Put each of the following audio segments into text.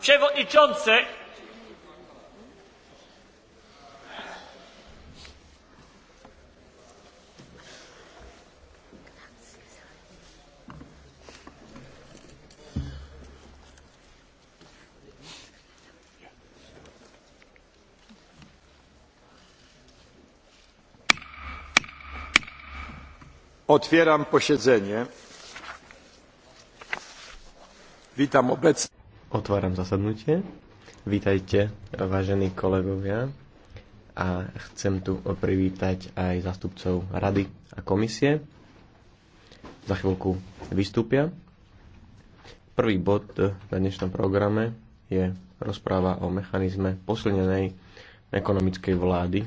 przewodniczący Otwieram posiedzenie. Witam obecnych. Otváram zasadnutie. Vítajte, vážení kolegovia. A chcem tu privítať aj zastupcov rady a komisie. Za chvíľku vystúpia. Prvý bod na dnešnom programe je rozpráva o mechanizme posilnenej ekonomickej vlády.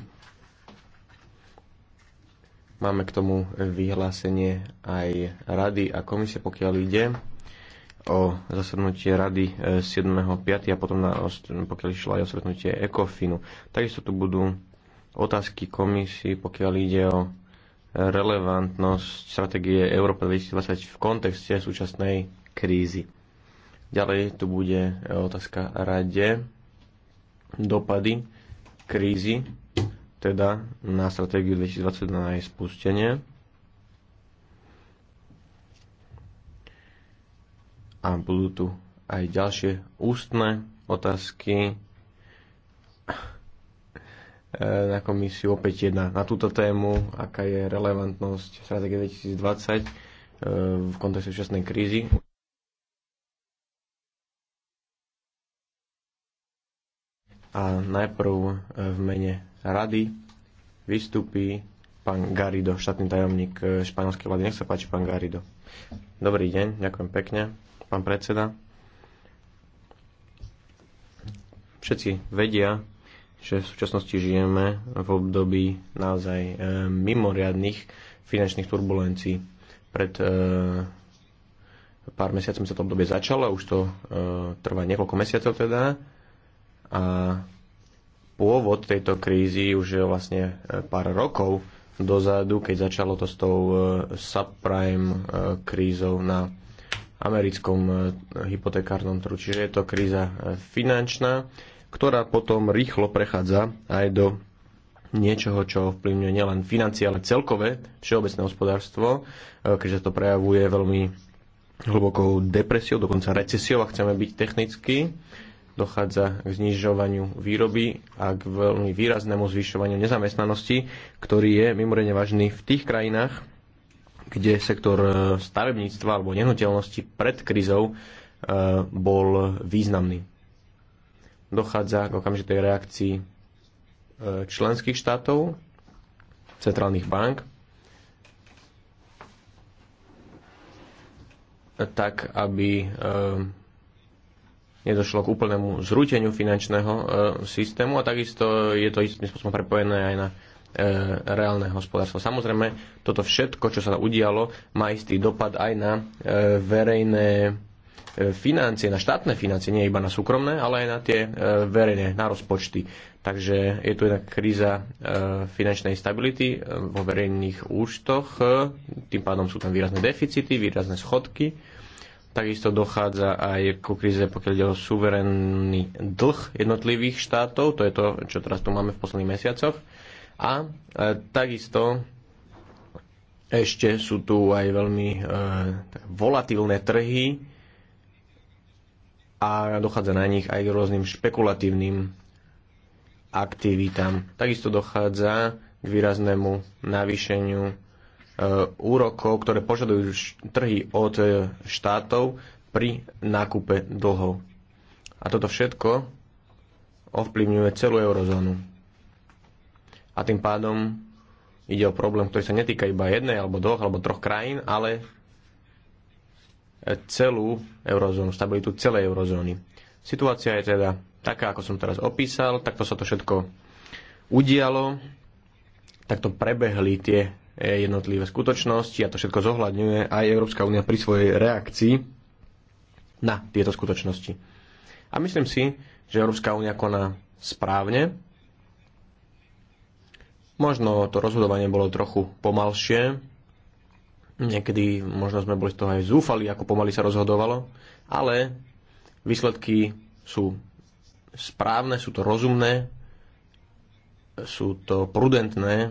Máme k tomu vyhlásenie aj rady a komisie, pokiaľ ide o zasadnutie rady 7.5. E, a potom na, pokiaľ išlo aj o stretnutie ECOFINu. Takisto tu budú otázky komisii, pokiaľ ide o relevantnosť stratégie Európa 2020 v kontexte súčasnej krízy. Ďalej tu bude e, otázka rade dopady krízy, teda na stratégiu 2020 na jej spustenie a budú tu aj ďalšie ústne otázky eh, na komisiu opäť jedna na túto tému, aká je relevantnosť stratégie 2020 eh, v kontexte súčasnej krízy. A najprv eh, v mene rady vystupí pán Garido, štátny tajomník španielskej vlády. Nech sa páči, pán Garido. Dobrý deň, ďakujem pekne pán predseda. Všetci vedia, že v súčasnosti žijeme v období naozaj eh, mimoriadných finančných turbulencií. Pred eh, pár mesiacmi sa to obdobie začalo, už to eh, trvá niekoľko mesiacov teda. A pôvod tejto krízy už je vlastne pár rokov dozadu, keď začalo to s tou subprime krízou na americkom e, hypotekárnom trhu. Čiže je to kríza e, finančná, ktorá potom rýchlo prechádza aj do niečoho, čo vplyvňuje nielen financie, ale celkové všeobecné hospodárstvo, e, keďže to prejavuje veľmi hlbokou depresiou, dokonca recesiou, a chceme byť technicky. Dochádza k znižovaniu výroby a k veľmi výraznému zvyšovaniu nezamestnanosti, ktorý je mimoriadne vážny v tých krajinách, kde sektor e, stavebníctva alebo nehnuteľnosti pred krizou e, bol významný. Dochádza k okamžitej reakcii e, členských štátov, centrálnych bank, tak aby nedošlo k úplnému zrúteniu finančného systému a takisto je to istým spôsobom prepojené aj na E, reálne hospodárstvo. Samozrejme, toto všetko, čo sa udialo, má istý dopad aj na e, verejné e, financie, na štátne financie, nie iba na súkromné, ale aj na tie verejné, na rozpočty. Takže je tu jedna kríza finančnej stability vo verejných účtoch, tým pádom sú tam výrazné deficity, výrazné schodky. Takisto dochádza aj ku kríze, pokiaľ ide o suverénny dlh jednotlivých štátov, to je to, čo teraz tu máme v posledných mesiacoch. A e, takisto ešte sú tu aj veľmi e, volatilné trhy a dochádza na nich aj k rôznym špekulatívnym aktivitám. Takisto dochádza k výraznému navýšeniu e, úrokov, ktoré požadujú trhy od štátov pri nákupe dlhov. A toto všetko ovplyvňuje celú eurozónu a tým pádom ide o problém, ktorý sa netýka iba jednej alebo dvoch alebo troch krajín, ale celú eurozónu, stabilitu celej eurozóny. Situácia je teda taká, ako som teraz opísal, takto sa to všetko udialo, takto prebehli tie e, jednotlivé skutočnosti a to všetko zohľadňuje aj Európska únia pri svojej reakcii na tieto skutočnosti. A myslím si, že Európska únia koná správne Možno to rozhodovanie bolo trochu pomalšie, niekedy možno sme boli z toho aj zúfali, ako pomaly sa rozhodovalo, ale výsledky sú správne, sú to rozumné, sú to prudentné e,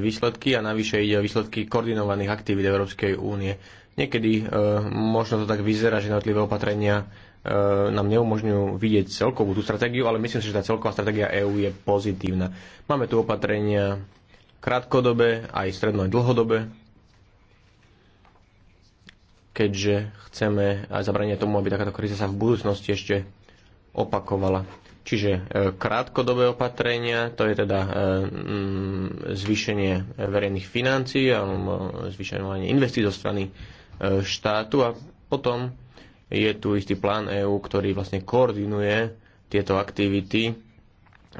výsledky a navyše ide o výsledky koordinovaných aktivít Európskej únie. Niekedy e, možno to tak vyzerá, že jednotlivé opatrenia E, nám neumožňujú vidieť celkovú tú stratégiu, ale myslím si, že tá celková stratégia EÚ je pozitívna. Máme tu opatrenia krátkodobé, aj stredno, aj dlhodobé, keďže chceme aj zabraniť tomu, aby takáto kríza sa v budúcnosti ešte opakovala. Čiže e, krátkodobé opatrenia, to je teda e, mm, zvýšenie verejných financií a mm, zvýšenie investícií zo strany štátu a potom je tu istý plán EÚ, ktorý vlastne koordinuje tieto aktivity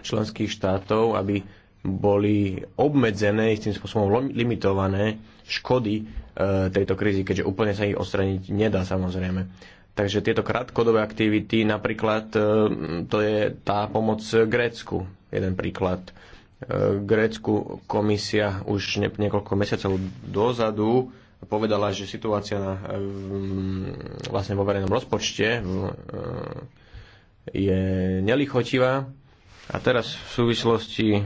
členských štátov, aby boli obmedzené, istým spôsobom limitované škody e, tejto krízy, keďže úplne sa ich odstraniť nedá samozrejme. Takže tieto krátkodobé aktivity, napríklad e, to je tá pomoc Grécku, jeden príklad. E, Grécku komisia už niekoľko mesiacov dozadu povedala, že situácia na, mm, vlastne vo verejnom rozpočte mm, e, je nelichotivá. A teraz v súvislosti e,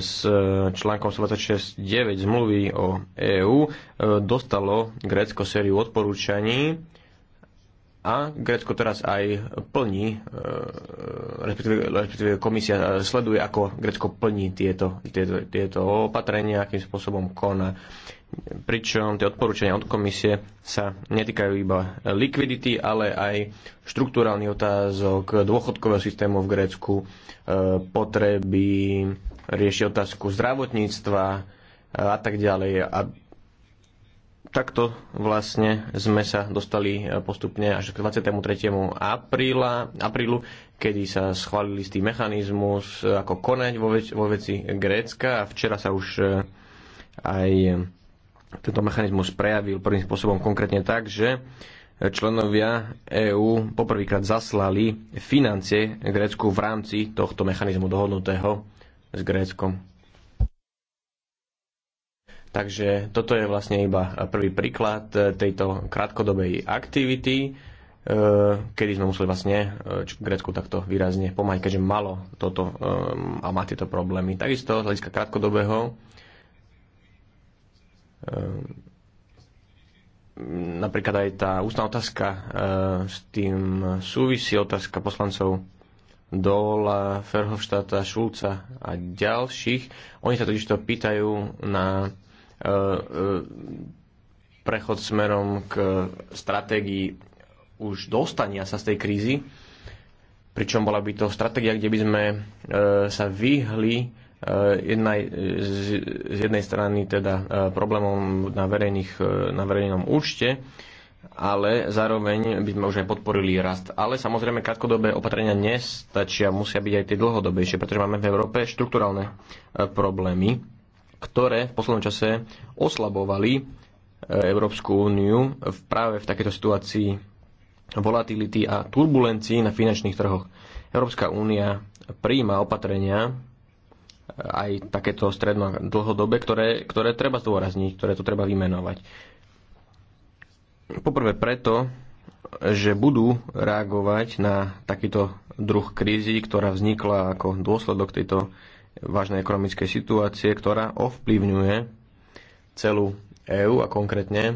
s článkom 26.9 zmluvy o EÚ e, dostalo Grécko sériu odporúčaní a Grécko teraz aj plní, respektíve, respektíve komisia sleduje, ako Grécko plní tieto, tieto, tieto opatrenia, akým spôsobom koná pričom tie odporúčania od komisie sa netýkajú iba likvidity, ale aj štruktúrálnych otázok, dôchodkového systému v Grécku, e, potreby, rieši otázku zdravotníctva e, a tak ďalej. A takto vlastne sme sa dostali e, postupne až k 23. apríla, aprílu, kedy sa schválil istý mechanizmus, ako konať vo, veci, vo veci Grécka a včera sa už aj tento mechanizmus prejavil prvým spôsobom konkrétne tak, že členovia EÚ poprvýkrát zaslali financie Grécku v rámci tohto mechanizmu dohodnutého s Gréckom. Takže toto je vlastne iba prvý príklad tejto krátkodobej aktivity, e, kedy sme museli vlastne e, Grécku takto výrazne pomáhať, keďže malo toto e, a má tieto problémy. Takisto z hľadiska krátkodobého Ehm, napríklad aj tá ústna otázka ehm, s tým súvisí otázka poslancov Dola, Ferhofštáta, Šulca a ďalších. Oni sa totiž to pýtajú na ehm, e, prechod smerom k stratégii už dostania sa z tej krízy, pričom bola by to stratégia, kde by sme sa vyhli Eh, jedna, z jednej strany teda eh, problémom na, verejných, eh, na verejnom účte, ale zároveň by sme už aj podporili rast. Ale samozrejme krátkodobé opatrenia nestačia, musia byť aj tie dlhodobejšie, pretože máme v Európe štruktúralne problémy, ktoré v poslednom čase oslabovali Európsku úniu práve v takejto situácii volatility a turbulencií na finančných trhoch. Európska únia príjma opatrenia, aj takéto stredno dlhodobé, ktoré, ktoré treba zdôrazniť, ktoré tu treba vymenovať. Poprvé preto, že budú reagovať na takýto druh krízy, ktorá vznikla ako dôsledok tejto vážnej ekonomickej situácie, ktorá ovplyvňuje celú EÚ a konkrétne e,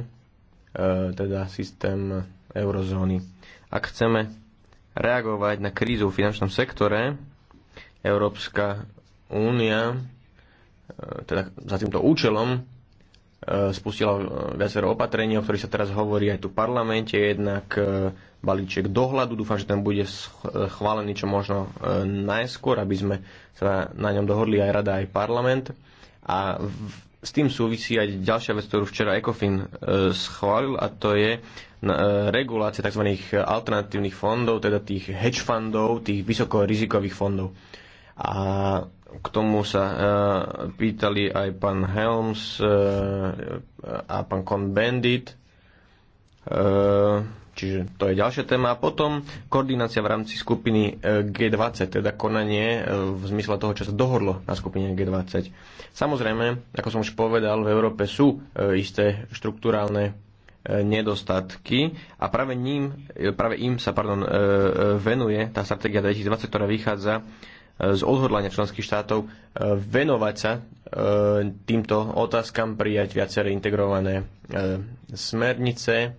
teda systém eurozóny. Ak chceme reagovať na krízu v finančnom sektore, Európska únia e, teda za týmto účelom e, spustila e, viacero opatrení, o ktorých sa teraz hovorí aj tu v parlamente. Jednak balíček dohľadu, dúfam, že ten bude schválený čo možno najskôr, aby sme sa na ňom dohodli aj rada, aj parlament. A s tým súvisí aj ďalšia vec, ktorú včera ECOFIN schválil, a to je regulácia tzv. alternatívnych fondov, teda tých hedge fundov, tých vysokorizikových fondov. A k tomu sa e, pýtali aj pán Helms e, a pán Bandit. Uh, e, Čiže to je ďalšia téma. A potom koordinácia v rámci skupiny G20, teda konanie v zmysle toho, čo sa dohodlo na skupine G20. Samozrejme, ako som už povedal, v Európe sú isté štruktúrálne nedostatky a práve, ním, práve im sa pardon, venuje tá stratégia 2020, ktorá vychádza z odhodlania členských štátov e, venovať sa e, týmto otázkam, prijať viaceré integrované e, smernice,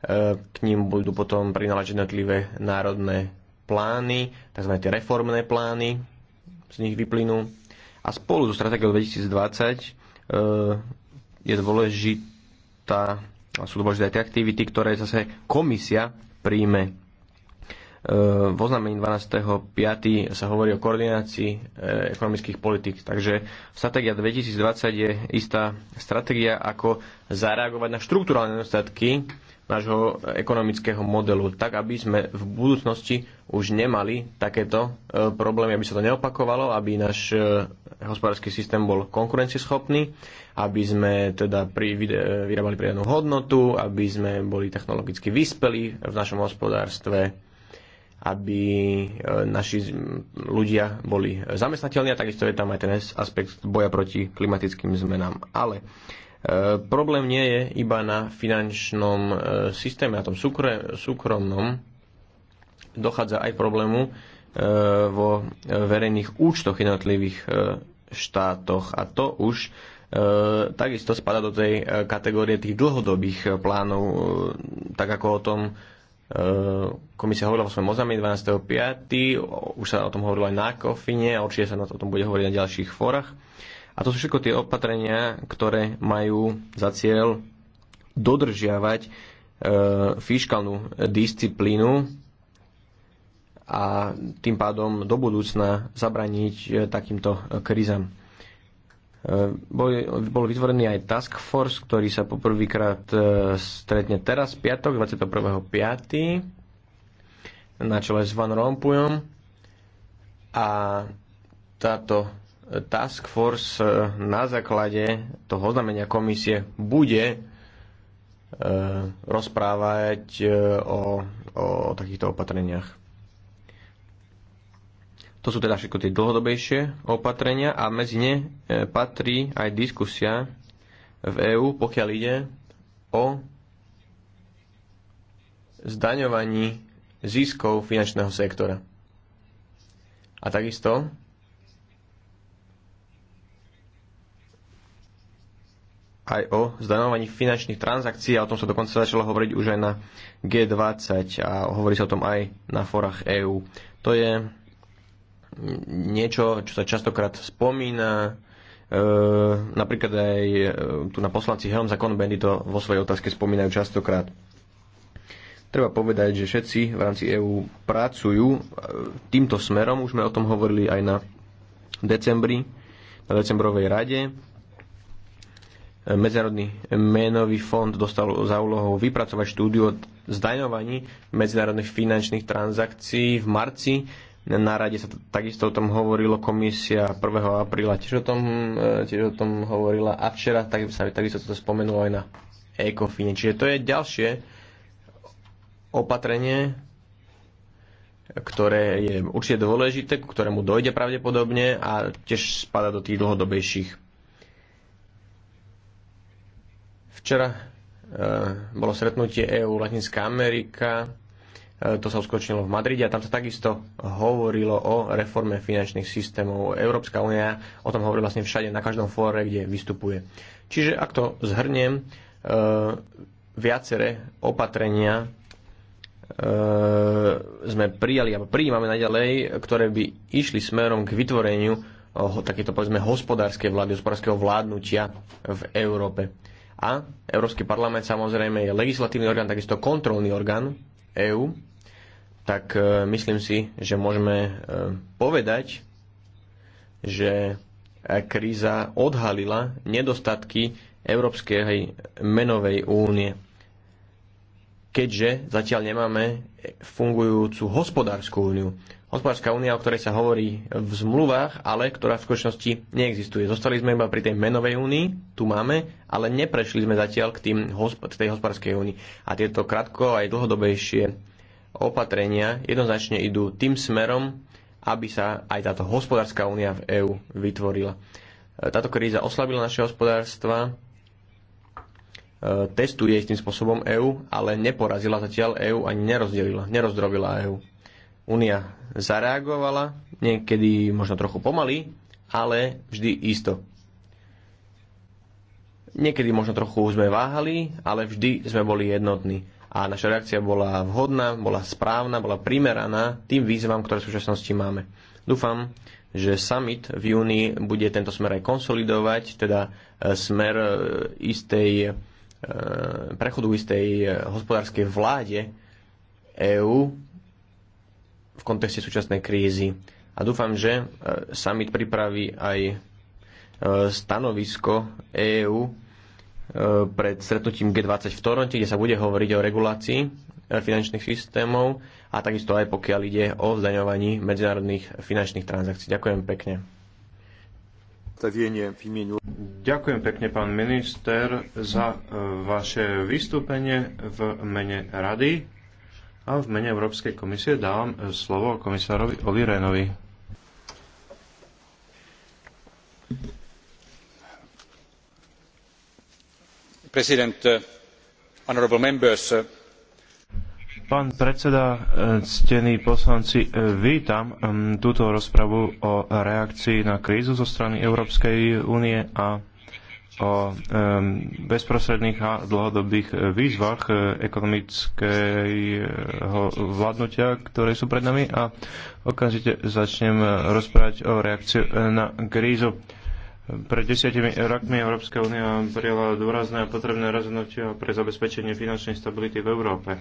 k ním budú potom prináležiť jednotlivé národné plány, tzv. tie reformné plány z nich vyplynú. A spolu so stratégiou 2020 je dôležitá, sú dôležité tie aktivity, ktoré zase komisia príjme v oznámení 12.5. sa hovorí o koordinácii e, ekonomických politik. Takže stratégia 2020 je istá stratégia, ako zareagovať na štruktúralne nedostatky nášho ekonomického modelu, tak aby sme v budúcnosti už nemali takéto e, problémy, aby sa to neopakovalo, aby náš e, hospodársky systém bol konkurencieschopný, aby sme teda pri, vyrábali pridanú hodnotu, aby sme boli technologicky vyspeli v našom hospodárstve, aby e, naši ľudia boli zamestnateľní a takisto je tam aj ten aspekt boja proti klimatickým zmenám. Ale e, problém nie je iba na finančnom e, systéme, na tom súkromnom. Dochádza aj problému vo verejných účtoch jednotlivých štátoch a to už takisto spada do tej kategórie tých dlhodobých plánov, tak ako o tom E, komisia hovorila o svojom oznámení 12.5. Už sa o tom hovorilo aj na kofine a určite sa o tom bude hovoriť na ďalších fórach. A to sú všetko tie opatrenia, ktoré majú za cieľ dodržiavať e, fiskálnu disciplínu a tým pádom do budúcna zabraniť e, takýmto krízam. Eh, bol, bol vytvorený aj Task Force, ktorý sa poprvýkrát eh, stretne teraz, piatok, 21.5. na čele s Van Rompuyom a táto eh, Task Force na základe toho oznámenia komisie bude rozprávať o, o takýchto opatreniach. To sú teda všetko tie dlhodobejšie opatrenia a medzi ne e, patrí aj diskusia v EÚ, pokiaľ ide o zdaňovaní ziskov finančného sektora. A takisto aj o zdaňovaní finančných transakcií a o tom sa dokonca začalo hovoriť už aj na G20 a hovorí sa o tom aj na forách EÚ. To je niečo, čo sa častokrát spomína, e, napríklad aj e, tu na poslanci Helm za Konbendy to vo svojej otázke spomínajú častokrát. Treba povedať, že všetci v rámci EÚ pracujú e, týmto smerom, už sme o tom hovorili aj na decembri, na decembrovej rade. Medzinárodný menový fond dostal za úlohou vypracovať štúdiu o zdaňovaní medzinárodných finančných transakcií v marci na rade sa takisto o tom hovorilo komisia 1. apríla, tiež o tom, e, tiež o tom hovorila a včera tak, sa takisto to spomenulo aj na ECOFINE. Čiže to je ďalšie opatrenie, ktoré je určite dôležité, ku ktorému dojde pravdepodobne a tiež spada do tých dlhodobejších. Včera e, bolo stretnutie EU Latinská Amerika, E, to sa uskutočnilo v Madride a tam sa takisto hovorilo o reforme finančných systémov. Európska únia o tom hovorí vlastne všade, na každom fóre, kde vystupuje. Čiže ak to zhrniem, e, viaceré opatrenia e, sme prijali alebo prijímame naďalej, ktoré by išli smerom k vytvoreniu takéto povedzme hospodárskej vlády, hospodárskeho vládnutia v Európe. A Európsky parlament samozrejme je legislatívny orgán, takisto kontrolný orgán EÚ tak e, myslím si, že môžeme e, povedať, že kríza odhalila nedostatky Európskej menovej únie, keďže zatiaľ nemáme fungujúcu hospodárskú úniu. Hospodárska únia, o ktorej sa hovorí v zmluvách, ale ktorá v skutočnosti neexistuje. Zostali sme iba pri tej menovej únii, tu máme, ale neprešli sme zatiaľ k, tým, k tej hospodárskej únii. A tieto krátko aj dlhodobejšie opatrenia jednoznačne idú tým smerom, aby sa aj táto hospodárska únia v EÚ vytvorila. E, táto kríza oslabila naše hospodárstva, e, testuje istým spôsobom EÚ, ale neporazila zatiaľ EÚ ani nerozdelila, nerozdrobila EÚ. Únia zareagovala, niekedy možno trochu pomaly, ale vždy isto. Niekedy možno trochu sme váhali, ale vždy sme boli jednotní a naša reakcia bola vhodná, bola správna, bola primeraná tým výzvam, ktoré v súčasnosti máme. Dúfam, že summit v júni bude tento smer aj konsolidovať, teda e, smer e, istej e, prechodu istej hospodárskej vláde EÚ v kontexte súčasnej krízy. A dúfam, že summit pripraví aj stanovisko EÚ E, pred stretnutím G20 v Toronte, kde sa bude hovoriť o regulácii e, finančných systémov a takisto aj pokiaľ ide o zdaňovaní medzinárodných finančných transakcií. Ďakujem pekne. Ďakujem pekne, pán minister, za e, vaše vystúpenie v mene Rady a v mene Európskej komisie dávam slovo komisárovi Oli Renovi. Uh, uh, Pán predseda, uh, ctení poslanci, vítam um, túto rozpravu o reakcii na krízu zo strany Európskej únie a o um, bezprostredných a dlhodobých výzvach ekonomického vládnutia, ktoré sú pred nami a okamžite začnem rozprávať o reakcii na krízu pred desiatimi rokmi Európska únia prijala dôrazné a potrebné rozhodnutia pre zabezpečenie finančnej stability v Európe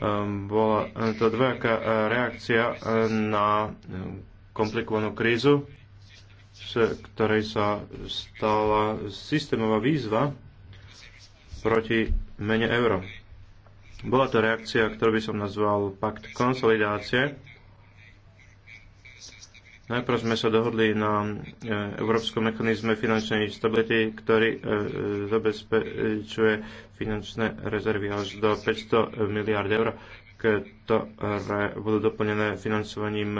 ehm, bola to dvojaká reakcia ehm, na ehm, komplikovanú krízu, z ktorej sa stala systémová výzva proti mene euro. Bola to reakcia, ktorú by som nazval pakt konsolidácie, Najprv sme sa dohodli na e, Európskom mechanizme finančnej stability, ktorý e, e, zabezpečuje finančné rezervy až do 500 miliard eur, ktoré budú doplnené financovaním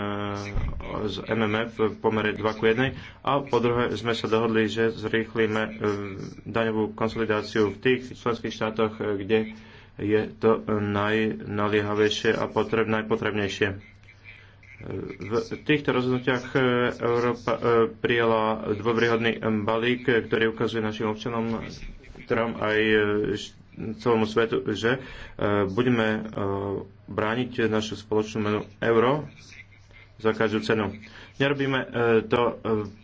z MMF v pomere 2 k 1. A po druhé sme sa dohodli, že zrýchlíme daňovú konsolidáciu v tých členských štátoch, kde je to najnaliehavejšie a potreb, najpotrebnejšie v týchto rozhodnutiach e, Európa e, prijala dôveryhodný e, balík, ktorý ukazuje našim občanom, ktorom aj celému svetu, že budeme brániť našu spoločnú menu euro za každú cenu. Nerobíme e, to e,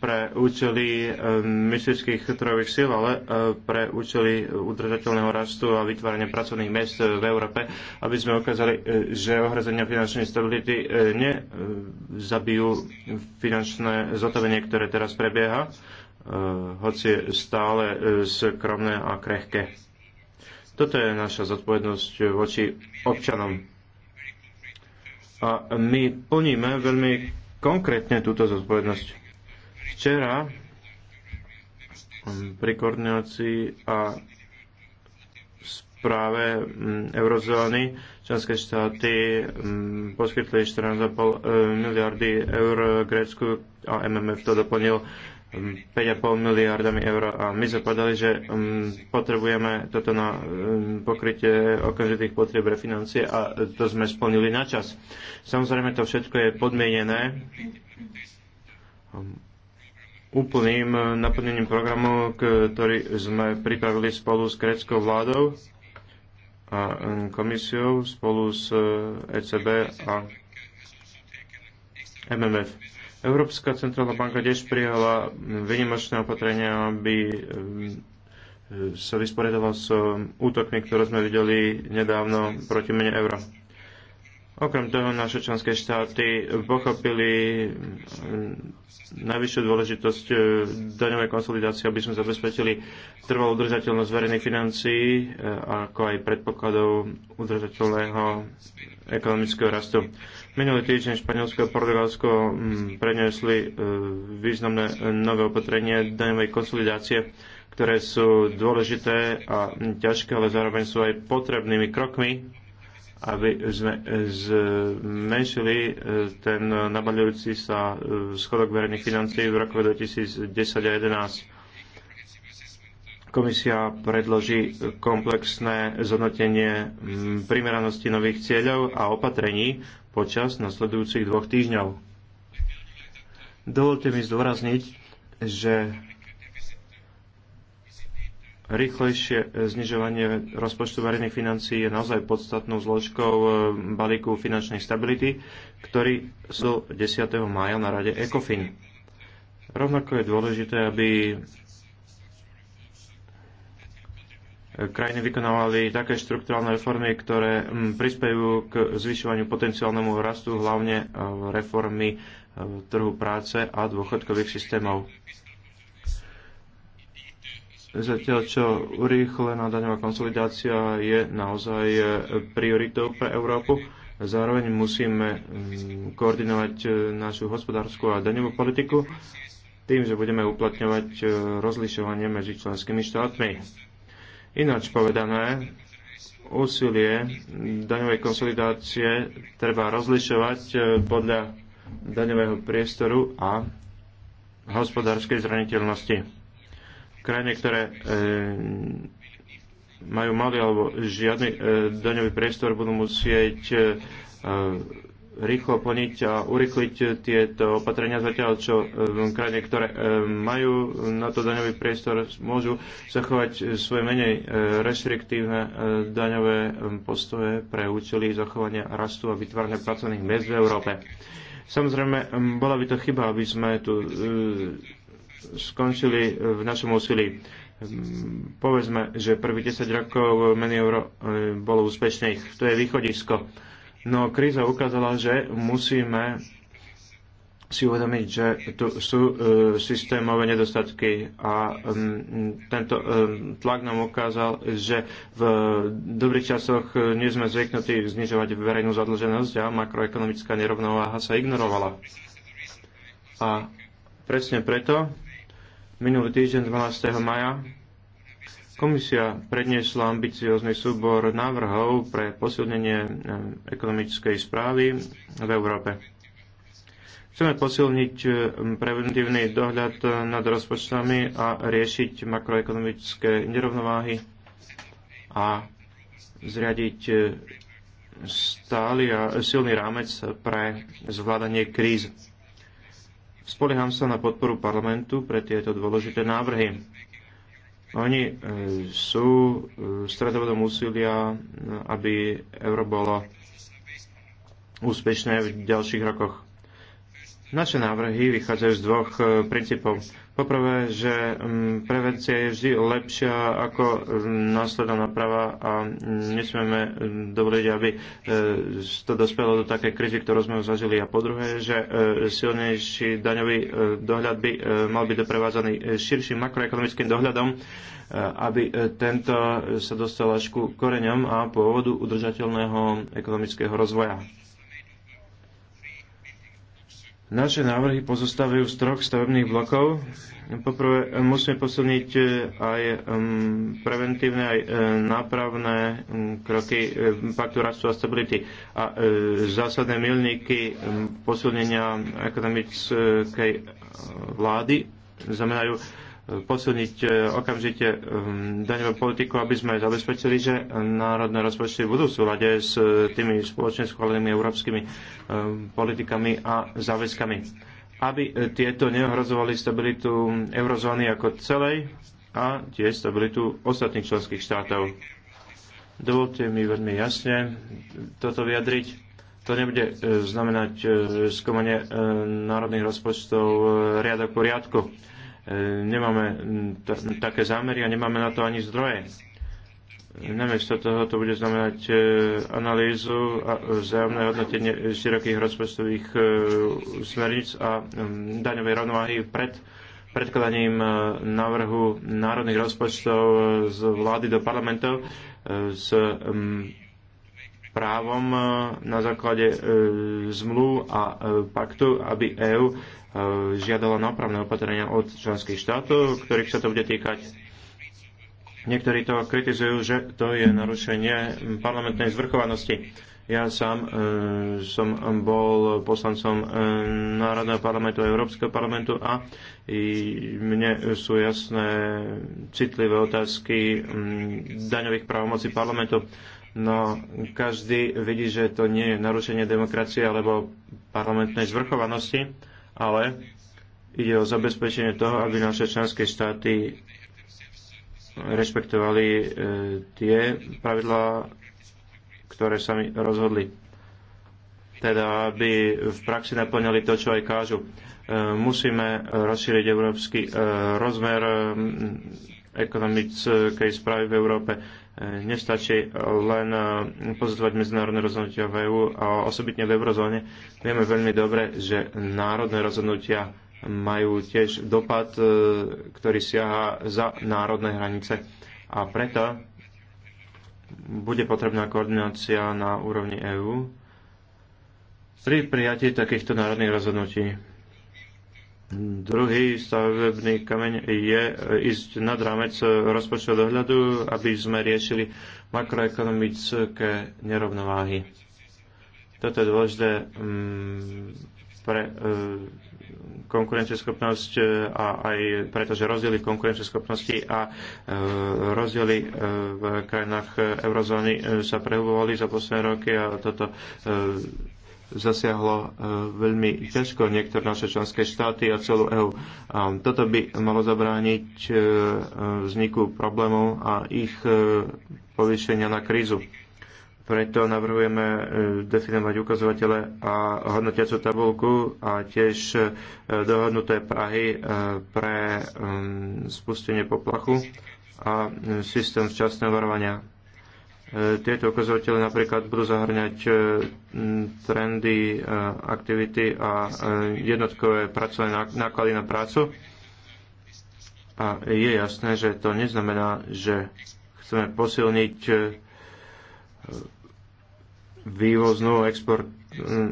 pre účely e, misických trojových síl, ale pre účely udržateľného rastu a vytvárania pracovných miest v Európe, aby sme ukázali, že ohrozenia finančnej stability nezabijú finančné zotavenie, ktoré teraz prebieha, hoci je stále skromné a krehké. Toto je naša zodpovednosť voči občanom. A my plníme veľmi konkrétne túto zodpovednosť. Včera pri koordinácii a správe eurozóny členské štáty poskytli 14,5 e, miliardy eur Grécku a MMF to doplnil 5,5 miliardami eur a my sme povedali, že um, potrebujeme toto na um, pokrytie okamžitých potrieb refinancie a to sme splnili na čas. Samozrejme to všetko je podmienené um, úplným uh, naplnením programu, ktorý sme pripravili spolu s kreckou vládou a komisiou, spolu s uh, ECB a MMF. Európska centrálna banka tiež prijala vynimočné opatrenia, aby ehm, sa vysporiadala s ehm, útokmi, ktoré sme videli nedávno proti mene euro. Okrem toho naše členské štáty pochopili ehm, najvyššiu dôležitosť daňovej konsolidácie, aby sme zabezpečili trvalú udržateľnosť verejných financií, ako aj predpokladov udržateľného ekonomického rastu. Minulý týždeň Španielsko a Portugalsko mm, preniesli e, významné e, nové opatrenie daňovej konsolidácie, ktoré sú dôležité a ťažké, ale zároveň sú aj potrebnými krokmi, aby sme e, zmenšili ten nabaľujúci sa schodok verejných financií v roku 2010 a 2011. Komisia predloží komplexné zhodnotenie mm, primeranosti nových cieľov a opatrení počas nasledujúcich dvoch týždňov. Dovolte mi zdôrazniť, že rýchlejšie znižovanie rozpočtu verejných financií je naozaj podstatnou zložkou e, balíku finančnej stability, ktorý sú 10. mája na rade ECOFIN. Rovnako je dôležité, aby krajiny vykonávali také štrukturálne reformy, ktoré mm, prispievajú k zvyšovaniu potenciálnemu rastu, hlavne e, reformy e, trhu práce a dôchodkových systémov. Zatiaľ, čo urýchlená daňová konsolidácia je naozaj e, prioritou pre Európu, zároveň musíme mm, koordinovať našu hospodárskú a daňovú politiku tým, že budeme uplatňovať rozlišovanie medzi členskými štátmi Ináč povedané, úsilie daňovej konsolidácie treba rozlišovať e, podľa daňového priestoru a hospodárskej zraniteľnosti. Krajiny, ktoré e, majú malý alebo žiadny e, daňový priestor, budú musieť e, rýchlo plniť a urychliť tieto opatrenia zatiaľ, čo e, krajine, ktoré e, majú na to daňový priestor, môžu zachovať svoje menej e, restriktívne daňové postoje pre účely zachovania rastu a vytvárania pracovných miest v Európe. Samozrejme, bola by to chyba, aby sme tu skončili v našom úsilí povedzme, že prvých 10 rokov menej euro bolo úspešných. To je východisko. No kríza ukázala, že musíme si uvedomiť, že tu sú e, systémové nedostatky a um, tento um, tlak nám ukázal, že v dobrých časoch nie sme zvyknutí znižovať verejnú zadlženosť a makroekonomická nerovnováha sa ignorovala. A presne preto minulý týždeň 12. maja Komisia predniesla ambiciózny súbor návrhov pre posilnenie e, ekonomickej správy v Európe. Chceme posilniť e, preventívny dohľad nad rozpočtami a riešiť makroekonomické nerovnováhy a zriadiť e, stály a silný rámec pre zvládanie kríz. Spolieham sa na podporu parlamentu pre tieto dôležité návrhy. Oni e, sú e, stredovodom úsilia, e, aby euro bolo úspešné v ďalších rokoch. Naše návrhy vychádzajú z dvoch princípov. Poprvé, že mm, prevencia je vždy lepšia ako mm, následná naprava a nesmieme mm, dovoliť, aby e, to dospelo do také krízy, ktorú sme zažili. A po druhé, že e, silnejší daňový e, dohľad by mal byť doprevádzaný širším makroekonomickým dohľadom, aby tento sa dostal až ku koreňom a pôvodu udržateľného ekonomického rozvoja. Naše návrhy pozostávajú z troch stavebných blokov. Poprvé e, musíme posilniť e, aj preventívne, aj e, nápravné kroky paktu rastu a stability a zásadné milníky posilnenia ekonomickej vlády znamenajú posilniť e, okamžite e, daňovú politiku, aby sme zabezpečili, že národné rozpočty budú v súlade s e, tými spoločne schválenými európskymi politikami a záväzkami. Aby tieto neohrozovali stabilitu eurozóny ako celej a tiež stabilitu ostatných členských štátov. Dovolte mi veľmi jasne toto vyjadriť to nebude znamenať skomanie národných rozpočtov riadok po riadku. E, nemáme také zámery a nemáme na to ani zdroje. Namiesto toho to bude znamenať e, analýzu a vzájomné hodnotenie širokých rozpočtových e, smerníc a daňovej rovnováhy pred predkladaním návrhu národných rozpočtov z vlády do parlamentov s právom e, na základe e, zmluv a e, paktu, aby EÚ žiadala nápravné opatrenia od členských štátov, ktorých sa to bude týkať. Niektorí to kritizujú, že to je narušenie parlamentnej zvrchovanosti. Ja sám e, som bol poslancom e, Národného parlamentu a Európskeho parlamentu a i mne sú jasné citlivé otázky m, daňových právomocí parlamentu. No každý vidí, že to nie je narušenie demokracie alebo parlamentnej zvrchovanosti, ale ide o zabezpečenie toho, aby naše členské štáty rešpektovali e, tie pravidlá, ktoré sami rozhodli. Teda, aby v praxi naplňali to, čo aj kážu. E, musíme rozšíriť európsky e, rozmer e, ekonomickej správy v Európe Eh, nestačí len eh, pozitovať medzinárodné rozhodnutia v EÚ a osobitne v eurozóne. Vieme veľmi dobre, že národné rozhodnutia majú tiež dopad, eh, ktorý siaha za národné hranice. A preto bude potrebná koordinácia na úrovni EÚ pri prijatí takýchto národných rozhodnutí. Druhý stavebný kameň je e, ísť nad rámec e, rozpočtového dohľadu, aby sme riešili makroekonomické nerovnováhy. Toto je dôležité mm, pre e, konkurencieschopnosť a aj preto, že rozdiely v konkurencieschopnosti a rozdiely v krajinách eurozóny sa prehubovali za posledné roky a toto zasiahlo e, veľmi ťažko niektoré naše členské štáty a celú EÚ. Toto by malo zabrániť e, e, vzniku problémov a ich povýšenia na krízu. Preto navrhujeme definovať ukazovatele a hodnotiacu tabulku a tiež dohodnuté Prahy pre spustenie poplachu a systém včasného varovania. E, tieto ukazovatele napríklad budú zahrňať e, trendy, e, aktivity a jednotkové pracovné náklady na prácu. A je jasné, že to neznamená, že chceme posilniť vývoznú export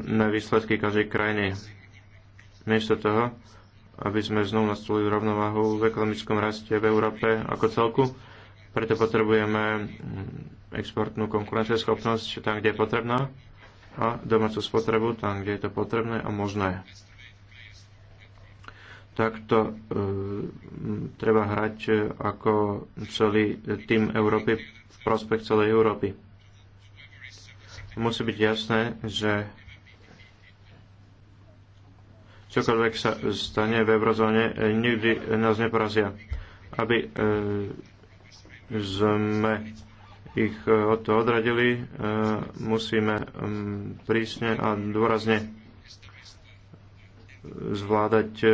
na výsledky každej krajiny. Miesto toho, aby sme znovu nastolili rovnováhu v ekonomickom raste v Európe ako celku, preto potrebujeme exportnú konkurenčnosť tam, kde je potrebná a domácu spotrebu tam, kde je to potrebné a možné. Takto e, treba hrať e, ako celý tým Európy v prospech celej Európy. Musí byť jasné, že čokoľvek sa stane v eurozóne, e, nikdy nás neporazia. Aby e, sme ich e, od toho odradili, e, musíme mm, prísne a dôrazne zvládať e,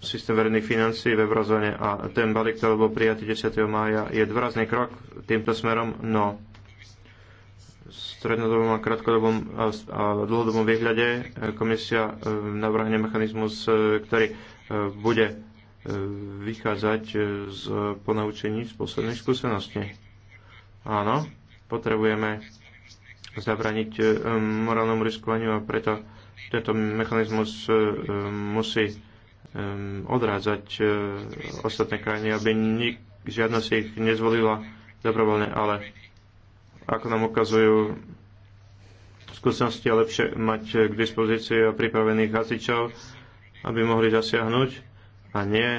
systém verejných financí v eurozóne a ten balík, ktorý bol prijatý 10. mája, je dôrazný krok týmto smerom, no v strednodobom a krátkodobom a dlhodobom výhľade komisia navrhne mechanizmus, ktorý bude vychádzať z ponaučení z posledných skúseností. Áno, potrebujeme zabraniť e, morálnemu riskovaniu a preto tento mechanizmus e, e, musí odrádzať ostatné krajiny, aby nik, žiadna si ich nezvolila dobrovoľne, ale ako nám ukazujú skúsenosti, je lepšie mať k dispozícii pripravených hasičov, aby mohli zasiahnuť a nie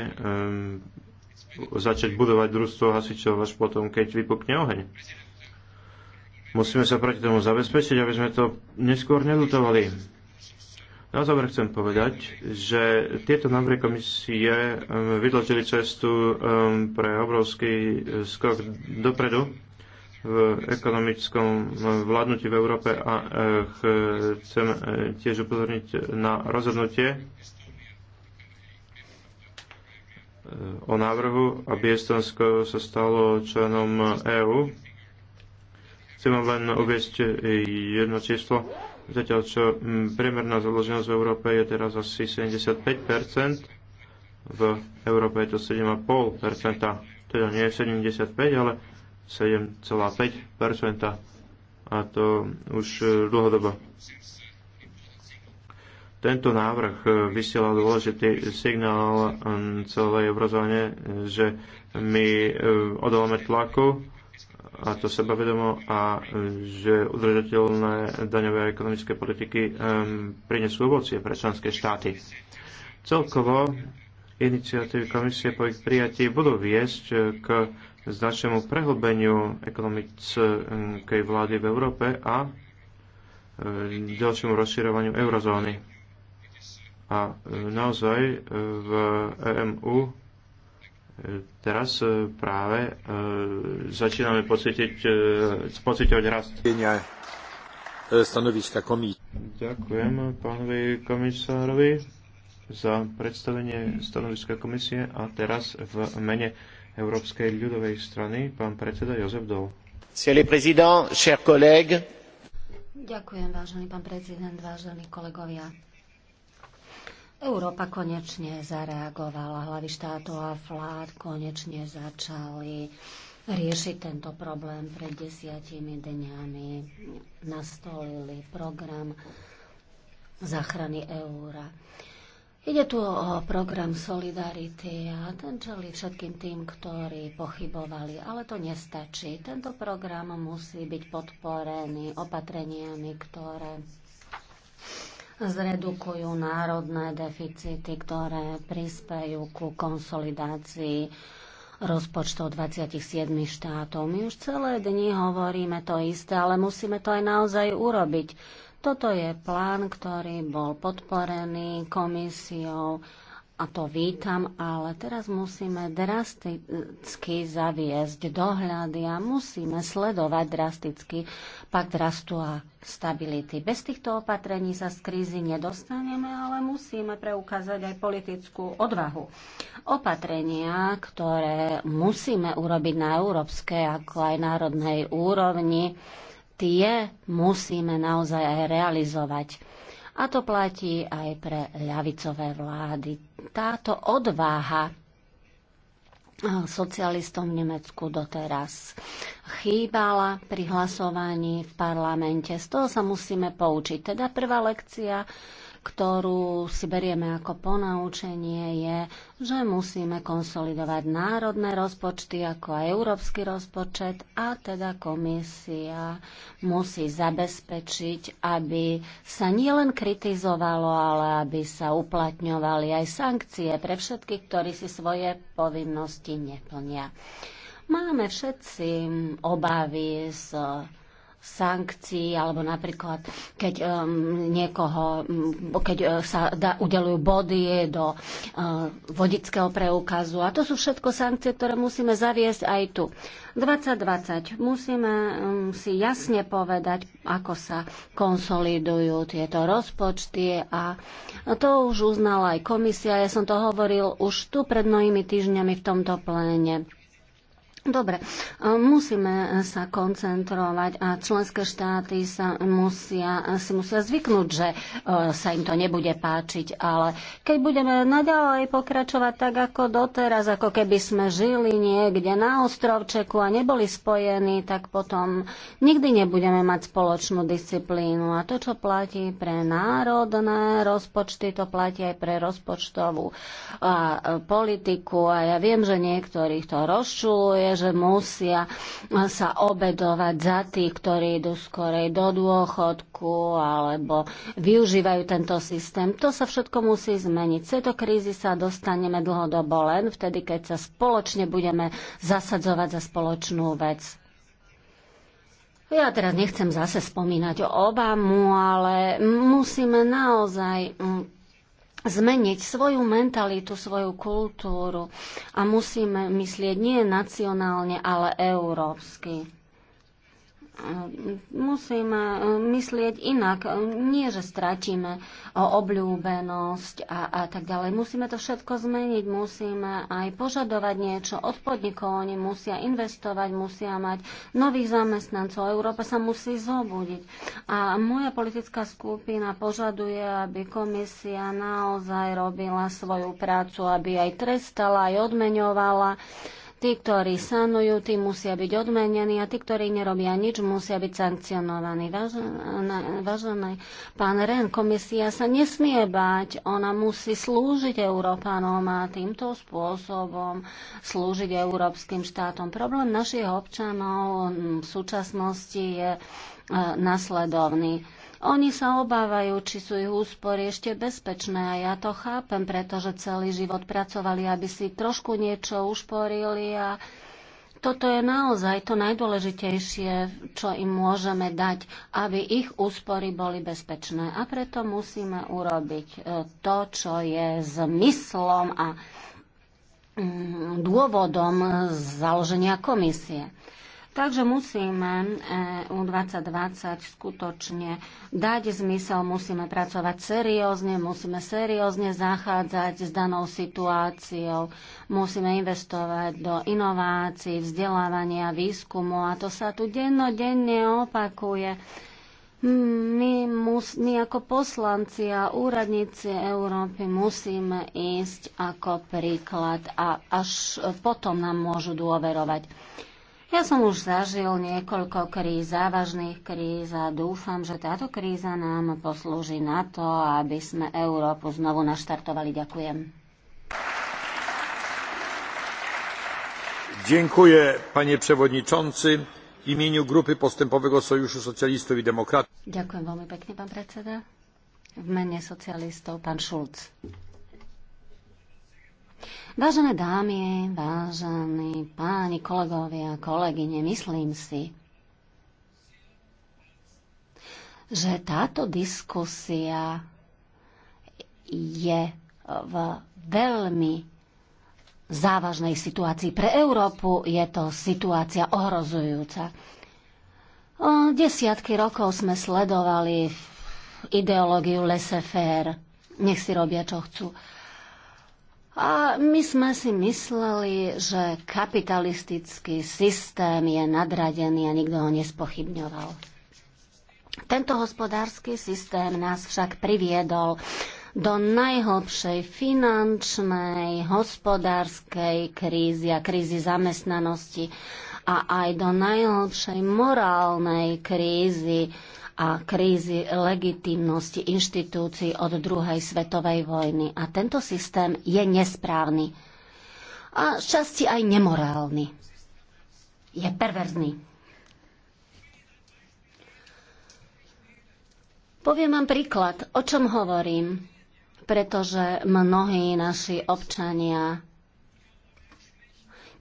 začať budovať družstvo hasičov až potom, keď vypukne oheň. Musíme sa proti tomu zabezpečiť, aby sme to neskôr nedutovali. Na záver chcem povedať, že tieto návrhy komisie um, vydložili cestu um, pre obrovský uh, skok dopredu v ekonomickom um, vládnutí v Európe a uh, chcem uh, tiež upozorniť na rozhodnutie o návrhu, aby Estonsko sa stalo členom EÚ. Chcem vám len uviesť jedno číslo. Zatiaľ, čo priemerná založenosť v Európe je teraz asi 75 v Európe je to 7,5 teda nie 75, ale 7,5 a to už dlhodobo. Tento návrh e, vysiela dôležitý signál e, celej eurozóne, e, že my odoláme tlaku a to sebavedomo a že udržateľné daňové a ekonomické politiky um, prinesú ovocie pre členské štáty. Celkovo iniciatívy komisie po ich prijatí budú viesť k značnému prehlbeniu ekonomickej vlády v Európe a ďalšiemu rozširovaniu eurozóny. A e, naozaj e, v EMU e, teraz práve začíname pocitovať rast. Stanoviska komí. Ďakujem pánovi komisárovi za predstavenie stanoviska komisie a teraz v mene Európskej ľudovej strany pán predseda Jozef Dol. Ďakujem, vážený pán prezident, vážení kolegovia. Európa konečne zareagovala, hlavy štátov a vlád konečne začali riešiť tento problém pred desiatimi dňami. Nastolili program záchrany eura. Ide tu o program Solidarity a ten čeli všetkým tým, ktorí pochybovali, ale to nestačí. Tento program musí byť podporený opatreniami, ktoré zredukujú národné deficity, ktoré prispejú ku konsolidácii rozpočtov 27 štátov. My už celé dni hovoríme to isté, ale musíme to aj naozaj urobiť. Toto je plán, ktorý bol podporený komisiou a to vítam, ale teraz musíme drasticky zaviesť dohľady a musíme sledovať drasticky pakt rastu a stability. Bez týchto opatrení sa z krízy nedostaneme, ale musíme preukázať aj politickú odvahu. Opatrenia, ktoré musíme urobiť na európskej ako aj národnej úrovni, tie musíme naozaj aj realizovať a to platí aj pre ľavicové vlády. Táto odváha socialistom v Nemecku doteraz chýbala pri hlasovaní v parlamente. Z toho sa musíme poučiť. Teda prvá lekcia ktorú si berieme ako ponaučenie, je, že musíme konsolidovať národné rozpočty ako aj európsky rozpočet a teda komisia musí zabezpečiť, aby sa nielen kritizovalo, ale aby sa uplatňovali aj sankcie pre všetkých, ktorí si svoje povinnosti neplnia. Máme všetci obavy z sankcií, alebo napríklad, keď um, niekoho, um, keď uh, sa da, udelujú body do uh, vodického preukazu. A to sú všetko sankcie, ktoré musíme zaviesť aj tu. 2020. Musíme um, si jasne povedať, ako sa konsolidujú tieto rozpočty a to už uznala aj komisia. Ja som to hovoril už tu pred mnohými týždňami v tomto pléne. Dobre, e, musíme sa koncentrovať a členské štáty sa musia, si musia zvyknúť, že e, sa im to nebude páčiť, ale keď budeme naďalej pokračovať tak ako doteraz, ako keby sme žili niekde na ostrovčeku a neboli spojení, tak potom nikdy nebudeme mať spoločnú disciplínu. A to, čo platí pre národné rozpočty, to platí aj pre rozpočtovú a, e, politiku. A ja viem, že niektorých to rozčuluje, že musia sa obedovať za tých, ktorí idú skorej do dôchodku alebo využívajú tento systém. To sa všetko musí zmeniť. Z tejto krízy sa dostaneme dlhodobo len vtedy, keď sa spoločne budeme zasadzovať za spoločnú vec. Ja teraz nechcem zase spomínať o Obamu, ale musíme naozaj zmeniť svoju mentalitu, svoju kultúru a musíme myslieť nie nacionálne, ale európsky musíme myslieť inak. E, nie, že stratíme e, obľúbenosť a, a tak ďalej. Musíme to všetko zmeniť, musíme aj požadovať niečo od podnikov. Oni musia investovať, musia mať nových zamestnancov. Európa sa musí zobudiť. A moja politická skupina požaduje, aby komisia naozaj robila svoju prácu, aby aj trestala, aj odmeňovala Tí, ktorí sanujú, tí musia byť odmenení a tí, ktorí nerobia nič, musia byť sankcionovaní. Vážený pán Ren, komisia sa nesmie bať, ona musí slúžiť Európanom a týmto spôsobom slúžiť európskym štátom. Problém našich občanov v súčasnosti je e, nasledovný oni sa obávajú, či sú ich úspory ešte bezpečné a ja to chápem, pretože celý život pracovali, aby si trošku niečo ušporili a toto je naozaj to najdôležitejšie, čo im môžeme dať, aby ich úspory boli bezpečné. A preto musíme urobiť e, to, čo je zmyslom a mm, dôvodom založenia komisie. Takže musíme EU 2020 skutočne dať zmysel, musíme pracovať seriózne, musíme seriózne zachádzať s danou situáciou, musíme investovať do inovácií, vzdelávania, výskumu a to sa tu dennodenne opakuje. My, mus, my ako poslanci a úradníci Európy musíme ísť ako príklad a až potom nám môžu dôverovať. Ja som už zažil niekoľko kríz, závažných kríz a dúfam, že táto kríza nám poslúži na to, aby sme Európu znovu naštartovali. Ďakujem. Dziękuję, panie przewodniczący. W imieniu Grupy Postępowego Sojuszu Socjalistów i Demokratów. Dziękuję bardzo pekne, pán predseda. V mene socialistov, pán Šulc. Vážené dámy, vážení páni, kolegovia, kolegyne, myslím si, že táto diskusia je v veľmi závažnej situácii. Pre Európu je to situácia ohrozujúca. O desiatky rokov sme sledovali ideológiu laissez-faire. Nech si robia, čo chcú. A my sme si mysleli, že kapitalistický systém je nadradený a nikto ho nespochybňoval. Tento hospodársky systém nás však priviedol do najhlbšej finančnej, hospodárskej krízy a krízy zamestnanosti a aj do najhlbšej morálnej krízy a krízy legitimnosti inštitúcií od druhej svetovej vojny. A tento systém je nesprávny a časti aj nemorálny. Je perverzný. Poviem vám príklad, o čom hovorím, pretože mnohí naši občania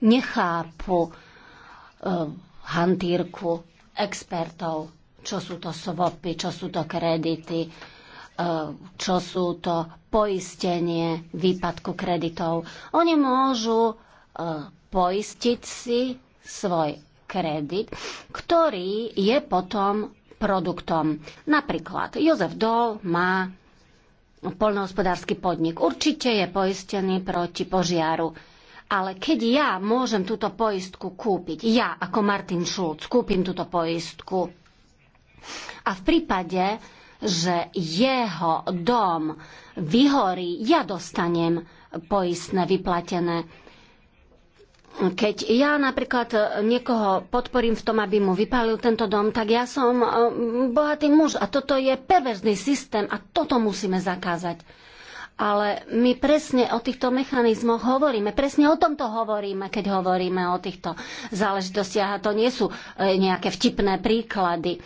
nechápu uh, hantírku expertov čo sú to svopy, čo sú to kredity, e, čo sú to poistenie výpadku kreditov. Oni môžu e, poistiť si svoj kredit, ktorý je potom produktom. Napríklad Jozef Dol má polnohospodársky podnik. Určite je poistený proti požiaru. Ale keď ja môžem túto poistku kúpiť, ja ako Martin Schulz kúpim túto poistku a v prípade, že jeho dom vyhorí, ja dostanem poistné vyplatené. Keď ja napríklad niekoho podporím v tom, aby mu vypálil tento dom, tak ja som eh, bohatý muž a toto je perverzný systém a toto musíme zakázať. Ale my presne o týchto mechanizmoch hovoríme, presne o tomto hovoríme, keď hovoríme o týchto záležitostiach a to nie sú eh, nejaké vtipné príklady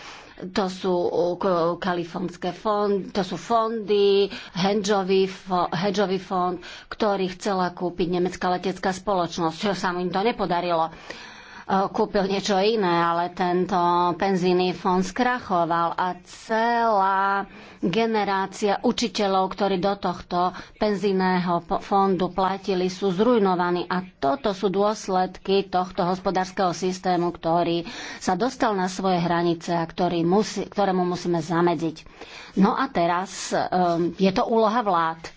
to sú uh, kalifornské fondy, to sú fondy, hedžový fond, ktorý chcela kúpiť nemecká letecká spoločnosť, čo sa im to nepodarilo kúpil niečo iné, ale tento penzíny fond skrachoval a celá generácia učiteľov, ktorí do tohto penzíneho fondu platili, sú zrujnovaní a toto sú dôsledky tohto hospodárskeho systému, ktorý sa dostal na svoje hranice a ktorý musí, ktorému musíme zamedziť. No a teraz um, je to úloha vlád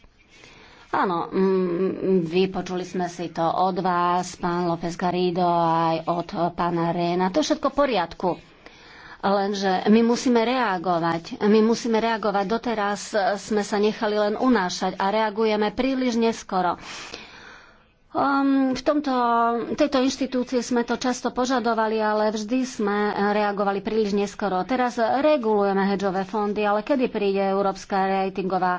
Áno, mm, vypočuli sme si to od vás, pán López Garrido, aj od pána Réna. To všetko v poriadku. Lenže my musíme reagovať. My musíme reagovať. Doteraz sme sa nechali len unášať a reagujeme príliš neskoro. Um, v tomto, tejto inštitúcii sme to často požadovali, ale vždy sme reagovali príliš neskoro. Teraz regulujeme hedžové fondy, ale kedy príde Európska ratingová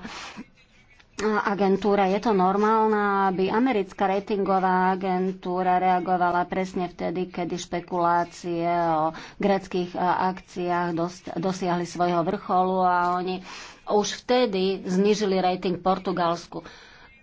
agentúra. Je to normálna, aby americká ratingová agentúra reagovala presne vtedy, kedy špekulácie o greckých e, akciách dosiahli svojho vrcholu a oni už vtedy znižili rating Portugalsku.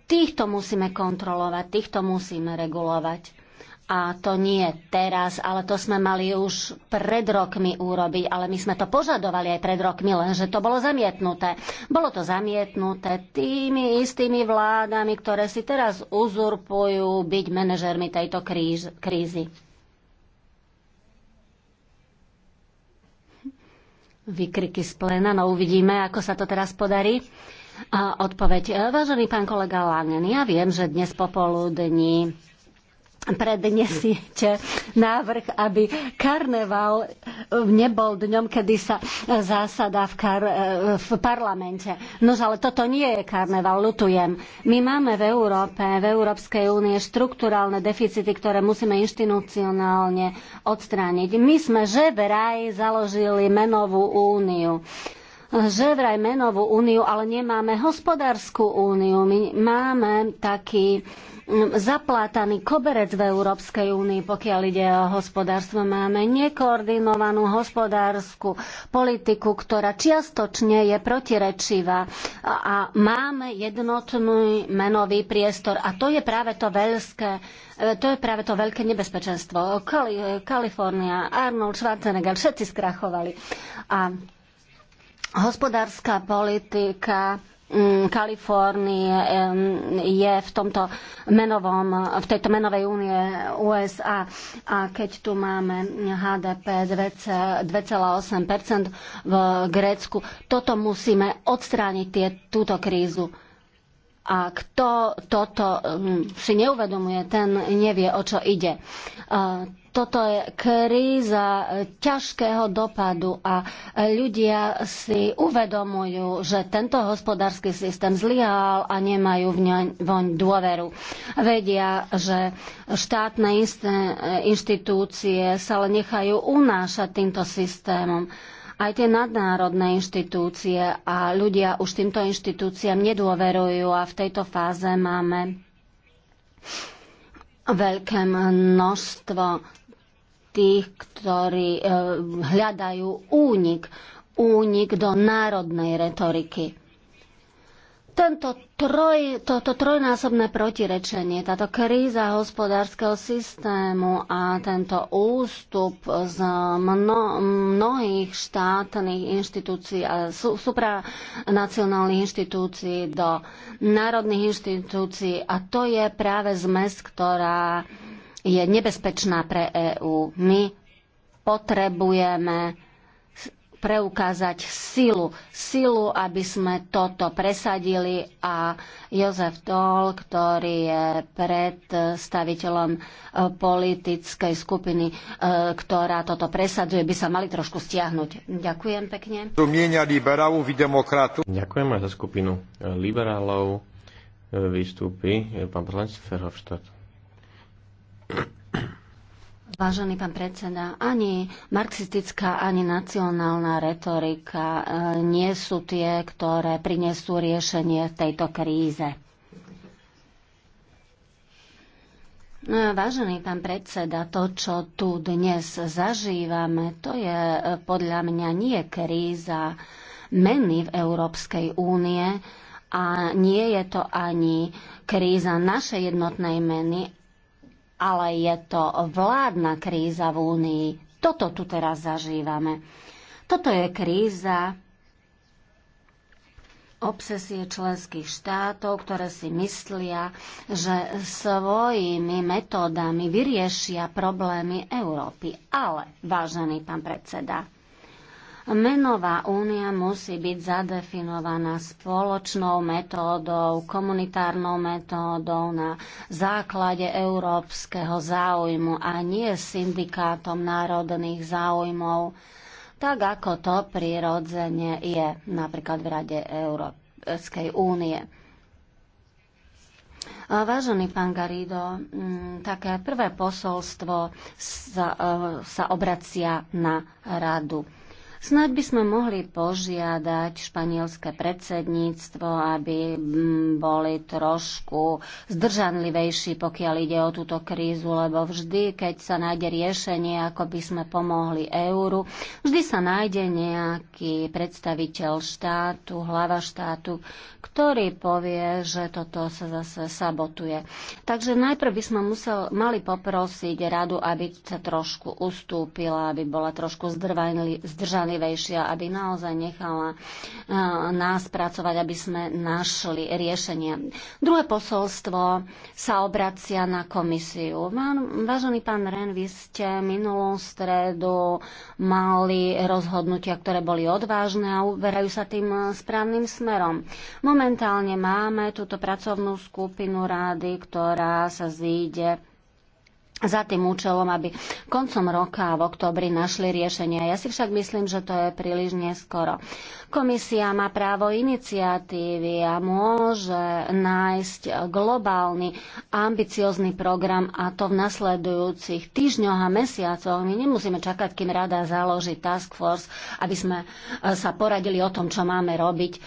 Týchto musíme kontrolovať, týchto musíme regulovať. A to nie teraz, ale to sme mali už pred rokmi urobiť, ale my sme to požadovali aj pred rokmi, lenže to bolo zamietnuté. Bolo to zamietnuté tými istými vládami, ktoré si teraz uzurpujú byť manažermi tejto kríž, krízy. Vykriky z plena, no uvidíme, ako sa to teraz podarí. A odpoveď, vážený pán kolega Langen, ja viem, že dnes popoludní prednesiete návrh, aby karneval nebol dňom, kedy sa zásada v, kar, v parlamente. No ale toto nie je karneval, lutujem. My máme v Európe, v Európskej únie štruktúralne deficity, ktoré musíme inštitucionálne odstrániť. My sme že vraj založili menovú úniu že vraj menovú úniu, ale nemáme hospodárskú úniu. My máme taký zaplátaný koberec v Európskej únii, pokiaľ ide o hospodárstvo. Máme nekoordinovanú hospodárskú politiku, ktorá čiastočne je protirečivá a máme jednotný menový priestor a to je práve to veľské to je práve to veľké nebezpečenstvo. Kali, Kalifornia, Arnold Schwarzenegger, všetci skrachovali. A hospodárska politika Mm, Kalifornie je v, tomto menovom, v tejto menovej únie USA a keď tu máme HDP 2,8% v Grécku, toto musíme odstrániť tie, túto krízu. A kto toto mm, si neuvedomuje, ten nevie, o čo ide. E, toto je kríza e, ťažkého dopadu a e, ľudia si uvedomujú, že tento hospodársky systém zlyhal a nemajú v voň dôveru. Vedia, že štátne e, inštitúcie sa ale nechajú unášať týmto systémom aj tie nadnárodné inštitúcie a ľudia už týmto inštitúciám nedôverujú a v tejto fáze máme veľké množstvo tých, ktorí e, hľadajú únik, únik do národnej retoriky. Tento troj, toto trojnásobné protirečenie, táto kríza hospodárskeho systému a tento ústup z mno, mnohých štátnych inštitúcií a supranacionálnych inštitúcií do národných inštitúcií a to je práve zmes, ktorá je nebezpečná pre EÚ. My potrebujeme preukázať silu. Silu, aby sme toto presadili a Jozef Tol, ktorý je predstaviteľom e, politickej skupiny, e, ktorá toto presadzuje, by sa mali trošku stiahnuť. Ďakujem pekne. Zumienia liberálov i demokratu. Ďakujem aj za skupinu e, liberálov. Vystúpi pán poslanec Ferhofstadt. Vážený pán predseda, ani marxistická, ani nacionálna retorika e, nie sú tie, ktoré prinesú riešenie v tejto kríze. No vážený pán predseda, to, čo tu dnes zažívame, to je e, podľa mňa nie kríza meny v Európskej únie a nie je to ani kríza našej jednotnej meny, ale je to vládna kríza v Únii. Toto tu teraz zažívame. Toto je kríza obsesie členských štátov, ktoré si myslia, že svojimi metódami vyriešia problémy Európy. Ale, vážený pán predseda, Menová únia musí byť zadefinovaná spoločnou metódou, komunitárnou metódou na základe európskeho záujmu a nie syndikátom národných záujmov, tak ako to prirodzene je napríklad v Rade Európskej únie. Vážený pán Garido, mm, také prvé posolstvo sa, e, sa obracia na radu Snad by sme mohli požiadať španielské predsedníctvo, aby mm, boli trošku zdržanlivejší, pokiaľ ide o túto krízu, lebo vždy, keď sa nájde riešenie, ako by sme pomohli euru, vždy sa nájde nejaký predstaviteľ štátu, hlava štátu, ktorý povie, že toto sa zase sabotuje. Takže najprv by sme musel, mali poprosiť radu, aby sa trošku ustúpila, aby bola trošku zdržanlivejšia trpezlivejšia, aby naozaj nechala eh, nás pracovať, aby sme našli riešenie. Druhé posolstvo sa obracia na komisiu. Vážený pán Ren, vy ste minulú stredu mali rozhodnutia, ktoré boli odvážne a uverajú sa tým správnym smerom. Momentálne máme túto pracovnú skupinu rády, ktorá sa zíde za tým účelom, aby koncom roka v oktobri našli riešenie. Ja si však myslím, že to je príliš neskoro. Komisia má právo iniciatívy a môže nájsť globálny ambiciózny program a to v nasledujúcich týždňoch a mesiacoch. My nemusíme čakať, kým rada založí task force, aby sme e, sa poradili o tom, čo máme robiť. E,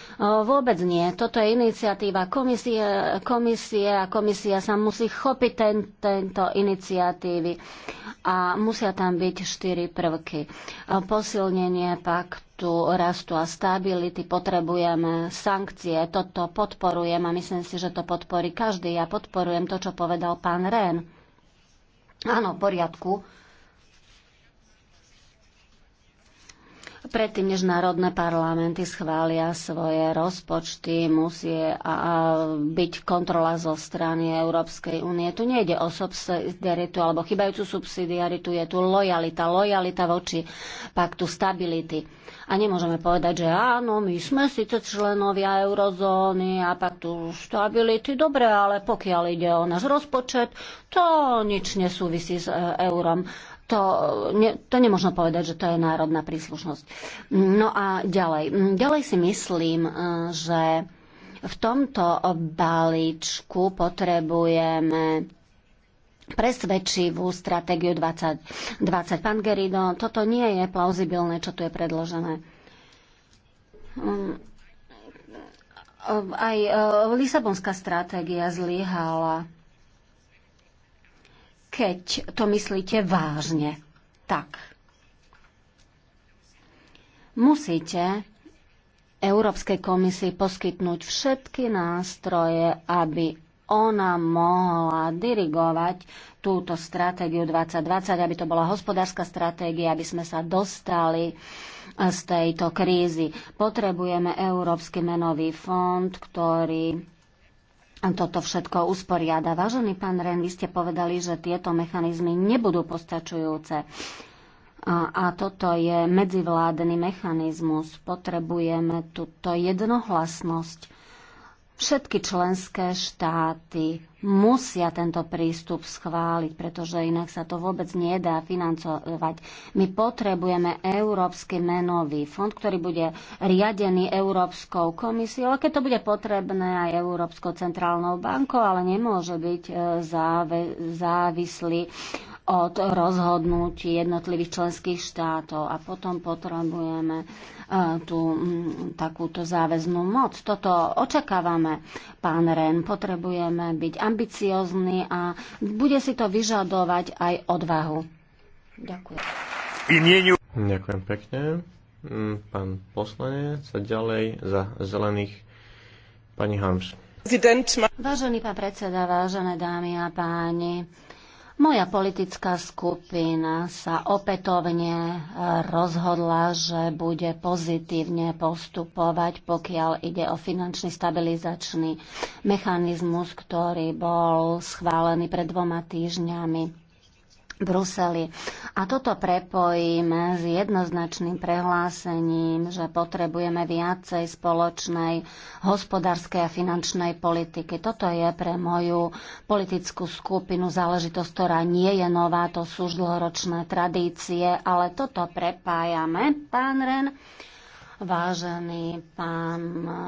vôbec nie. Toto je iniciatíva komisie, komisie a komisia sa musí chopiť ten, tento iniciatívy a musia tam byť štyri prvky. E, posilnenie paktu paktu rastu a stability potrebujeme sankcie. Toto podporujem a myslím si, že to podporí každý. Ja podporujem to, čo povedal pán Rehn. Áno, v poriadku predtým, než národné parlamenty schvália svoje rozpočty, musí byť kontrola zo strany Európskej únie. Tu nejde o subsidiaritu alebo chybajúcu subsidiaritu, je tu lojalita, lojalita voči paktu stability. A nemôžeme povedať, že áno, my sme síce členovia eurozóny a paktu stability, dobre, ale pokiaľ ide o náš rozpočet, to nič nesúvisí s e, eurom to, ne, to nemôžno povedať, že to je národná príslušnosť. No a ďalej. Ďalej si myslím, e, že v tomto balíčku potrebujeme presvedčivú stratégiu 2020. 20. Pán Gerido, toto nie je plauzibilné, čo tu je predložené. Hm, aj e, Lisabonská stratégia zlyhala keď to myslíte vážne, tak musíte Európskej komisii poskytnúť všetky nástroje, aby ona mohla dirigovať túto stratégiu 2020, aby to bola hospodárska stratégia, aby sme sa dostali e, z tejto krízy. Potrebujeme Európsky menový fond, ktorý toto všetko usporiada. Vážený pán Ren, vy ste povedali, že tieto mechanizmy nebudú postačujúce. A, a toto je medzivládny mechanizmus. Potrebujeme túto jednohlasnosť Všetky členské štáty musia tento prístup schváliť, pretože inak sa to vôbec nedá financovať. My potrebujeme Európsky menový fond, ktorý bude riadený Európskou komisiou, ale keď to bude potrebné aj Európskou centrálnou bankou, ale nemôže byť e, závislý od rozhodnutí jednotlivých členských štátov. A potom potrebujeme tú takúto záväznú moc. Toto očakávame, pán Ren. Potrebujeme byť ambiciozni a bude si to vyžadovať aj odvahu. Ďakujem. Ďakujem pekne. Pán poslanec sa ďalej za zelených pani Hams. Vážený pán predseda, vážené dámy a páni, moja politická skupina sa opätovne e, rozhodla, že bude pozitívne postupovať, pokiaľ ide o finančný stabilizačný mechanizmus, ktorý bol schválený pred dvoma týždňami. Bruseli. A toto prepojíme s jednoznačným prehlásením, že potrebujeme viacej spoločnej hospodárskej a finančnej politiky. Toto je pre moju politickú skupinu záležitosť, ktorá nie je nová, to sú dlhoročné tradície, ale toto prepájame, pán Ren, vážený pán eh,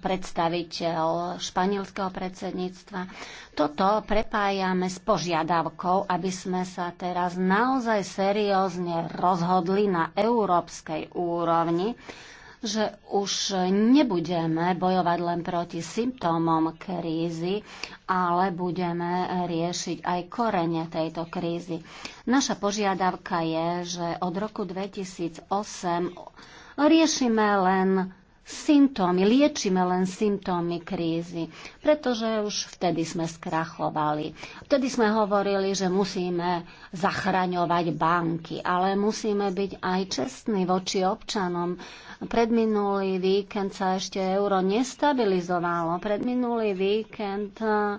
predstaviteľ španielského predsedníctva. Toto prepájame s požiadavkou, aby sme sa teraz naozaj seriózne rozhodli na európskej úrovni, že už nebudeme bojovať len proti symptómom krízy, ale budeme riešiť aj korene tejto krízy. Naša požiadavka je, že od roku 2008 riešime len symptómy, liečíme len symptómy krízy, pretože už vtedy sme skrachovali. Vtedy sme hovorili, že musíme zachraňovať banky, ale musíme byť aj čestní voči občanom. Predminulý víkend sa ešte euro nestabilizovalo. Predminulý víkend eh,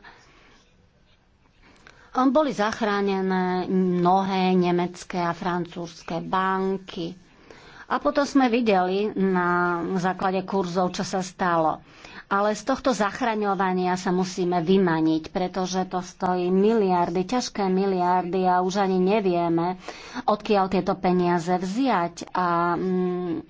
boli zachránené mnohé nemecké a francúzske banky a potom sme videli na základe kurzov, čo sa stalo. Ale z tohto zachraňovania sa musíme vymaniť, pretože to stojí miliardy, ťažké miliardy a už ani nevieme, odkiaľ tieto peniaze vziať. A mm,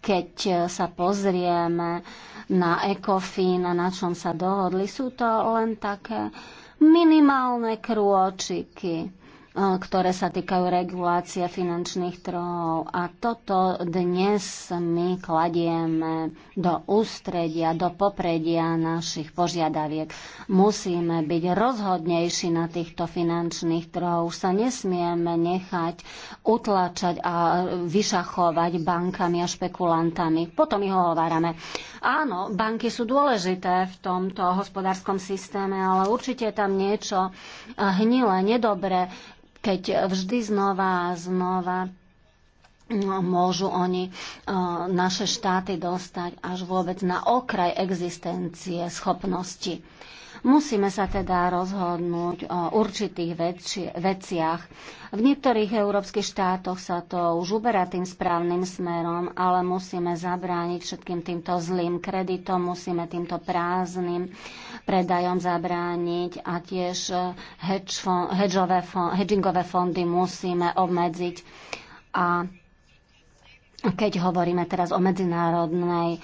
keď sa pozrieme na ECOFIN a na čom sa dohodli, sú to len také minimálne krôčiky E, ktoré sa týkajú regulácie finančných trhov. A toto dnes my kladieme do ústredia, do popredia našich požiadaviek. Musíme byť rozhodnejší na týchto finančných trhov. Už sa nesmieme nechať utlačať a vyšachovať bankami a špekulantami. Potom ich hovárame. Áno, banky sú dôležité v tomto hospodárskom systéme, ale určite je tam niečo hnilé, nedobré keď vždy znova a znova môžu oni e, naše štáty dostať až vôbec na okraj existencie schopnosti. Musíme sa teda rozhodnúť o určitých veci, veciach. V niektorých európskych štátoch sa to už uberá tým správnym smerom, ale musíme zabrániť všetkým týmto zlým kreditom, musíme týmto prázdnym predajom zabrániť a tiež e, hedgingové fondy musíme obmedziť a keď hovoríme teraz o medzinárodnej e,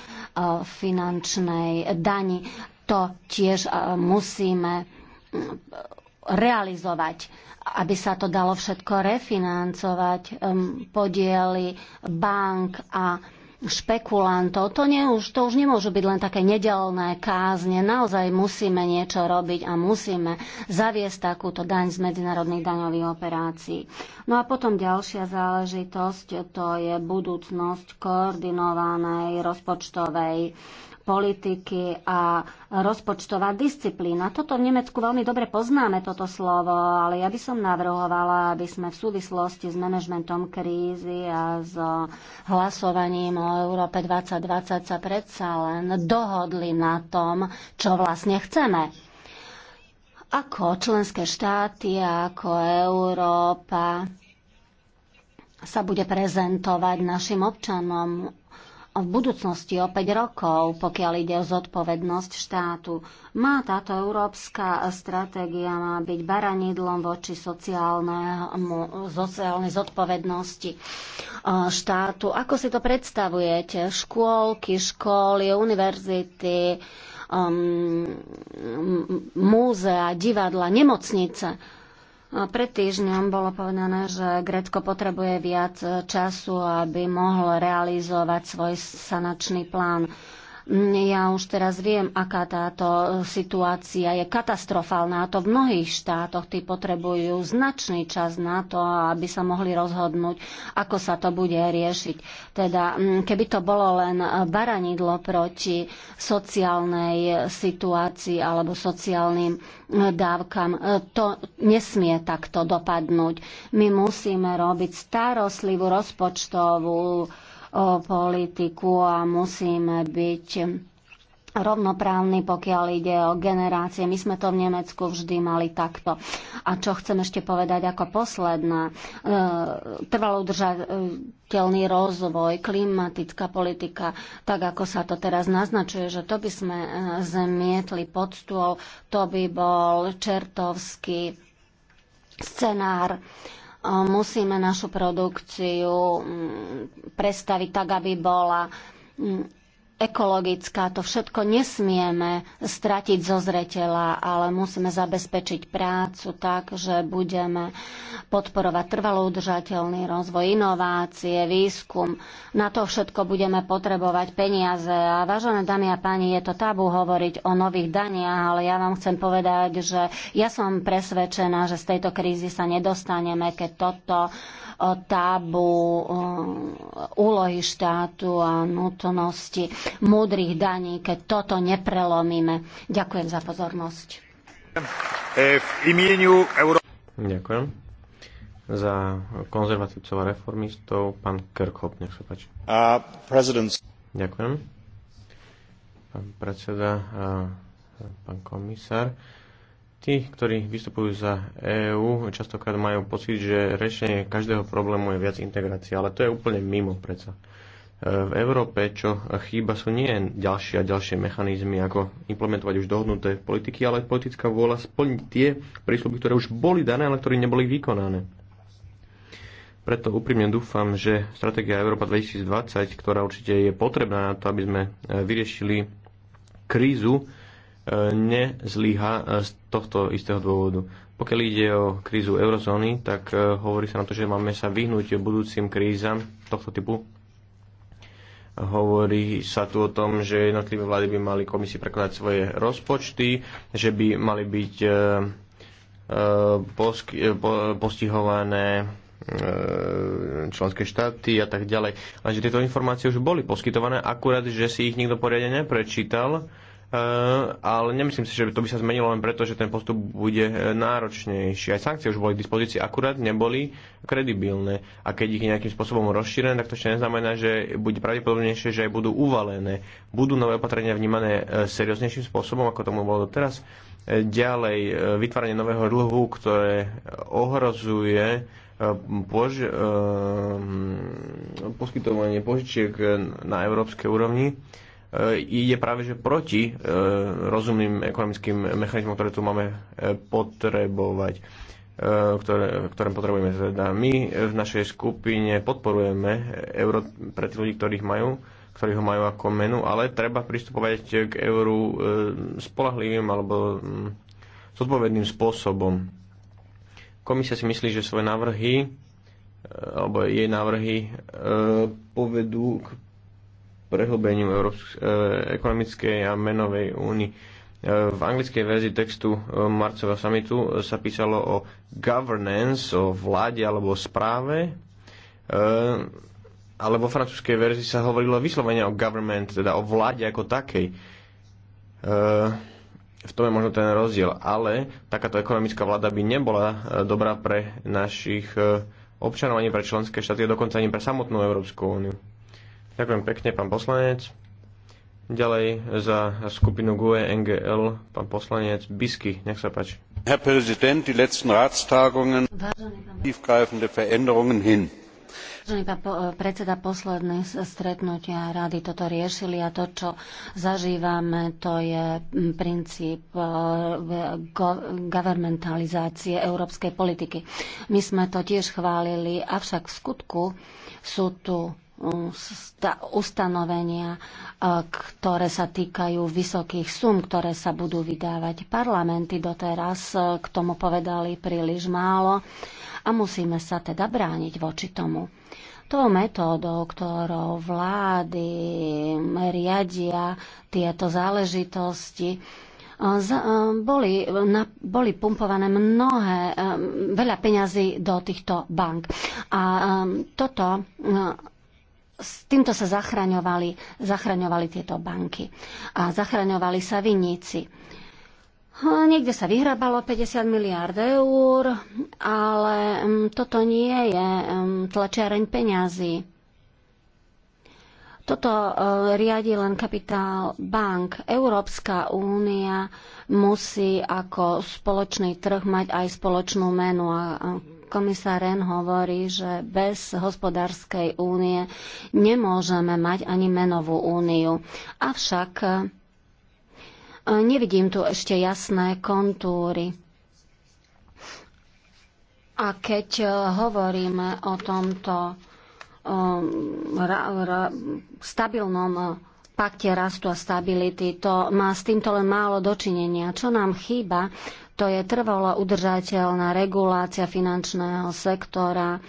finančnej dani, to tiež e, musíme mm, realizovať, aby sa to dalo všetko refinancovať, podiely bank a špekulantov. To, nie, už, to už nemôžu byť len také nedelné kázne. Naozaj musíme niečo robiť a musíme zaviesť takúto daň z medzinárodných daňových operácií. No a potom ďalšia záležitosť, to je budúcnosť koordinovanej rozpočtovej politiky a rozpočtová disciplína. Toto v Nemecku veľmi dobre poznáme, toto slovo, ale ja by som navrhovala, aby sme v súvislosti s manažmentom krízy a s hlasovaním o Európe 2020 sa predsa len dohodli na tom, čo vlastne chceme ako členské štáty, ako Európa sa bude prezentovať našim občanom v budúcnosti o 5 rokov, pokiaľ ide o zodpovednosť štátu. Má táto európska stratégia má byť baranidlom voči sociálnemu, sociálnej zodpovednosti e, štátu. Ako si to predstavujete? Škôlky, školy, univerzity, um, múzea, divadla, nemocnice pred týždňom bolo povedané, že Grécko potrebuje viac času, aby mohlo realizovať svoj sanačný plán. Ja už teraz viem, aká táto situácia je katastrofálna a to v mnohých štátoch. Tí potrebujú značný čas na to, aby sa mohli rozhodnúť, ako sa to bude riešiť. Teda, keby to bolo len baranidlo proti sociálnej situácii alebo sociálnym dávkam, e, to nesmie takto dopadnúť. My musíme robiť starostlivú rozpočtovú politiku a musíme byť rovnoprávny, pokiaľ ide o generácie. My sme to v Nemecku vždy mali takto. A čo chcem ešte povedať ako posledná, e, trvalo udržateľný rozvoj, klimatická politika, tak ako sa to teraz naznačuje, že to by sme e, zmietli pod stôl, to by bol čertovský scenár. E, musíme našu produkciu mm, prestaviť tak, aby bola mm, ekologická. To všetko nesmieme stratiť zo zreteľa, ale musíme zabezpečiť prácu tak, že budeme podporovať trvalo udržateľný rozvoj, inovácie, výskum. Na to všetko budeme potrebovať peniaze. A vážené dámy a páni, je to tabu hovoriť o nových daniach, ale ja vám chcem povedať, že ja som presvedčená, že z tejto krízy sa nedostaneme, keď toto tábu um, úlohy štátu a nutnosti múdrych daní, keď toto neprelomíme. Ďakujem za pozornosť. Eh, v imieniu Euró... Ďakujem. Za konzervatívcov a reformistov pán Kerkhop, nech sa páči. Uh, presidents. Ďakujem. Pán predseda, a pán komisár. Tí, ktorí vystupujú za EÚ, častokrát majú pocit, že riešenie každého problému je viac integrácie, ale to je úplne mimo predsa. E, v Európe, čo chýba, sú nie ďalšie a ďalšie mechanizmy, ako implementovať už dohodnuté politiky, ale politická vôľa splniť tie prísluby, ktoré už boli dané, ale ktoré neboli vykonané. Preto úprimne dúfam, že stratégia Európa 2020, ktorá určite je potrebná na to, aby sme e, vyriešili krízu, E, nezlyha e, z tohto istého dôvodu. Pokiaľ ide o krízu eurozóny, tak e, hovorí sa na to, že máme sa vyhnúť budúcim krízam tohto typu. Hovorí sa tu o tom, že jednotlivé vlády by mali komisii prekladať svoje rozpočty, že by mali byť postihované členské štáty a tak ďalej. Lenže tieto informácie už boli poskytované, akurát, že si ich nikto poriadne neprečítal Eh, ale nemyslím si, že to by sa zmenilo len preto, že ten postup bude eh, náročnejší. Aj sankcie už boli k dispozícii, akurát neboli kredibilné. A keď ich nejakým spôsobom rozšírené, tak to ešte neznamená, že bude pravdepodobnejšie, že aj budú uvalené. Budú nové opatrenia vnímané eh, serióznejším spôsobom, ako tomu bolo doteraz. Ďalej, vytváranie nového dlhu, ktoré ohrozuje pož, hm, poskytovanie požičiek na európskej úrovni E, ide práve že proti e, rozumným ekonomickým mechanizmom, ktoré tu máme e, potrebovať ktoré, ktoré potrebujeme. Teda my v našej skupine podporujeme euro pre tých ľudí, ktorých majú, ktorí ho majú ako menu, ale treba pristupovať k euru spolahlivým alebo mm, zodpovedným spôsobom. Komisia si myslí, že svoje návrhy alebo jej návrhy povedú k prehlbením Európsk- e, ekonomickej a menovej únii. E, v anglickej verzii textu e, marcového samitu sa písalo o governance, o vláde alebo o správe, ale vo francúzskej verzii sa hovorilo vyslovene o government, teda o vláde ako takej. V tom je možno ten rozdiel, ale takáto ekonomická vláda by nebola dobrá pre našich občanov, ani pre členské štáty a dokonca ani pre samotnú Európsku úniu. Ďakujem pekne, pán poslanec. Ďalej za skupinu GUE NGL pán poslanec Bisky. Nech sa páči. Herr Präsident, die letzten Ratstagungen tiefgreifende Veränderungen hin. Vážený pán predseda, posledné stretnutia rady toto riešili a to, čo zažívame, to je mm, princíp e, governmentalizácie európskej politiky. My sme to tiež chválili, avšak v skutku sú tu ustanovenia, e, ktoré sa týkajú vysokých sum, ktoré sa budú vydávať. Parlamenty doteraz e, k tomu povedali príliš málo a musíme sa teda brániť voči tomu. Tou metódou, ktorou vlády riadia tieto záležitosti, e, boli, na, boli pumpované mnohé, veľa peňazí do týchto bank. A toto s týmto sa zachraňovali, zachraňovali tieto banky a zachraňovali sa vinníci. Niekde sa vyhrábalo 50 miliard eur, ale mm, toto nie je mm, tlačiareň peňazí. Toto e, riadi len kapitál bank. Európska únia musí ako spoločný trh mať aj spoločnú menu a Komisár Ren hovorí, že bez hospodárskej únie nemôžeme mať ani menovú úniu. Avšak e, nevidím tu ešte jasné kontúry. A keď e, hovoríme o tomto e, stabilnom pakte rastu a stability, to má s týmto len málo dočinenia. Čo nám chýba, to je trvalo udržateľná regulácia finančného sektora.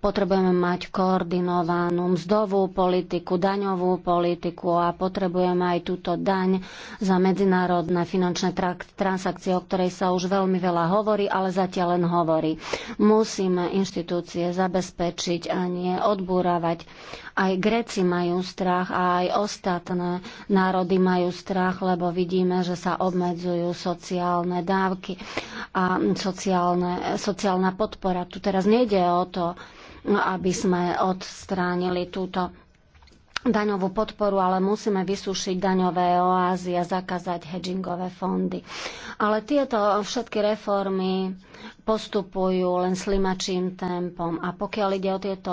Potrebujeme mať koordinovanú mzdovú politiku, daňovú politiku a potrebujeme aj túto daň za medzinárodné finančné transakcie, o ktorej sa už veľmi veľa hovorí, ale zatiaľ len hovorí. Musíme inštitúcie zabezpečiť a nie odbúravať. Aj Gréci majú strach a aj ostatné národy majú strach, lebo vidíme, že sa obmedzujú sociálne dávky a sociálne, sociálna podpora. Tu teraz nejde o to, aby sme odstránili túto daňovú podporu, ale musíme vysúšiť daňové oázy a zakázať hedgingové fondy. Ale tieto všetky reformy postupujú len slimačím tempom a pokiaľ ide o tieto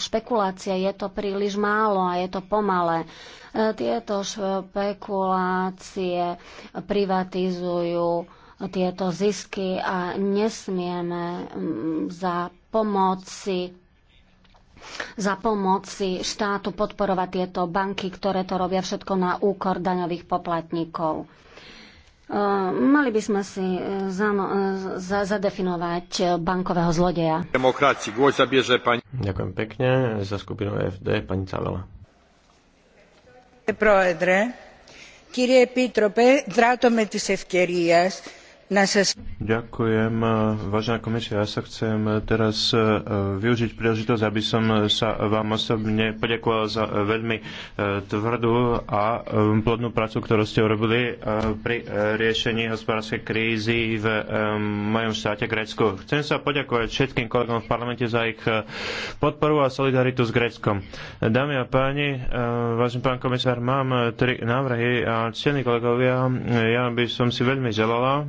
špekulácie, je to príliš málo a je to pomalé. E, tieto špekulácie privatizujú tieto zisky a nesmieme za pomoci za pomoci štátu podporovať tieto banky, ktoré to robia všetko na úkor daňových poplatníkov. E, mali by sme si e, e, zadefinovať bankového zlodeja. Demokracii. Głos zabierze pani. Ďakujem pekne. Za skupinu FD pani Cavela. Πρόεδρε, κύριε Επίτροπε, δράτω με της ευκαιρίας Ďakujem. Vážená komisia, ja sa chcem teraz e, využiť príležitosť, aby som sa vám osobne poďakoval za veľmi e, tvrdú a e, plodnú prácu, ktorú ste urobili pri riešení hospodárskej krízy v mojom štáte Grécku. Chcem sa poďakovať všetkým kolegom v parlamente za ich podporu a solidaritu s Gréckom. Dámy a páni, vážený pán komisár, mám tri návrhy a ctení kolegovia, ja by som si veľmi želala,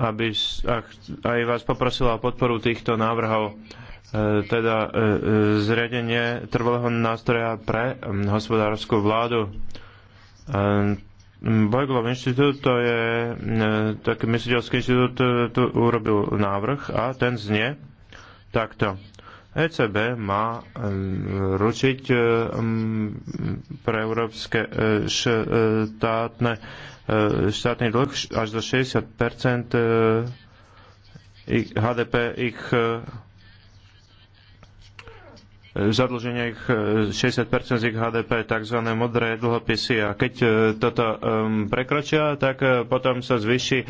aby aj vás poprosila o podporu týchto návrhov e, teda e, e, zriadenie trvalého nástroja pre hospodárskú vládu. Bojglov inštitút to je taký mysliteľský inštitút, tu urobil návrh a ten znie takto. ECB má ručiť pre európske štátne E, štátny dlh až do 60 HDP ich zadlženie ich 60% e, z ich HDP, tzv. modré dlhopisy. A keď e, toto prekročia, tak e, potom sa zvyši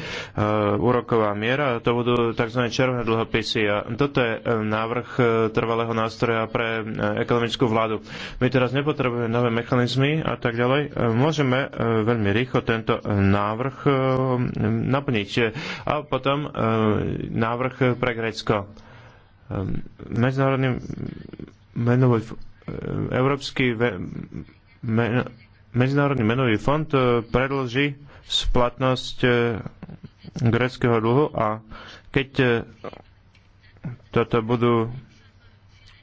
úroková miera a to budú tzv. červené dlhopisy. A toto je návrh trvalého nástroja pre ekonomickú vládu. My teraz nepotrebujeme nové mechanizmy a tak ďalej. Môžeme veľmi rýchlo tento návrh naplniť. A potom návrh pre Grécko medzinárodným menový, e, Európsky men, Medzinárodný menový fond e, predlží splatnosť e, greckého dlhu a keď toto budú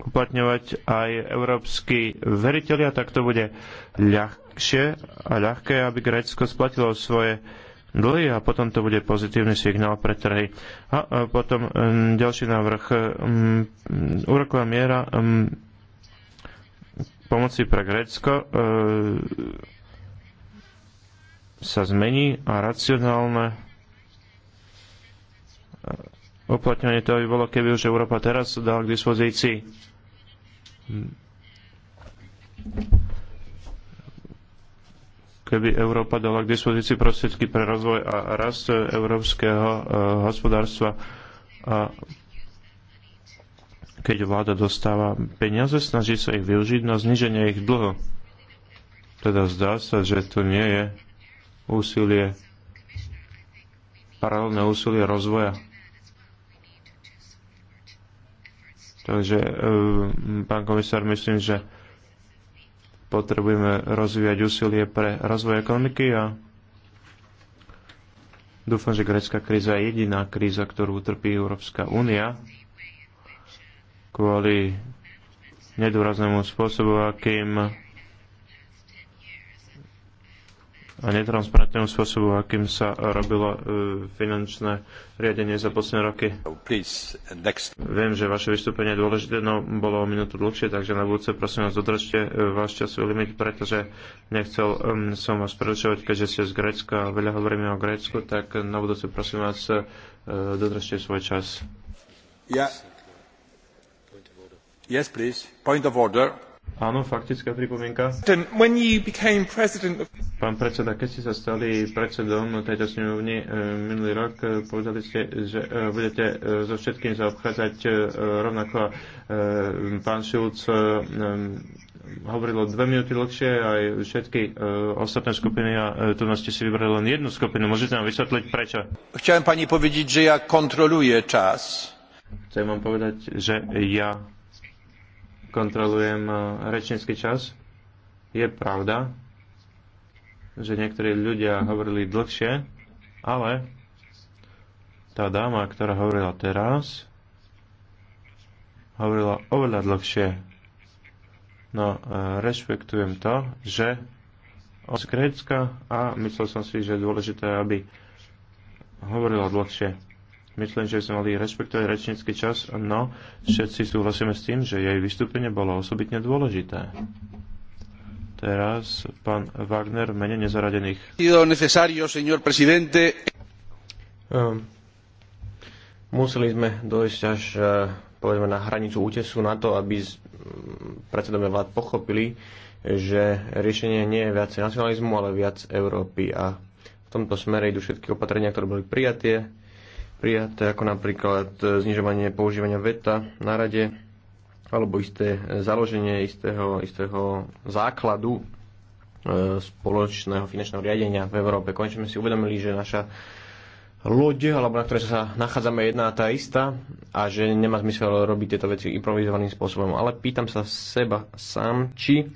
uplatňovať aj európsky veriteľia, tak to bude ľahšie a ľahké, aby Grécko splatilo svoje dlhy a potom to bude pozitívny signál pre trhy. A potom um, ďalší návrh. Um, úroková miera um, pomoci pre Grécko uh, sa zmení a racionálne uh, uplatňovanie toho by bolo, keby už Európa teraz dala k dispozícii keby Európa dala k dispozícii prostriedky pre rozvoj a rast európskeho eh, hospodárstva. A keď vláda dostáva peniaze, snaží sa ich využiť na zniženie ich dlhu. Teda zdá sa, že to nie je úsilie, paralelné úsilie rozvoja. Takže, eh, pán komisár, myslím, že potrebujeme rozvíjať úsilie pre rozvoj ekonomiky a dúfam, že grecká kríza je jediná kríza, ktorú utrpí Európska únia kvôli nedôraznému spôsobu, akým netransparentnému spôsobu, akým sa robilo e, finančné riadenie za posledné roky. Oh, Viem, že vaše vystúpenie je dôležité, no bolo o minútu dlhšie, takže na budúce prosím vás dodržte e, váš časový limit, pretože nechcel som vás prerušovať, keďže ste z Grécka a veľa hovoríme o Grécku, tak na budúce prosím vás e, dodržte svoj čas. Yeah. Yes, please. Point of order. Áno, faktická pripomienka. Pán predseda, keď ste sa stali predsedom tejto snemovny eh, minulý rok, eh, povedali ste, že eh, budete so všetkým zaobchádzať rovnako. Pán Šulc hovorilo dve minúty dlhšie, aj všetky ostatné skupiny a tu nás ste si vybrali len jednu skupinu. Môžete nám vysvetliť prečo? Chcem pani povedať, že ja kontroluje čas. Chcem vám povedať, že ja kontrolujem e, rečnícky čas. Je pravda, že niektorí ľudia hovorili dlhšie, ale tá dáma, ktorá hovorila teraz, hovorila oveľa dlhšie. No, e, rešpektujem to, že z Grécka a myslel som si, že je dôležité, aby hovorila dlhšie. Myslím, že sme mali rešpektovať rečnícky čas, no všetci súhlasíme s tým, že jej vystúpenie bolo osobitne dôležité. Teraz pán Wagner mene nezaradených. Ehm, museli sme dojsť až eh, povedzme, na hranicu útesu na to, aby predsedovia vlád pochopili, že riešenie nie je viac nacionalizmu, ale viac Európy. A v tomto smere idú všetky opatrenia, ktoré boli prijatie prijaté, ako napríklad e, znižovanie používania veta na rade alebo isté založenie istého, istého základu e, spoločného finančného riadenia v Európe. Konečne sme si uvedomili, že naša loď, alebo na ktorej sa nachádzame jedná tá istá a že nemá zmysel robiť tieto veci improvizovaným spôsobom. Ale pýtam sa seba sám, či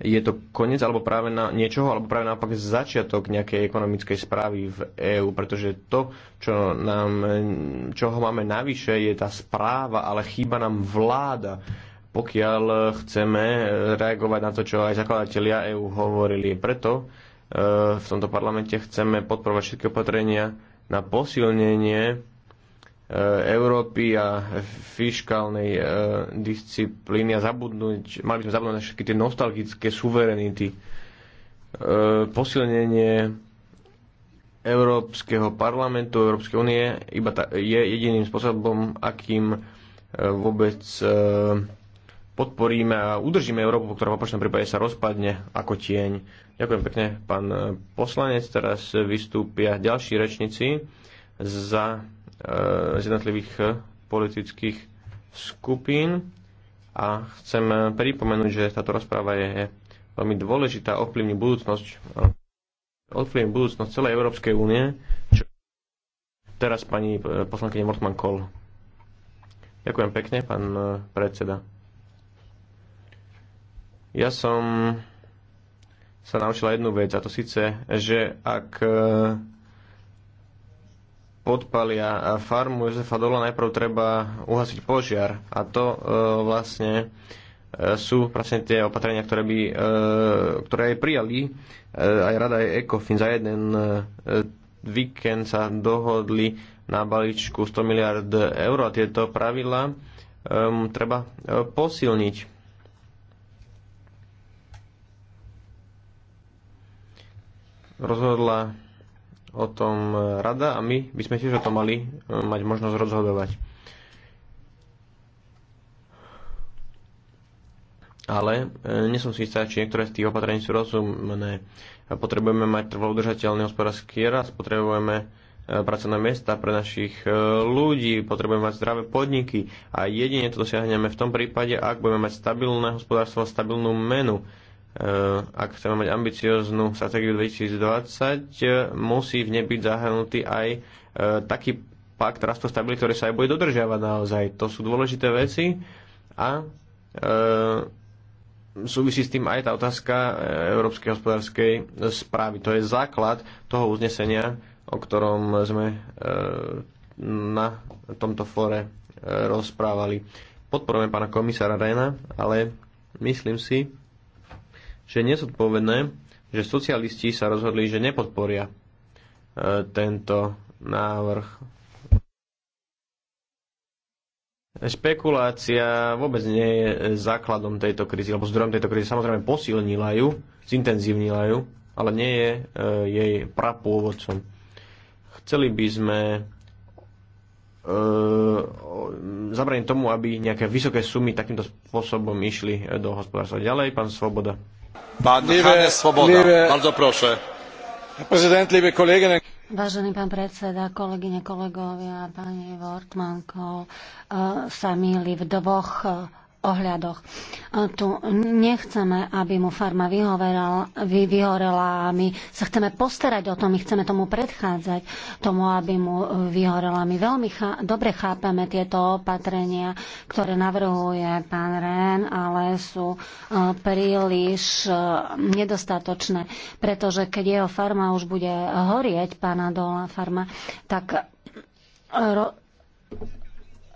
je to koniec alebo práve na niečoho, alebo práve naopak začiatok nejakej ekonomickej správy v EÚ, pretože to, čo nám, čoho máme navyše, je tá správa, ale chýba nám vláda, pokiaľ chceme e, reagovať na to, čo aj zakladatelia EÚ hovorili. Preto e, v tomto parlamente chceme podporovať všetky opatrenia na posilnenie E, Európy a fiškálnej e, disciplíny a zabudnúť, mali by sme zabudnúť na všetky tie nostalgické suverenity. E, posilnenie Európskeho parlamentu, Európskej únie iba ta, je jediným spôsobom, akým vôbec podporíme a udržíme Európu, ktorá v opačnom prípade sa rozpadne ako tieň. Ďakujem pekne, pán poslanec. Teraz vystúpia ďalší rečníci za Eh, z jednotlivých eh, politických skupín a chcem eh, pripomenúť, že táto rozpráva je veľmi dôležitá, ovplyvní budúcnosť, ovplyvní budúcnosť celej Európskej únie. Čo teraz pani poslankyne Mortman Kol. Ďakujem pekne, pán predseda. Ja som sa naučila jednu vec, a to síce, že ak podpalia farmu Jozefa Dola, najprv treba uhasiť požiar. A to e, vlastne e, sú vlastne tie opatrenia, ktoré, by, e, ktoré aj prijali e, aj rada aj ECOFIN. Za jeden e, víkend sa dohodli na balíčku 100 miliard eur a tieto pravidla e, treba e, posilniť. Rozhodla o tom e, rada a my by sme tiež o tom mali e, mať možnosť rozhodovať. ale e, si istá, či niektoré z tých opatrení sú rozumné. Potrebujeme mať trvalo udržateľný hospodársky rast, potrebujeme e, pracovné miesta pre našich e, ľudí, potrebujeme mať zdravé podniky a jedine to dosiahneme v tom prípade, ak budeme mať stabilné hospodárstvo a stabilnú menu. Eh, ak chceme mať ambicióznu stratégiu 2020, eh, musí v nej byť zahrnutý aj eh, taký pakt rastu stability, ktorý sa aj bude dodržiavať naozaj. To sú dôležité veci a súvisí s tým aj tá otázka Európskej hospodárskej správy. To je základ toho uznesenia, o ktorom sme na tomto fore rozprávali. Podporujeme pána komisára Rena, ale myslím si, že nesodpovedné, že socialisti sa rozhodli, že nepodporia e, tento návrh. Špekulácia vôbec nie je základom tejto krízy, alebo zdrojom tejto krízy. Samozrejme posilnila ju, zintenzívnila ju, ale nie je e, jej prapôvodcom. Chceli by sme e, zabraniť tomu, aby nejaké vysoké sumy takýmto spôsobom išli do hospodárstva. Ďalej, pán Svoboda. Vážený pán predseda, kolegyne, kolegovia, pani Wortmanko, eh, sa mýli v dvoch eh, ohľadoch. Tu nechceme, aby mu farma vyhorela, vy, vyhorela a my sa chceme postarať o tom, my chceme tomu predchádzať, tomu, aby mu vyhorela. My veľmi chá, dobre chápeme tieto opatrenia, ktoré navrhuje pán Rén, ale sú e, príliš e, nedostatočné, pretože keď jeho farma už bude horieť, pána Dola farma, tak e, ro-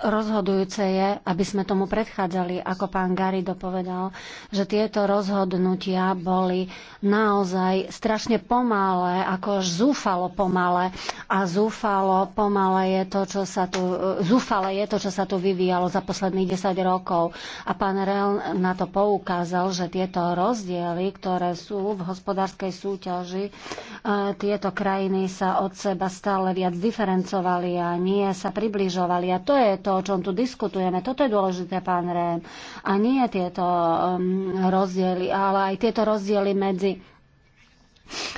Rozhodujúce je, aby sme tomu predchádzali, ako pán Gary povedal, že tieto rozhodnutia boli naozaj strašne pomalé, ako zúfalo pomalé. A zúfalo pomalé je to, čo sa tu, zúfale je to, čo sa tu vyvíjalo za posledných 10 rokov. A pán Rel na to poukázal, že tieto rozdiely, ktoré sú v hospodárskej súťaži, e, tieto krajiny sa od seba stále viac diferencovali a nie sa približovali. A to je to, to, o čom tu diskutujeme. Toto je dôležité, pán Rém. A nie tieto um, rozdiely, ale aj tieto rozdiely medzi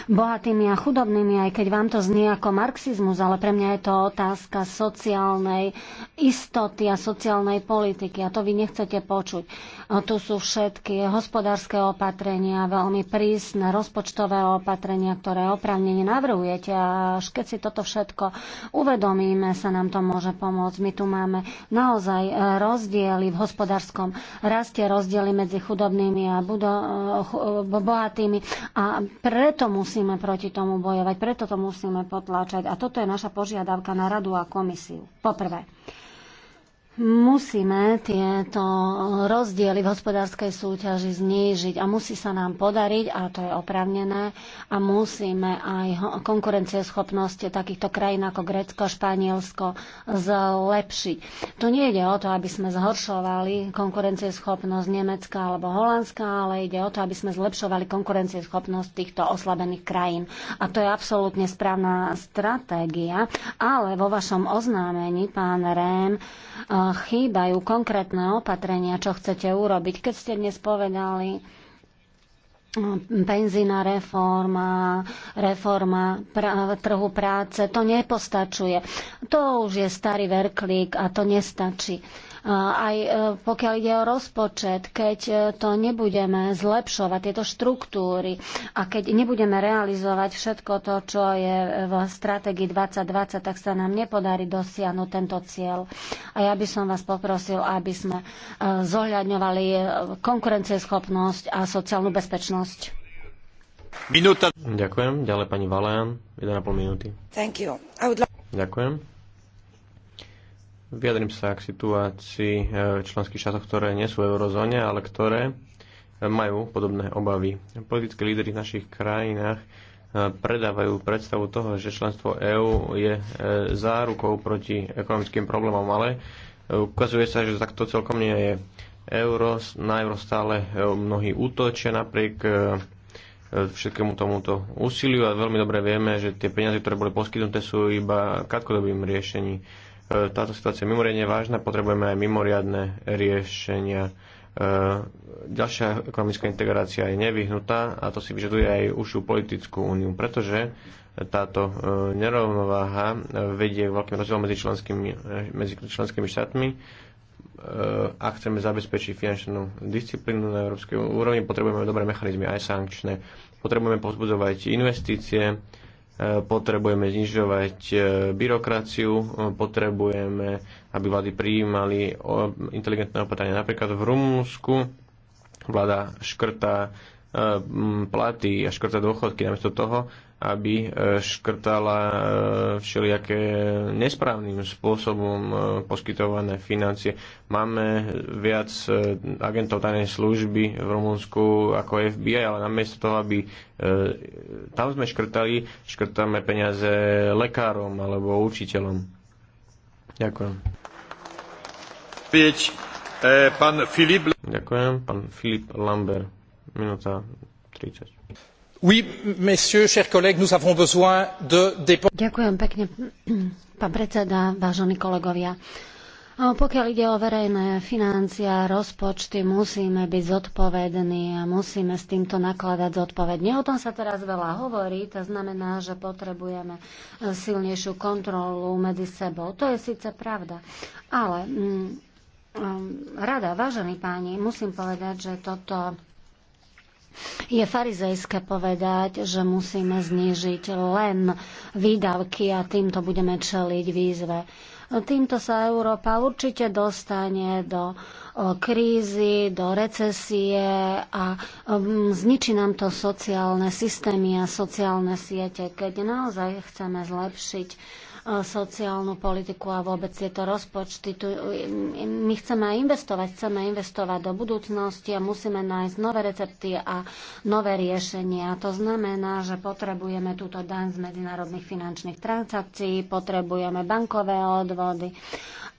bohatými a chudobnými, aj keď vám to znie ako marxizmus, ale pre mňa je to otázka sociálnej istoty a sociálnej politiky a to vy nechcete počuť. Tu sú všetky hospodárske opatrenia, veľmi prísne rozpočtové opatrenia, ktoré oprávnene navrhujete a až keď si toto všetko uvedomíme, sa nám to môže pomôcť. My tu máme naozaj rozdiely v hospodárskom raste, rozdiely medzi chudobnými a bohatými a preto preto musíme proti tomu bojovať, preto to musíme potláčať a toto je naša požiadavka na radu a komisiu. Poprvé. prvé. Musíme tieto rozdiely v hospodárskej súťaži znížiť a musí sa nám podariť, a to je opravnené, a musíme aj konkurencieschopnosť takýchto krajín ako Grécko, Španielsko zlepšiť. Tu nie ide o to, aby sme zhoršovali konkurencieschopnosť Nemecka alebo Holandska, ale ide o to, aby sme zlepšovali konkurencieschopnosť týchto oslabených krajín. A to je absolútne správna stratégia, ale vo vašom oznámení, pán Rém, chýbajú konkrétne opatrenia, čo chcete urobiť. Keď ste dnes povedali, penzína reforma, reforma pr- trhu práce, to nepostačuje. To už je starý verklík a to nestačí. Aj e, pokiaľ ide o rozpočet, keď e, to nebudeme zlepšovať, tieto štruktúry a keď nebudeme realizovať všetko to, čo je e, v stratégii 2020, tak sa nám nepodarí dosiahnuť tento cieľ. A ja by som vás poprosil, aby sme zohľadňovali konkurencieschopnosť a sociálnu bezpečnosť. Minúta. Ďakujem. Ďalej pani Valean, 1,5 minúty. Thank you. I would like... Ďakujem. Vyjadrím sa k situácii e, členských štátov, ktoré nie sú v eurozóne, ale ktoré e, majú podobné obavy. Politické lídery v našich krajinách e, predávajú predstavu toho, že členstvo EÚ je zárukou proti ekonomickým problémom, ale ukazuje sa, že takto celkom nie je. Euro, na euro stále mnohí útočia napriek všetkému tomuto úsiliu a veľmi dobre vieme, že tie peniaze, ktoré boli poskytnuté, sú iba krátkodobým riešením E, táto situácia je mimoriadne vážna, potrebujeme aj mimoriadne riešenia. E, ďalšia ekonomická integrácia je nevyhnutá a to si vyžaduje aj užšiu politickú úniu, pretože táto e, nerovnováha vedie k veľkým rozdielom medzi členskými, medzi členskými štátmi. Ak chceme zabezpečiť finančnú disciplínu na európskej úrovni, potrebujeme dobré mechanizmy, aj sankčné. Potrebujeme povzbudzovať investície, potrebujeme znižovať e, byrokraciu, e, potrebujeme, aby vlády prijímali inteligentné opatrenia. Napríklad v Rumunsku vláda škrta e, platy a škrta dôchodky namiesto toho, aby e, škrtala e, všelijaké nesprávnym spôsobom e, poskytované financie. Máme viac agentov tajnej služby v Rumunsku ako FBI, ale namiesto toho, aby tam sme škrtali, škrtáme peniaze lekárom alebo učiteľom. Ďakujem. e, pán Filip... Ďakujem, pán Filip Lambert. Minúta 30 messieurs, chers collègues, nous avons besoin de dépenses. Ďakujem pekne, pán predseda, vážení kolegovia. pokiaľ ide o verejné financie a rozpočty, musíme byť zodpovední a musíme s týmto nakladať zodpovedne. O tom sa teraz veľa hovorí, to znamená, že potrebujeme e, silnejšiu kontrolu medzi sebou. To je síce pravda, ale mm, e, rada, vážení páni, musím povedať, že toto je farizejské povedať, že musíme znížiť len výdavky a týmto budeme čeliť výzve. Týmto sa Európa určite dostane do krízy, do recesie a zničí nám to sociálne systémy a sociálne siete, keď naozaj chceme zlepšiť E, sociálnu politiku a vôbec tieto rozpočty. Tu, e, my chceme investovať, chceme investovať do budúcnosti a musíme nájsť nové recepty a nové riešenia. To znamená, že potrebujeme túto daň z medzinárodných finančných transakcií, potrebujeme bankové odvody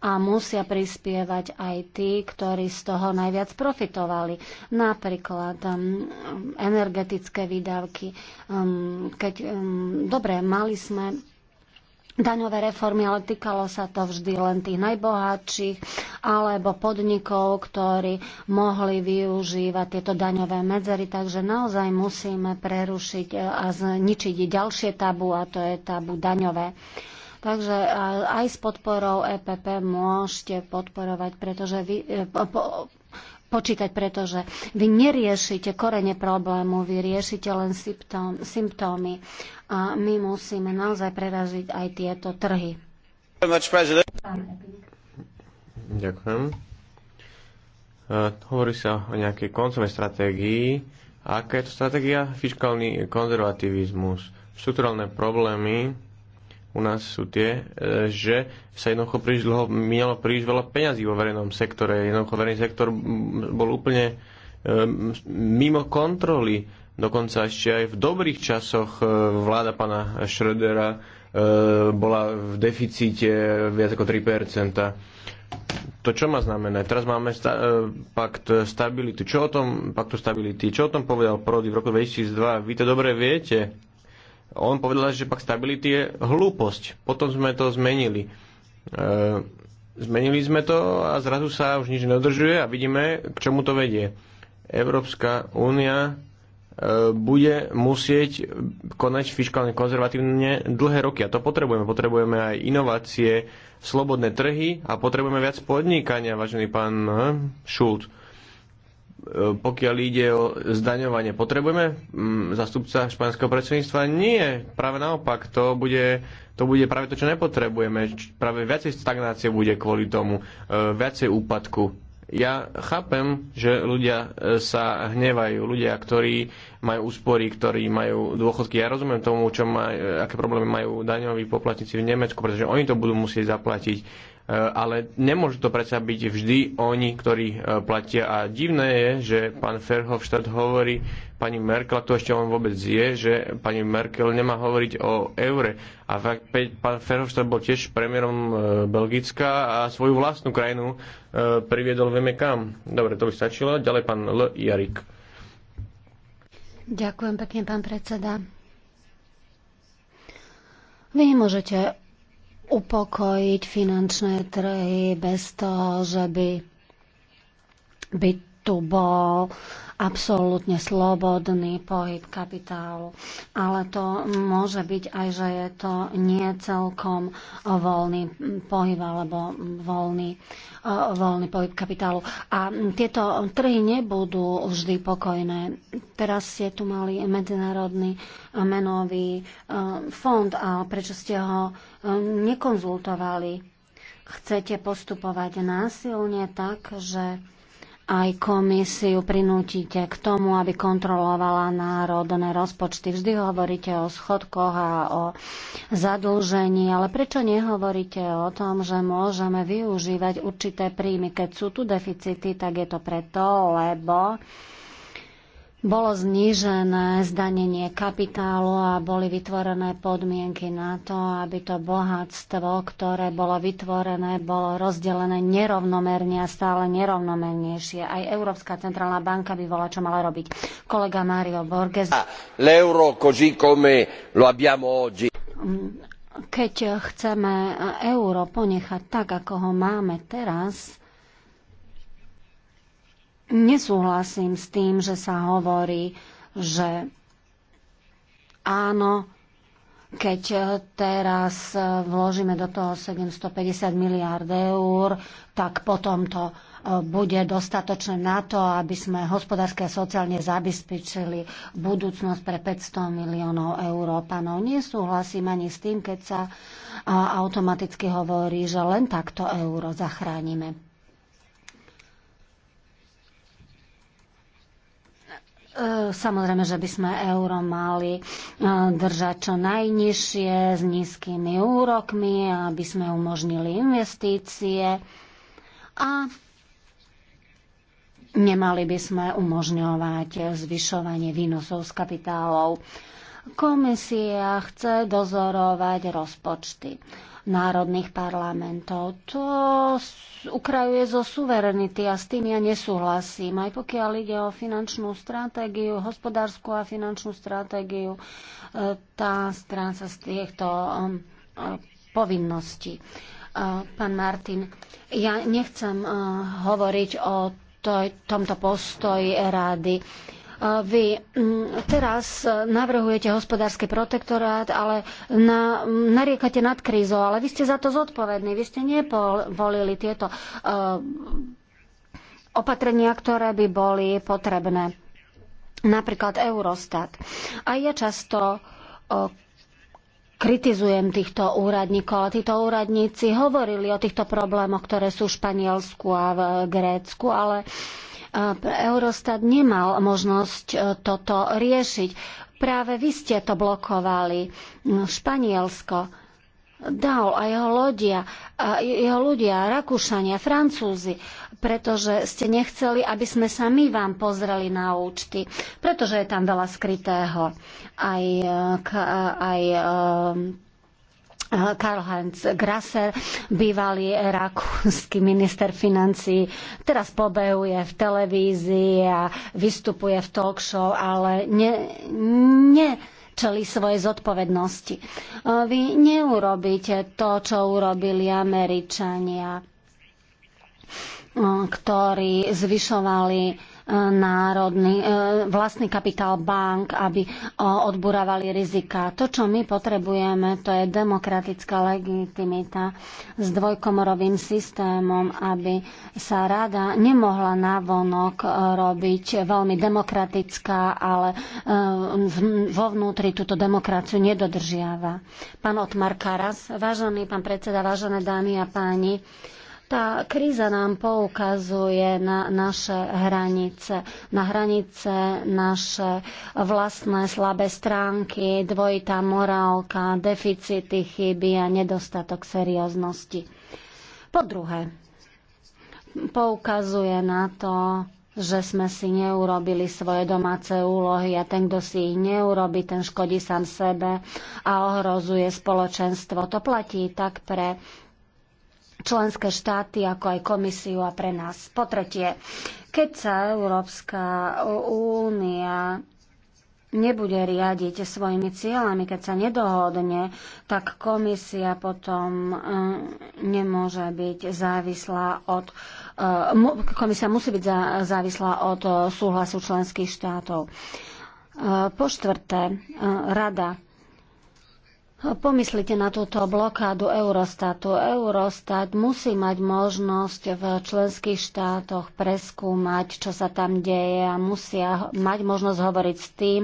a musia prispievať aj tí, ktorí z toho najviac profitovali. Napríklad um, energetické výdavky. Um, keď, um, dobre, mali sme daňové reformy, ale týkalo sa to vždy len tých najbohatších alebo podnikov, ktorí mohli využívať tieto daňové medzery. Takže naozaj musíme prerušiť a zničiť ďalšie tabu a to je tabu daňové. Takže aj s podporou EPP môžete podporovať, pretože vy, e, po, počítať, pretože vy neriešite korene problému, vy riešite len symptóm, symptómy a my musíme naozaj preraziť aj tieto trhy. Ďakujem. Uh, hovorí sa o nejakej koncovej stratégii. Aká je to stratégia? Fiskálny konzervativizmus, Štruktúrálne problémy u nás sú tie, e, že sa jednoducho príliš dlho minalo príliš veľa peňazí vo verejnom sektore. Jednoducho verejný sektor bol úplne e, mimo kontroly. Dokonca ešte aj v dobrých časoch e, vláda pána Schrödera bola v deficíte viac ako 3%. To čo má znamená? Teraz máme sta- pakt stability. Čo o tom paktu stability? Čo o tom povedal Prody v roku 2002? Vy to dobre viete, on povedal, že pak stability je hlúposť. Potom sme to zmenili. E, zmenili sme to a zrazu sa už nič nedržuje a vidíme, k čomu to vedie. Európska únia e, bude musieť konať fiskálne konzervatívne dlhé roky. A to potrebujeme. Potrebujeme aj inovácie, slobodné trhy a potrebujeme viac podnikania, vážený pán hm, Schulz. E, pokiaľ ide o zdaňovanie. Potrebujeme mm, zastupca španského predsedníctva? Nie, práve naopak, to bude, to bude práve to, čo nepotrebujeme. Práve viacej stagnácie bude kvôli tomu, e, viacej úpadku. Ja chápem, že ľudia e, sa hnevajú, ľudia, ktorí majú úspory, ktorí majú dôchodky. Ja rozumiem tomu, čo maj, aké problémy majú daňoví poplatníci v Nemecku, pretože oni to budú musieť zaplatiť Eh, ale nemôžu to predsa byť vždy oni, ktorí eh, platia. A divné je, že pán Ferhofštát hovorí pani Merkel, to ešte on vôbec je, že pani Merkel nemá hovoriť o eure. A fakt, pán Ferhofstadt bol tiež premiérom eh, Belgická a svoju vlastnú krajinu priviedol vieme kam. Dobre, to by stačilo. Ďalej pán L. Jarik. Ďakujem pekne, pán predseda. Vy nemôžete upokojiť finančné trhy bez toho, že by, by tu bol absolútne slobodný pohyb kapitálu. Ale to môže byť aj, že je to nie celkom voľný pohyb alebo voľný, e, voľný pohyb kapitálu. A tieto trhy nebudú vždy pokojné. Teraz ste tu mali medzinárodný menový e, fond a prečo ste ho e, nekonzultovali? Chcete postupovať násilne tak, že aj komisiu prinútite k tomu, aby kontrolovala národné rozpočty. Vždy hovoríte o schodkoch a o zadlžení, ale prečo nehovoríte o tom, že môžeme využívať určité príjmy? Keď sú tu deficity, tak je to preto, lebo bolo znížené zdanenie kapitálu a boli vytvorené podmienky na to, aby to bohatstvo, ktoré bolo vytvorené, bolo rozdelené nerovnomerne a stále nerovnomernejšie. Aj Európska centrálna banka by bola čo mala robiť. Kolega Mario Borges. L'euro così come lo abbiamo oggi. Keď chceme euro ponechať tak, ako ho máme teraz, Nesúhlasím s tým, že sa hovorí, že áno, keď e, teraz e, vložíme do toho 750 miliard eur, tak potom to e, bude dostatočné na to, aby sme hospodárske a sociálne zabezpečili budúcnosť pre 500 miliónov Európanov. Nesúhlasím ani s tým, keď sa automaticky hovorí, že len takto euro zachránime. E, samozrejme, že by sme euro mali e, držať čo najnižšie s nízkymi úrokmi, aby sme umožnili investície a nemali by sme umožňovať zvyšovanie výnosov z kapitálov. Komisia chce dozorovať rozpočty národných parlamentov. To ukrajuje zo suverenity a s tým ja nesúhlasím. Aj pokiaľ ide o finančnú stratégiu, hospodárskú a finančnú stratégiu, e, tá stránca z týchto um, e, povinností. E, pán Martin, ja nechcem hovoriť o tomto postoji rády. Vy mm, teraz navrhujete hospodársky protektorát, ale na, nariekate nad krízou, ale vy ste za to zodpovední. Vy ste nepovolili tieto eh, opatrenia, ktoré by boli potrebné. Napríklad Eurostat. A ja často eh, kritizujem týchto úradníkov, a títo úradníci hovorili o týchto problémoch, ktoré sú v Španielsku a v Grécku, ale uh, Eurostat nemal možnosť e, toto riešiť. Práve vy ste to blokovali. No, Španielsko dal a jeho ľudia, a jeho ľudia, Rakúšania, Francúzi, pretože ste nechceli, aby sme sa my vám pozreli na účty, pretože je tam veľa skrytého. Aj, e, e, aj Karl-Heinz Grasser, bývalý rakúsky minister financí, teraz pobehuje v televízii a vystupuje v talk show, ale ne, ne čeli svojej zodpovednosti. Vy neurobíte to, čo urobili Američania, ktorí zvyšovali národný e, vlastný kapitál bank, aby e, odburávali rizika. To, čo my potrebujeme, to je demokratická legitimita s dvojkomorovým systémom, aby sa rada nemohla navonok e, robiť veľmi demokratická, ale vo vnútri túto demokraciu nedodržiava. Pán Otmar Karas, vážený pán predseda, vážené dámy a páni, tá kríza nám poukazuje na naše hranice, na hranice naše vlastné slabé stránky, dvojitá morálka, deficity, chyby a nedostatok serióznosti. Po druhé, poukazuje na to, že sme si neurobili svoje domáce úlohy a ten, kto si ich neurobi, ten škodí sám sebe a ohrozuje spoločenstvo. To platí tak pre členské štáty, ako aj komisiu a pre nás. Po tretie, keď sa Európska únia nebude riadiť svojimi cieľami, keď sa nedohodne, tak komisia potom eh, nemôže byť závislá od eh, komisia musí byť závislá od súhlasu členských štátov. Eh, po štvrté, rada Pomyslite na túto blokádu Eurostatu. Eurostat musí mať možnosť v členských štátoch preskúmať, čo sa tam deje a musia mať možnosť hovoriť s tým,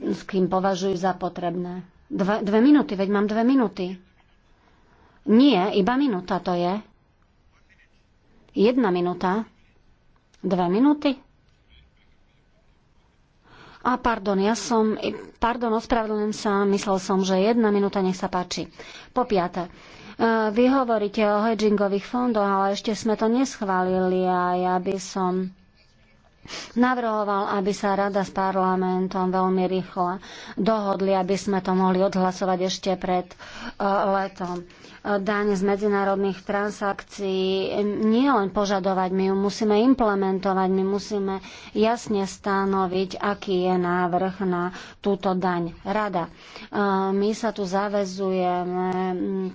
s kým považujú za potrebné. Dve, dve minúty, veď mám dve minúty. Nie, iba minúta to je. Jedna minúta. Dve minúty. A pardon, ja som, pardon, ospravedlňujem sa, myslel som, že jedna minúta, nech sa páči. Po piate, e, vy hovoríte o hedgingových fondoch, ale ešte sme to neschválili a ja by som navrhoval, aby sa rada s parlamentom veľmi rýchlo dohodli, aby sme to mohli odhlasovať ešte pred e, letom. E, daň z medzinárodných transakcií e, nie len požadovať, my ju musíme implementovať, my musíme jasne stanoviť, aký je návrh na túto daň. Rada. My sa tu zavezujeme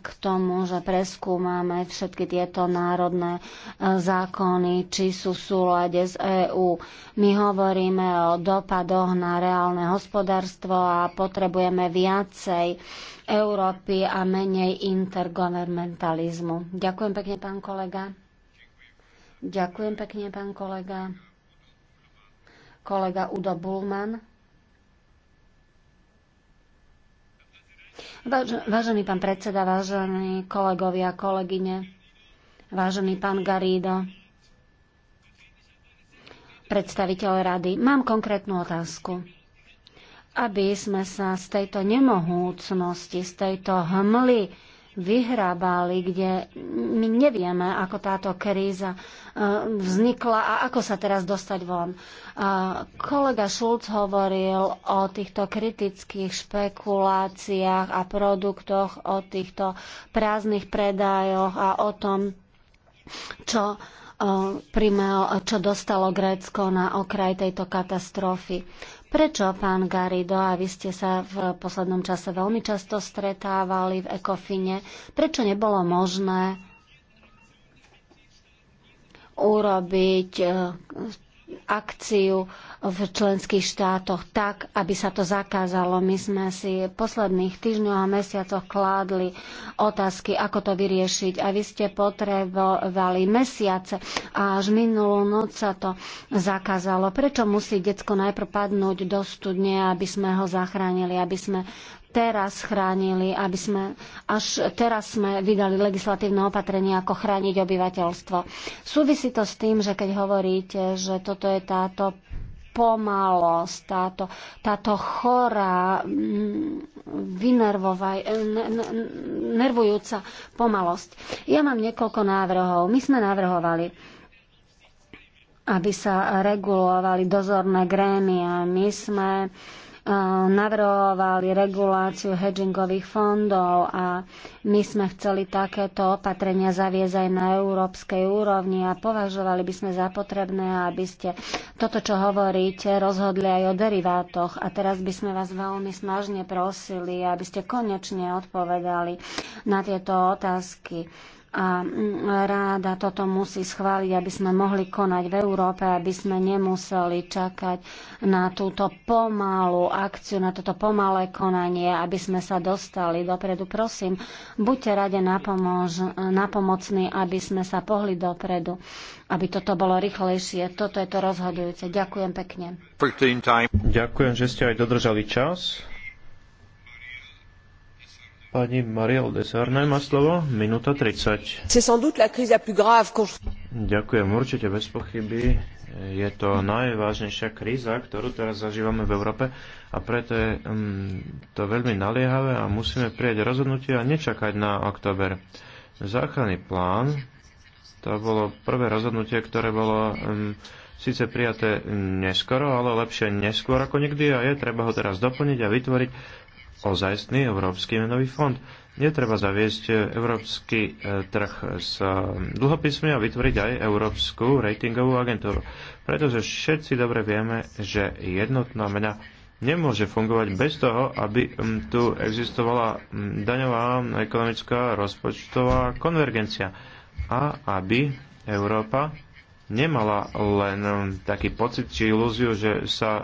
k tomu, že preskúmame všetky tieto národné zákony, či sú súlade s EÚ. My hovoríme o dopadoch na reálne hospodárstvo a potrebujeme viacej Európy a menej intergovernmentalizmu. Ďakujem pekne, pán kolega. Ďakujem pekne, pán kolega. Kolega Udo Bulman. Vážený pán predseda, vážení kolegovia, kolegyne, vážený pán Garído, predstaviteľ rady. Mám konkrétnu otázku. Aby sme sa z tejto nemohúcnosti, z tejto hmly vyhrábali, kde my nevieme, ako táto kríza e, vznikla a ako sa teraz dostať von. E, kolega Šulc hovoril o týchto kritických špekuláciách a produktoch, o týchto prázdnych predajoch a o tom, čo E, primel, čo dostalo Grécko na okraj tejto katastrofy. Prečo, pán Garido, a vy ste sa v poslednom čase veľmi často stretávali v Ekofine, prečo nebolo možné urobiť e, akciu v členských štátoch tak, aby sa to zakázalo. My sme si v posledných týždňoch a mesiacoch kládli otázky, ako to vyriešiť. A vy ste potrebovali mesiace a až minulú noc sa to zakázalo. Prečo musí detsko najprv padnúť do studne, aby sme ho zachránili, aby sme teraz chránili, aby sme, až teraz sme vydali legislatívne opatrenie, ako chrániť obyvateľstvo. Súvisí to s tým, že keď hovoríte, že toto je táto pomalosť, táto, táto chorá, mm, eh, nervujúca pomalosť. Ja mám niekoľko návrhov. My sme navrhovali, aby sa regulovali dozorné grémia. My sme uh, navrhovali reguláciu hedgingových fondov a my sme chceli takéto opatrenia zaviesť aj na európskej úrovni a považovali by sme za potrebné, aby ste toto, čo hovoríte, rozhodli aj o derivátoch. A teraz by sme vás veľmi snažne prosili, aby ste konečne odpovedali na tieto otázky a mm, ráda toto musí schváliť, aby sme mohli konať v Európe, aby sme nemuseli čakať na túto pomalú akciu, na toto pomalé konanie, aby sme sa dostali dopredu. Prosím, buďte rade napomož, napomocní, aby sme sa pohli dopredu, aby toto bolo rýchlejšie. Toto je to rozhodujúce. Ďakujem pekne. Ďakujem, že ste aj dodržali čas. Pani Mariel Desarnaj má slovo, minúta 30. Ďakujem, určite bez pochyby. Je to najvážnejšia kríza, ktorú teraz zažívame v Európe a preto je mm, to veľmi naliehavé a musíme prijať rozhodnutie a nečakať na október. Záchranný plán, to bolo prvé rozhodnutie, ktoré bolo um, síce prijaté neskoro, ale lepšie neskôr ako nikdy a je treba ho teraz doplniť a vytvoriť ozajstný Európsky menový fond. Netreba zaviesť európsky e, trh s e, dlhopismi a vytvoriť aj Európsku ratingovú agentúru. Pretože všetci dobre vieme, že jednotná mena nemôže fungovať bez toho, aby tu existovala daňová, ekonomická, rozpočtová konvergencia a aby Európa nemala len um, taký pocit či ilúziu, že sa e,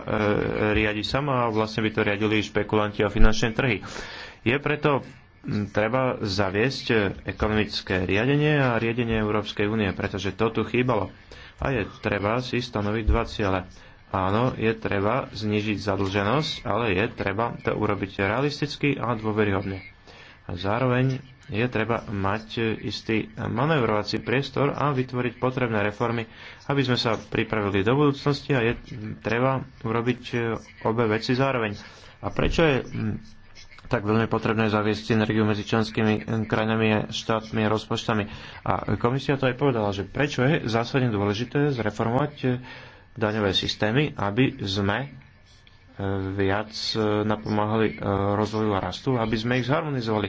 riadi sama a vlastne by to riadili špekulanti a finančné trhy. Je preto treba zaviesť e, ekonomické riadenie a riadenie Európskej únie, pretože to tu chýbalo. A je treba si stanoviť dva ciele. Áno, je treba znižiť zadlženosť, ale je treba to urobiť realisticky a dôveryhodne. A zároveň je treba mať e, istý e, manevrovací priestor a vytvoriť potrebné reformy, aby sme sa pripravili do budúcnosti a je treba urobiť e, obe veci zároveň. A prečo je tak veľmi potrebné zaviesť synergiu medzi členskými krajinami, štátmi a rozpočtami. A komisia to aj povedala, že prečo je zásadne dôležité zreformovať daňové systémy, aby sme viac napomáhali rozvoju a rastu, aby sme ich zharmonizovali.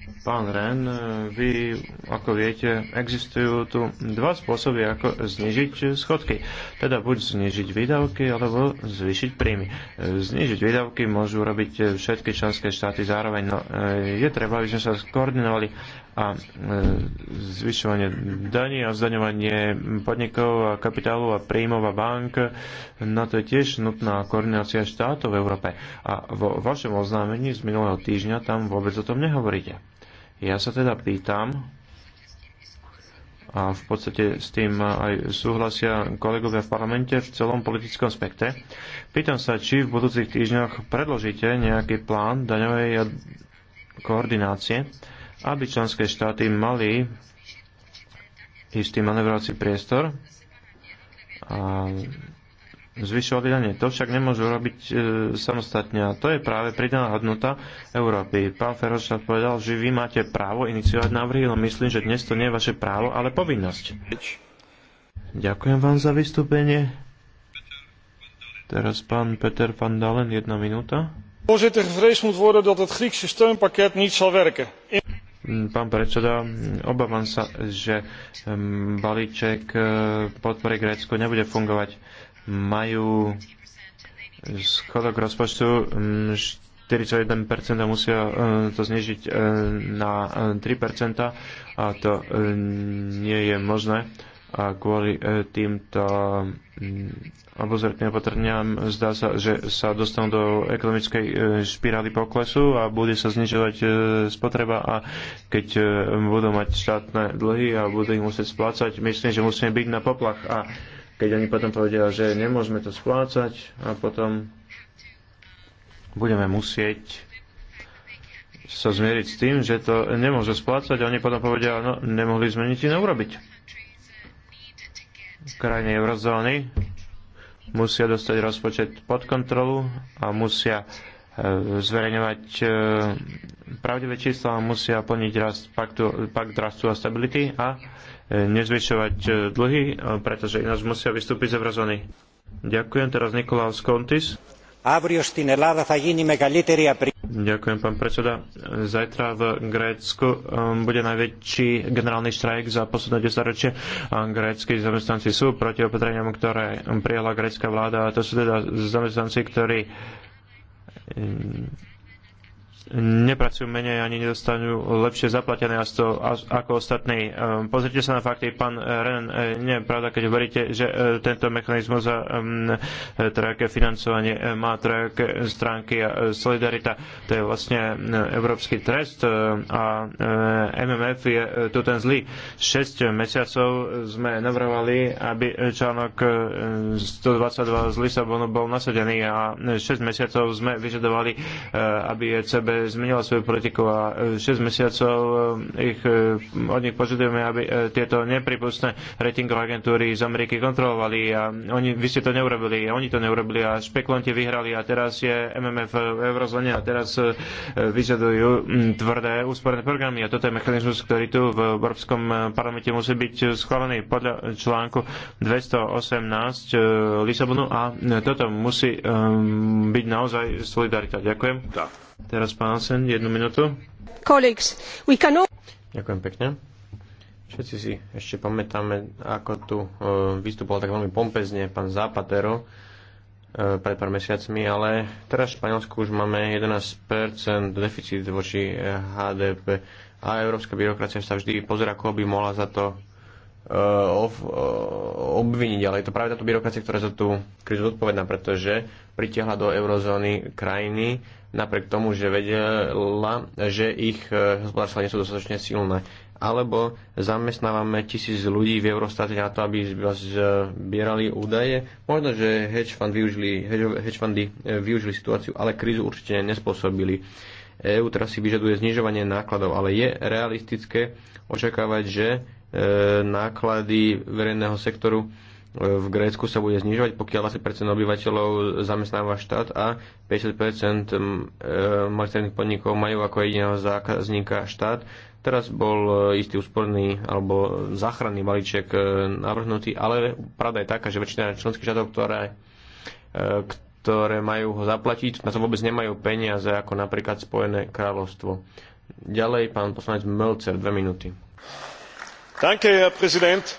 Pán Ren, e, vy, ako viete, existujú tu dva spôsoby, ako znižiť schodky. Teda buď znižiť výdavky, alebo zvýšiť príjmy. E, znižiť výdavky môžu robiť všetky členské štáty zároveň, no e, je treba, aby sme sa skoordinovali a zvyšovanie daní a zdaňovanie podnikov a kapitálu a príjmov a bank, na no, to je tiež nutná koordinácia štátov v Európe. A vo vašom oznámení z minulého týždňa tam vôbec o tom nehovoríte. Ja sa teda pýtam, a v podstate s tým aj súhlasia kolegovia v parlamente v celom politickom spekte. Pýtam sa, či v budúcich týždňoch predložíte nejaký plán daňovej koordinácie, aby členské štáty mali istý manevrovací priestor a zvyšovali dane. To však nemôžu robiť e, samostatne. A to je práve pridaná hodnota Európy. Pán Feročná povedal, že vy máte právo iniciovať návrhy, ale no myslím, že dnes to nie je vaše právo, ale povinnosť. Ďakujem vám za vystúpenie. Teraz pán Peter van Dalen, jedna minúta. Voorzitter, gevreesd moet worden dat het Griekse steunpakket niet zal werken. Mm, pán predseda, obávam sa, že mm, balíček e, podpory Grécku nebude fungovať majú schodok rozpočtu 41% mm, musia e, to znižiť e, na 3% e, a to nie je možné a kvôli týmto mm, obozretným opatreniam zdá sa, že sa dostanú do ekonomickej špirály poklesu a bude sa znižovať spotreba a keď budú mať štátne dlhy a budú ich musieť splácať, myslím, že musíme byť na poplach a keď oni potom povedia, že nemôžeme to splácať a potom budeme musieť sa zmieriť s tým, že to nemôže splácať a oni potom povedia, no nemohli sme nič iné urobiť. Krajiny eurozóny musia dostať rozpočet pod kontrolu a musia e, zverejňovať e, pravdivé čísla a musia plniť rast paktu, pakt rastu a stability a nezvyšovať e, dlhy, e, pretože ináč musia vystúpiť z eurozóny. Ďakujem teraz Nikolaus Kontis. Ďakujem, pán predseda. Zajtra v Grécku e, bude najväčší generálny štrajk za posledné 10 ročie. Grécky zamestnanci sú proti opatreniam, ktoré prijala grécka vláda. A to sú teda zamestnanci, ktorí nepracujú menej ani nedostanú lepšie zaplatené ako ostatní. Ehm, pozrite sa na fakty, pán eh, Renan, eh, nie je pravda, keď hovoríte, že eh, tento mechanizmus za ehm, trajaké financovanie má trajaké stránky a solidarita, to je vlastne európsky trest a MMF je tu ten zlý. 6 mesiacov sme navrhovali, aby článok 122 z Lisabonu bol nasadený a 6 mesiacov sme vyžadovali, aby ECB zmenila svoju politiku a 6 e, mesiacov e, ich, e, od nich požadujeme, aby tieto nepripustné ratingové agentúry z Ameriky kontrolovali a oni, vy ste to neurobili, oni to neurobili a špekulanti vyhrali a teraz je MMF v eurozóne a teraz vyžadujú tvrdé úsporné programy a toto je mechanizmus, ktorý tu v Európskom parlamente musí byť schválený podľa článku 218 Lisabonu a toto musí byť naozaj solidarita. Ďakujem. Tak. Teraz pán Sen, jednu minútu. Colleagues, we can... Ďakujem pekne. Všetci si ešte pamätáme, ako tu e, vystupoval tak veľmi pompezne pán Zapatero e, pred pár mesiacmi, ale teraz v Španielsku už máme 11% deficit voči e, HDP a európska byrokracia sa vždy pozera, koho by mohla za to Eh, eh, obviniť, ale je to práve táto byrokracia, ktorá za tú krizu zodpovedná, pretože pritiahla do eurozóny krajiny napriek tomu, že vedela, že ich eh, hospodárstva nie sú dostatočne silné. Alebo zamestnávame tisíc ľudí v Eurostate na to, aby zbierali údaje. Možno, že hedge, fund využili, hedge fundy využili situáciu, ale krízu určite nespôsobili. EU teraz si vyžaduje znižovanie nákladov, ale je realistické očakávať, že E, náklady verejného sektoru e, v Grécku sa bude znižovať, pokiaľ 20% obyvateľov zamestnáva štát a 50% e, malých podnikov majú ako jediného zákazníka štát. Teraz bol istý úsporný alebo záchranný balíček navrhnutý, ale pravda je taká, že väčšina členských štátov, ktoré, ktoré majú ho zaplatiť, na to vôbec nemajú peniaze, ako napríklad Spojené kráľovstvo. Ďalej pán poslanec Melcer, dve minúty herr präsident!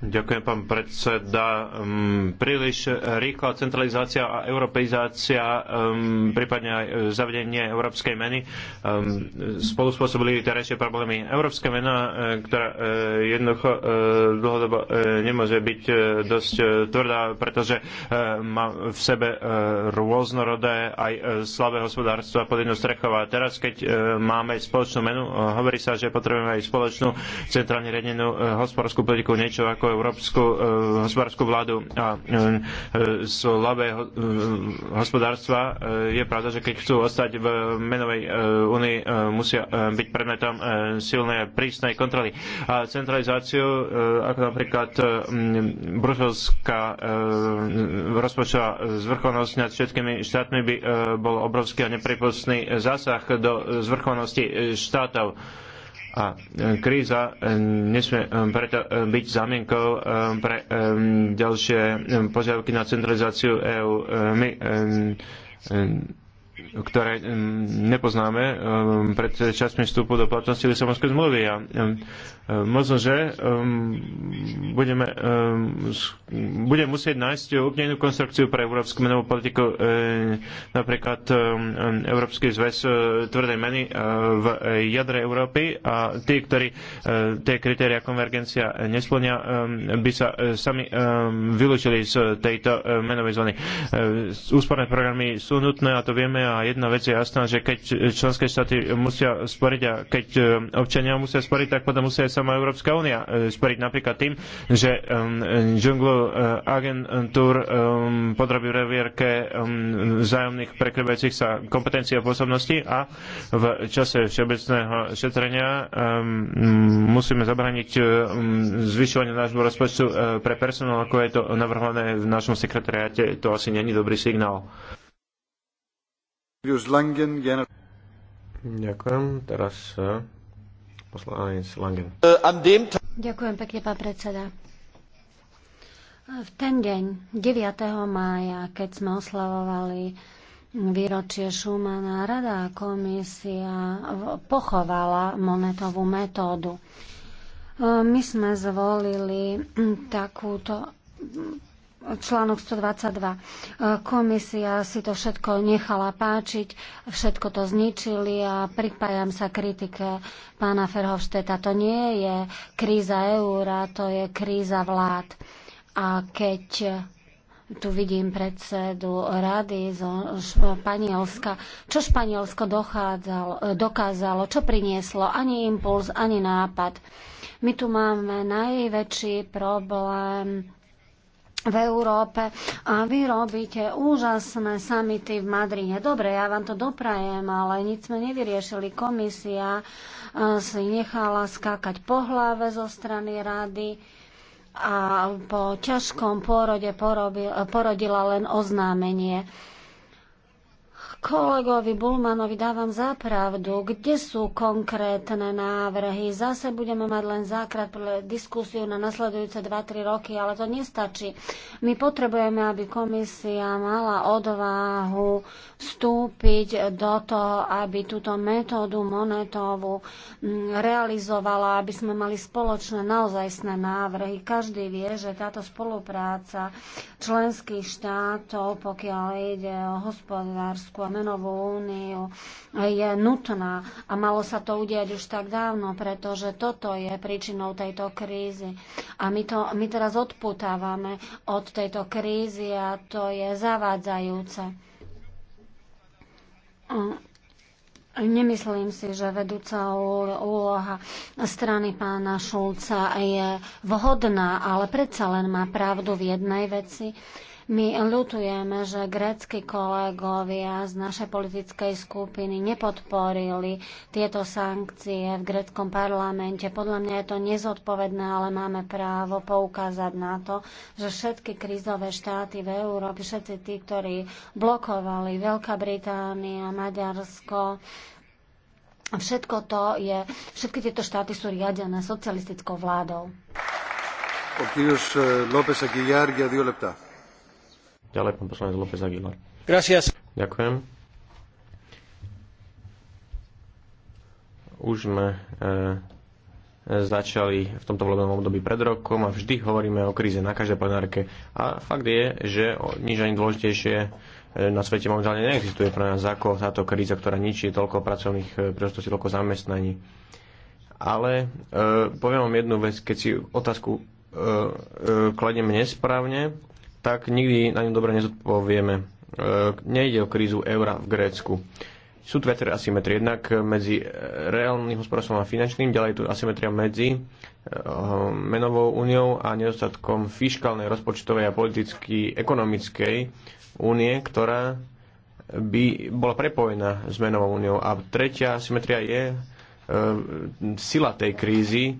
Ďakujem, pán predseda. Mm, príliš rýchla centralizácia a europeizácia, mm, prípadne aj e, zavedenie európskej meny, mm, spolu spôsobili terajšie problémy. Európska mena, e, ktorá e, jednoducho dlhodobo nemôže byť dosť tvrdá, pretože má v sebe rôznorodé aj slabé hospodárstva pod jednou strechou. A teraz, keď máme spoločnú menu, hovorí sa, že potrebujeme aj spoločnú centrálne riadenú hospodárskú politiku, niečo ako európsku e, hospodárskú vládu a slabé e, e, hospodárstva. Je pravda, že keď chcú ostať v menovej únii, musia byť predmetom silnej prísnej kontroly. A centralizáciu, ako napríklad bruselská rozpočtová zvrchovanosť nad všetkými štátmi by bol obrovský a nepripustný zásah do zvrchovanosti štátov. A e, kríza e, nesmie e, preto byť zamienkou pre ďalšie požiadavky na centralizáciu EÚ. My ktoré mm, nepoznáme mm, pred časmi vstupu do platnosti Lisabonskej zmluvy. A mm, možno, že budeme, budeme musieť nájsť úplne inú konstrukciu pre európsku menovú politiku. E, napríklad e, Európsky zväz e, tvrdej meny v jadre Európy a tí, ktorí tie kritéria konvergencia nesplňa, by sa sami vylúčili z tejto menovej zóny. Úsporné programy sú nutné a to vieme a jedna vec je jasná, že keď členské štáty musia sporiť a keď e, občania musia sporiť, tak potom musia aj sama Európska únia e, sporiť napríklad tým, že e, Jungle agentúr podrobí revierke vzájomných prekrybajúcich sa kompetencií a pôsobností a v čase všeobecného šetrenia musíme zabraniť zvyšovanie nášho rozpočtu pre personál, ako je to navrhované v našom sekretariáte. To asi není dobrý signál. Ďakujem. Teraz e, poslanec Langen. E, Ďakujem pekne, pán predseda. E, v ten deň, 9. mája, keď sme oslavovali výročie Šumana, Rada a komisia pochovala monetovú metódu. My sme zvolili takúto článok 122. E, komisia si to všetko nechala páčiť, všetko to zničili a pripájam sa kritike pána Ferhovšteta. To nie je kríza eura, to je kríza vlád. A keď tu vidím predsedu rady zo Španielska. Čo Španielsko dochádzalo, dokázalo, čo prinieslo? Ani impuls, ani nápad. My tu máme najväčší problém v Európe a vy robíte úžasné samity v Madride. Dobre, ja vám to doprajem, ale nic sme nevyriešili. Komisia e, si nechala skákať po hlave zo strany rady a po ťažkom pôrode porodila len oznámenie. Kolegovi Bulmanovi dávam zapravdu, kde sú konkrétne návrhy. Zase budeme mať len zákrat pre diskusiu na nasledujúce 2-3 roky, ale to nestačí. My potrebujeme, aby komisia mala odvahu vstúpiť do toho, aby túto metódu monetovú mm, realizovala, aby sme mali spoločné naozajstné návrhy. Každý vie, že táto spolupráca členských štátov, pokiaľ ide o hospodárskú menovú úniu je nutná a malo sa to udiať už tak dávno, pretože toto je príčinou tejto krízy. A my, to, my teraz odputávame od tejto krízy a to je zavádzajúce. Nemyslím si, že vedúca úloha strany pána Šulca je vhodná, ale predsa len má pravdu v jednej veci my ľutujeme, že grécky kolegovia z našej politickej skupiny nepodporili tieto sankcie v gréckom parlamente. Podľa mňa je to nezodpovedné, ale máme právo poukázať na to, že všetky krízové štáty v Európe, všetci tí, ktorí blokovali Veľká Británia, Maďarsko, všetko to je, všetky tieto štáty sú riadené socialistickou vládou. κύριος Λόπες eh, Aguilar, για δύο λεπτά. Ďalej pán poslanec López Aguilar. Gracias. Ďakujem. Už sme e, začali v tomto volebnom období pred rokom a vždy hovoríme o kríze na každej plenárke. A fakt je, že nič ani dôležitejšie eh, na svete momentálne neexistuje pre nás ako táto kríza, ktorá ničí toľko pracovných eh, príležitostí, toľko zamestnaní. Ale e, poviem vám jednu vec, keď si otázku e, e, kladieme nesprávne, tak nikdy na ňu dobre nezodpovieme. E, nejde o krízu eura v Grécku. Sú tu viaceré asymetrie. Jednak medzi e, reálnym hospodárstvom a finančným, ďalej je tu asymetria medzi e, menovou úniou a nedostatkom fiskálnej, rozpočtovej a politicky ekonomickej únie, ktorá by bola prepojená s menovou úniou. A tretia asymetria je sila tej krízy,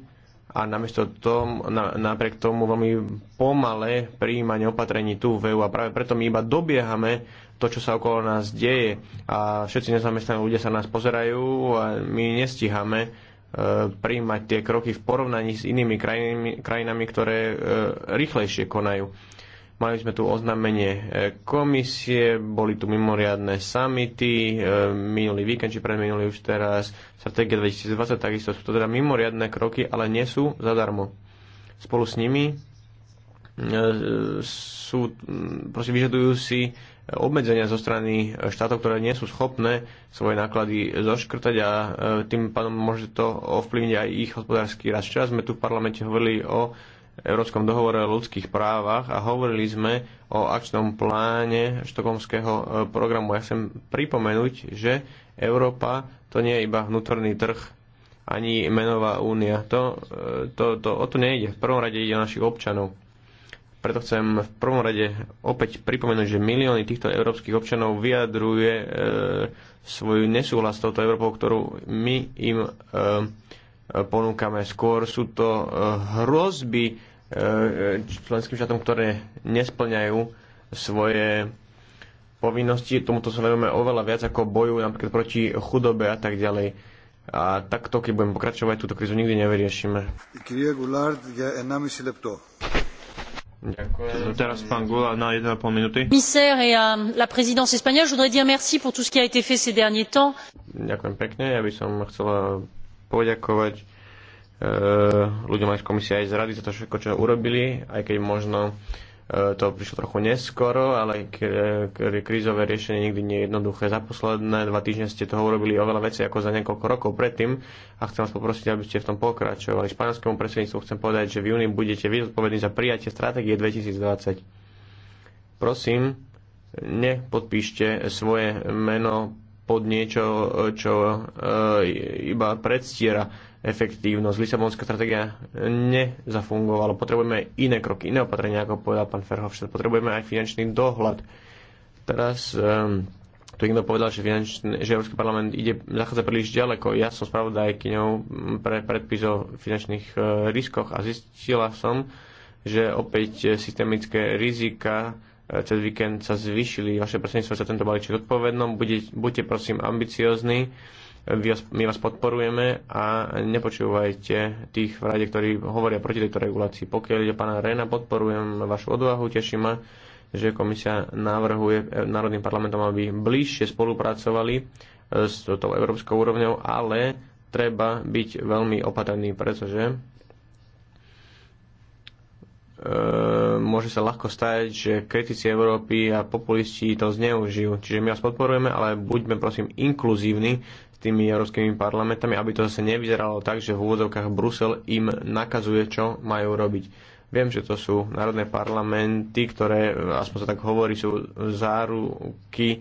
a namiesto tom, na, napriek tomu veľmi pomalé prijímanie opatrení tu v EU a práve preto my iba dobiehame to, čo sa okolo nás deje a všetci nezamestnaní ľudia sa nás pozerajú a my nestíhame e, prijímať tie kroky v porovnaní s inými krajinami, krajinami ktoré e, rýchlejšie konajú. Mali sme tu oznámenie e, komisie, boli tu mimoriadne samity, e, minulý víkend, či predminulý už teraz, stratégia 2020, takisto sú to teda mimoriadne kroky, ale nie sú zadarmo. Spolu s nimi e, sú, prosím, vyžadujú si obmedzenia zo strany štátov, ktoré nie sú schopné svoje náklady zoškrtať a tým pádom môže to ovplyvniť aj ich hospodársky rast. Včera sme tu v parlamente hovorili o Európskom dohovore o ľudských právach a hovorili sme o akčnom pláne štokholmského e, programu. Ja chcem pripomenúť, že Európa to nie je iba vnútorný trh ani menová únia. To, e, to, to, o to nejde. V prvom rade ide o našich občanov. Preto chcem v prvom rade opäť pripomenúť, že milióny týchto európskych občanov vyjadruje e, svoju nesúhlas s touto Európou, ktorú my im e, ponúkame. Skôr sú to e, hrozby E, členským štátom, ktoré nesplňajú svoje povinnosti. Tomuto sa venujeme oveľa viac ako boju napríklad proti chudobe a tak ďalej. A takto, keď budeme pokračovať, túto krizu nikdy nevyriešime. Ďakujem. No teraz pán Gula na 1,5 minúty. et à la présidence espagnole, je voudrais dire merci pour tout ce qui a été fait ces derniers temps. Ďakujem pekne, ja by som chcela poďakovať E, ľuďom aj z komisie aj z rady za to všetko, čo urobili, aj keď možno e, to prišlo trochu neskoro, ale krízové riešenie nikdy nie je jednoduché. Za posledné dva týždne ste toho urobili oveľa veci ako za niekoľko rokov predtým a chcem vás poprosiť, aby ste v tom pokračovali. Španielskému predsedníctvu chcem povedať, že v júni budete vy zodpovední za prijatie stratégie 2020. Prosím, nepodpíšte svoje meno pod niečo, čo e, iba predstiera efektívnosť. Lisabonská stratégia nezafungovala. Potrebujeme iné kroky, iné opatrenia, ako povedal pán Ferhovšet. Potrebujeme aj finančný dohľad. Teraz um, tu niekto povedal, že, finančný, že Európsky parlament ide, zachádza príliš ďaleko. Ja som spravodajkyňou pre predpis o finančných uh, riskoch a zistila som, že opäť systemické rizika e, cez víkend sa zvýšili, Vaše prostredníctvo sa tento balíček odpovednom. Buďte, buďte prosím ambiciozni my vás podporujeme a nepočúvajte tých v rade, ktorí hovoria proti tejto regulácii. Pokiaľ ide pána Rena, podporujem vašu odvahu, teší ma, že komisia navrhuje eh, národným parlamentom, aby bližšie spolupracovali eh, s tou európskou úrovňou, ale treba byť veľmi opatrný, pretože eh, môže sa ľahko stať, že kritici Európy a populisti to zneužijú. Čiže my vás podporujeme, ale buďme prosím inkluzívni tými európskymi parlamentami, aby to zase nevyzeralo tak, že v úvodovkách Brusel im nakazuje, čo majú robiť. Viem, že to sú národné parlamenty, ktoré, aspoň sa tak hovorí, sú záruky e,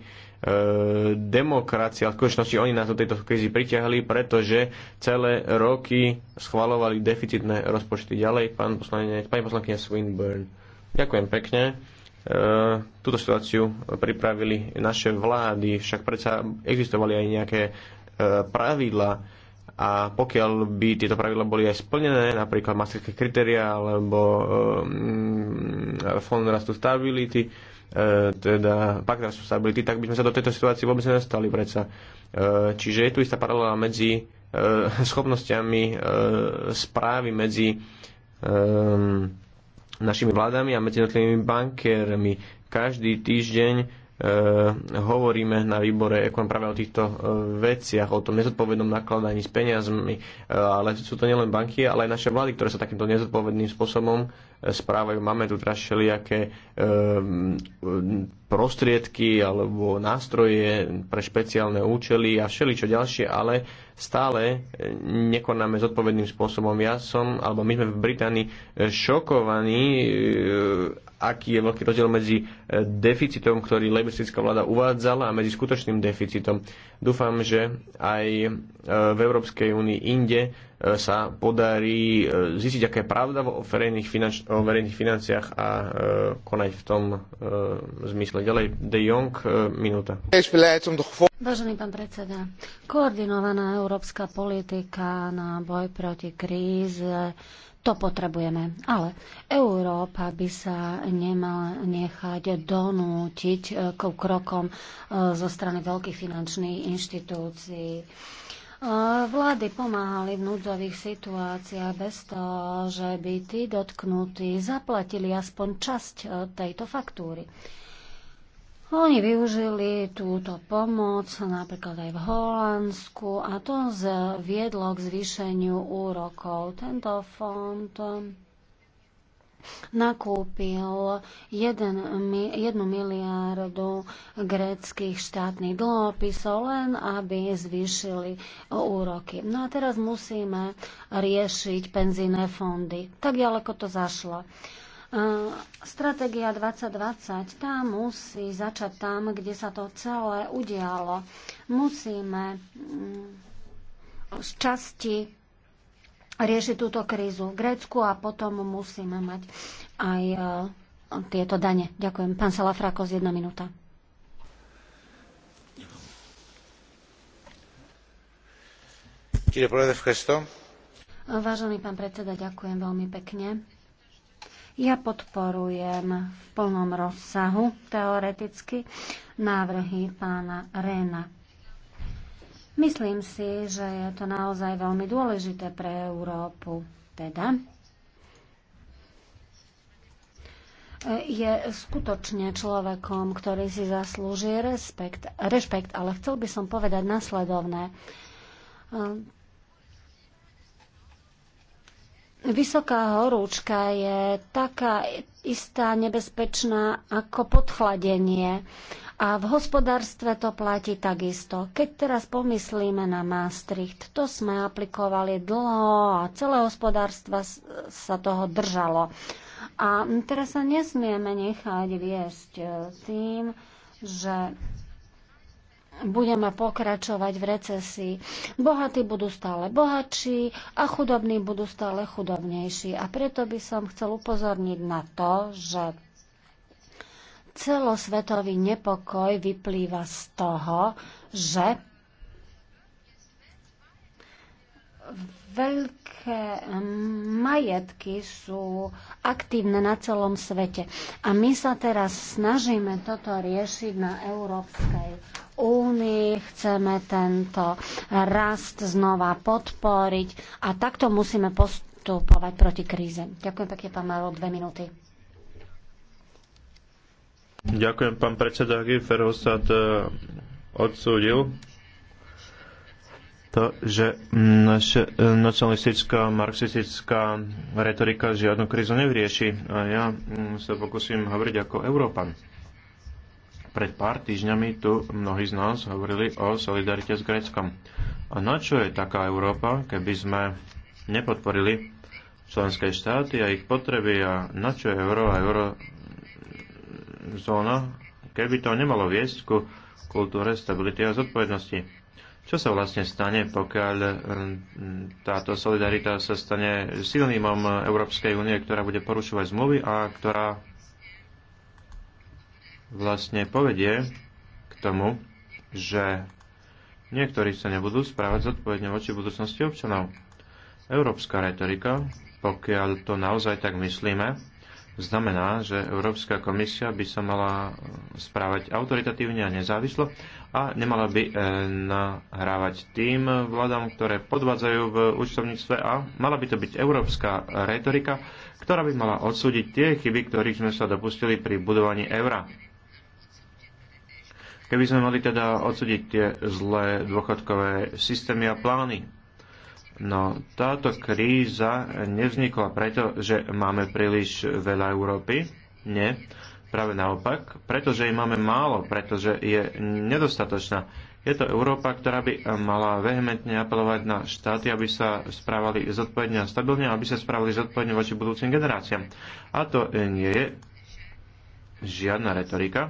demokracie, ale v skutočnosti oni nás do tejto krízy pritiahli, pretože celé roky schvalovali deficitné rozpočty. Ďalej, pán poslanec, pani poslankyňa Swinburne. Ďakujem pekne. E, túto situáciu pripravili naše vlády, však predsa existovali aj nejaké pravidla a pokiaľ by tieto pravidla boli aj splnené, napríklad masterské kritéria alebo um, fond rastu stability, e, teda pakt rastu stability, tak by sme sa do tejto situácie vôbec nedostali predsa. E, čiže je tu istá paralela medzi e, schopnosťami správy medzi um, našimi vládami a medzi jednotlivými bankérmi. Každý týždeň Eh, hovoríme na výbore ekon práve o týchto eh, veciach, o tom nezodpovednom nakladaní s peniazmi, eh, ale sú to nielen banky, ale aj naše vlády, ktoré sa takýmto nezodpovedným spôsobom správajú. Máme tu teraz všelijaké prostriedky alebo nástroje pre špeciálne účely a všeličo ďalšie, ale stále nekonáme zodpovedným spôsobom. Ja som, alebo my sme v Británii šokovaní, aký je veľký rozdiel medzi e, deficitom, ktorý lebistická vláda uvádzala a medzi skutočným deficitom. Dúfam, že aj e, v Európskej únii inde e, sa podarí zistiť, aká je pravda o verejných, finanč- o verejných financiách a konať v tom zmysle. Ďalej, De Jong, minúta. Vážený pán predseda, koordinovaná európska politika na boj proti kríze to potrebujeme. Ale Európa by sa nemala nechať donútiť e, k krokom e, zo strany veľkých finančných inštitúcií. E, vlády pomáhali v núdzových situáciách bez toho, že by tí dotknutí zaplatili aspoň časť tejto faktúry. Oni využili túto pomoc napríklad aj v Holandsku a to viedlo k zvýšeniu úrokov. Tento fond nakúpil 1 miliardu gréckých štátnych dlhopisov, len aby zvýšili úroky. No a teraz musíme riešiť penzíne fondy. Tak ďaleko to zašlo. E, stratégia 2020, tá musí začať tam, kde sa to celé udialo. Musíme mm, z časti riešiť túto krízu v Grécku a potom musíme mať aj e, tieto dane. Ďakujem. Pán Salafrakos, jedna minúta. Vážený pán predseda, ďakujem veľmi pekne. Ja podporujem v plnom rozsahu teoreticky návrhy pána Rena. Myslím si, že je to naozaj veľmi dôležité pre Európu. Teda je skutočne človekom, ktorý si zaslúži respekt, rešpekt, ale chcel by som povedať nasledovné. Vysoká horúčka je taká istá nebezpečná ako podchladenie. A v hospodárstve to platí takisto. Keď teraz pomyslíme na Maastricht, to sme aplikovali dlho a celé hospodárstva sa toho držalo. A teraz sa nesmieme nechať viesť e, tým, že budeme pokračovať v recesii. Bohatí budú stále bohatší a chudobní budú stále chudobnejší. A preto by som chcel upozorniť na to, že celosvetový nepokoj vyplýva z toho, že veľké majetky sú aktívne na celom svete. A my sa teraz snažíme toto riešiť na Európskej únii, chceme tento rast znova podporiť a takto musíme postupovať proti kríze. Ďakujem pekne, pán Maro, dve minúty. Ďakujem, pán predseda Giferhostat eh, odsúdil to, že naša e, nacionalistická, marxistická retorika žiadnu krízu nevrieši, A ja mm, sa pokúsim hovoriť ako Európan. Pred pár týždňami tu mnohí z nás hovorili o solidarite s Gréckom. A na čo je taká Európa, keby sme nepodporili členské štáty a ich potreby a na čo je euro a eurozóna, keby to nemalo viesť ku kultúre stability a zodpovednosti? Čo sa vlastne stane, pokiaľ mm, táto solidarita sa stane synonymom Európskej únie, ktorá bude porušovať zmluvy a ktorá vlastne povedie k tomu, že niektorí sa nebudú správať zodpovedne voči budúcnosti občanov. Európska retorika, pokiaľ to naozaj tak myslíme, znamená, že Európska komisia by sa mala správať autoritatívne a nezávislo a nemala by e, nahrávať tým vládam, ktoré podvádzajú v účtovníctve a mala by to byť európska retorika, ktorá by mala odsúdiť tie chyby, ktorých sme sa dopustili pri budovaní eura. Keby sme mali teda odsúdiť tie zlé dôchodkové systémy a plány, No táto kríza nevznikla preto, že máme príliš veľa Európy. Nie. Práve naopak, pretože jej máme málo, pretože je nedostatočná. Je to Európa, ktorá by mala vehementne apelovať na štáty, aby sa správali zodpovedne a stabilne, aby sa správali zodpovedne voči budúcim generáciám. A to nie je žiadna retorika,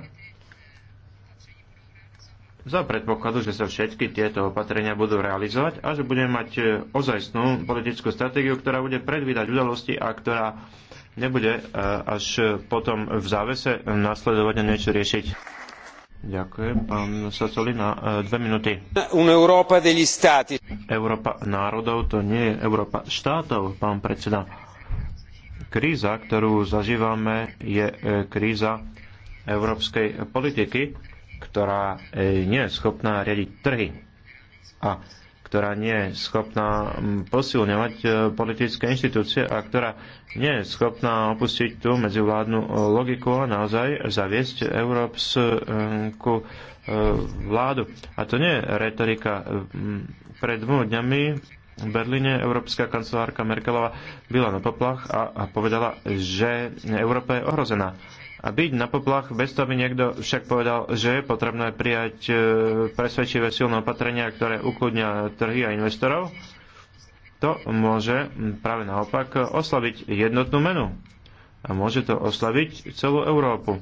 za predpokladu, že sa všetky tieto opatrenia budú realizovať a že budeme mať e, ozajstnú politickú stratégiu, ktorá bude predvídať udalosti a ktorá nebude e, až potom v závese nasledovať a niečo riešiť. Ďakujem, pán na e, Dve minúty. Európa degli stati. Európa národov, to nie je Európa štátov, pán predseda. Kríza, ktorú zažívame, je kríza európskej politiky ktorá e, nie je schopná riadiť trhy a ktorá nie je schopná posilňovať e, politické inštitúcie a ktorá nie je schopná opustiť tú medzivládnu e, logiku a naozaj zaviesť európsku vládu. A to nie je retorika. Pred dvoma dňami v Berlíne európska kancelárka Merkelová byla na poplach a povedala, že Európa je ohrozená a byť na poplach bez toho, aby niekto však povedal, že je potrebné prijať e, presvedčivé silné opatrenia, ktoré ukludňa trhy a investorov, to môže práve naopak oslabiť jednotnú menu. A môže to oslabiť celú Európu.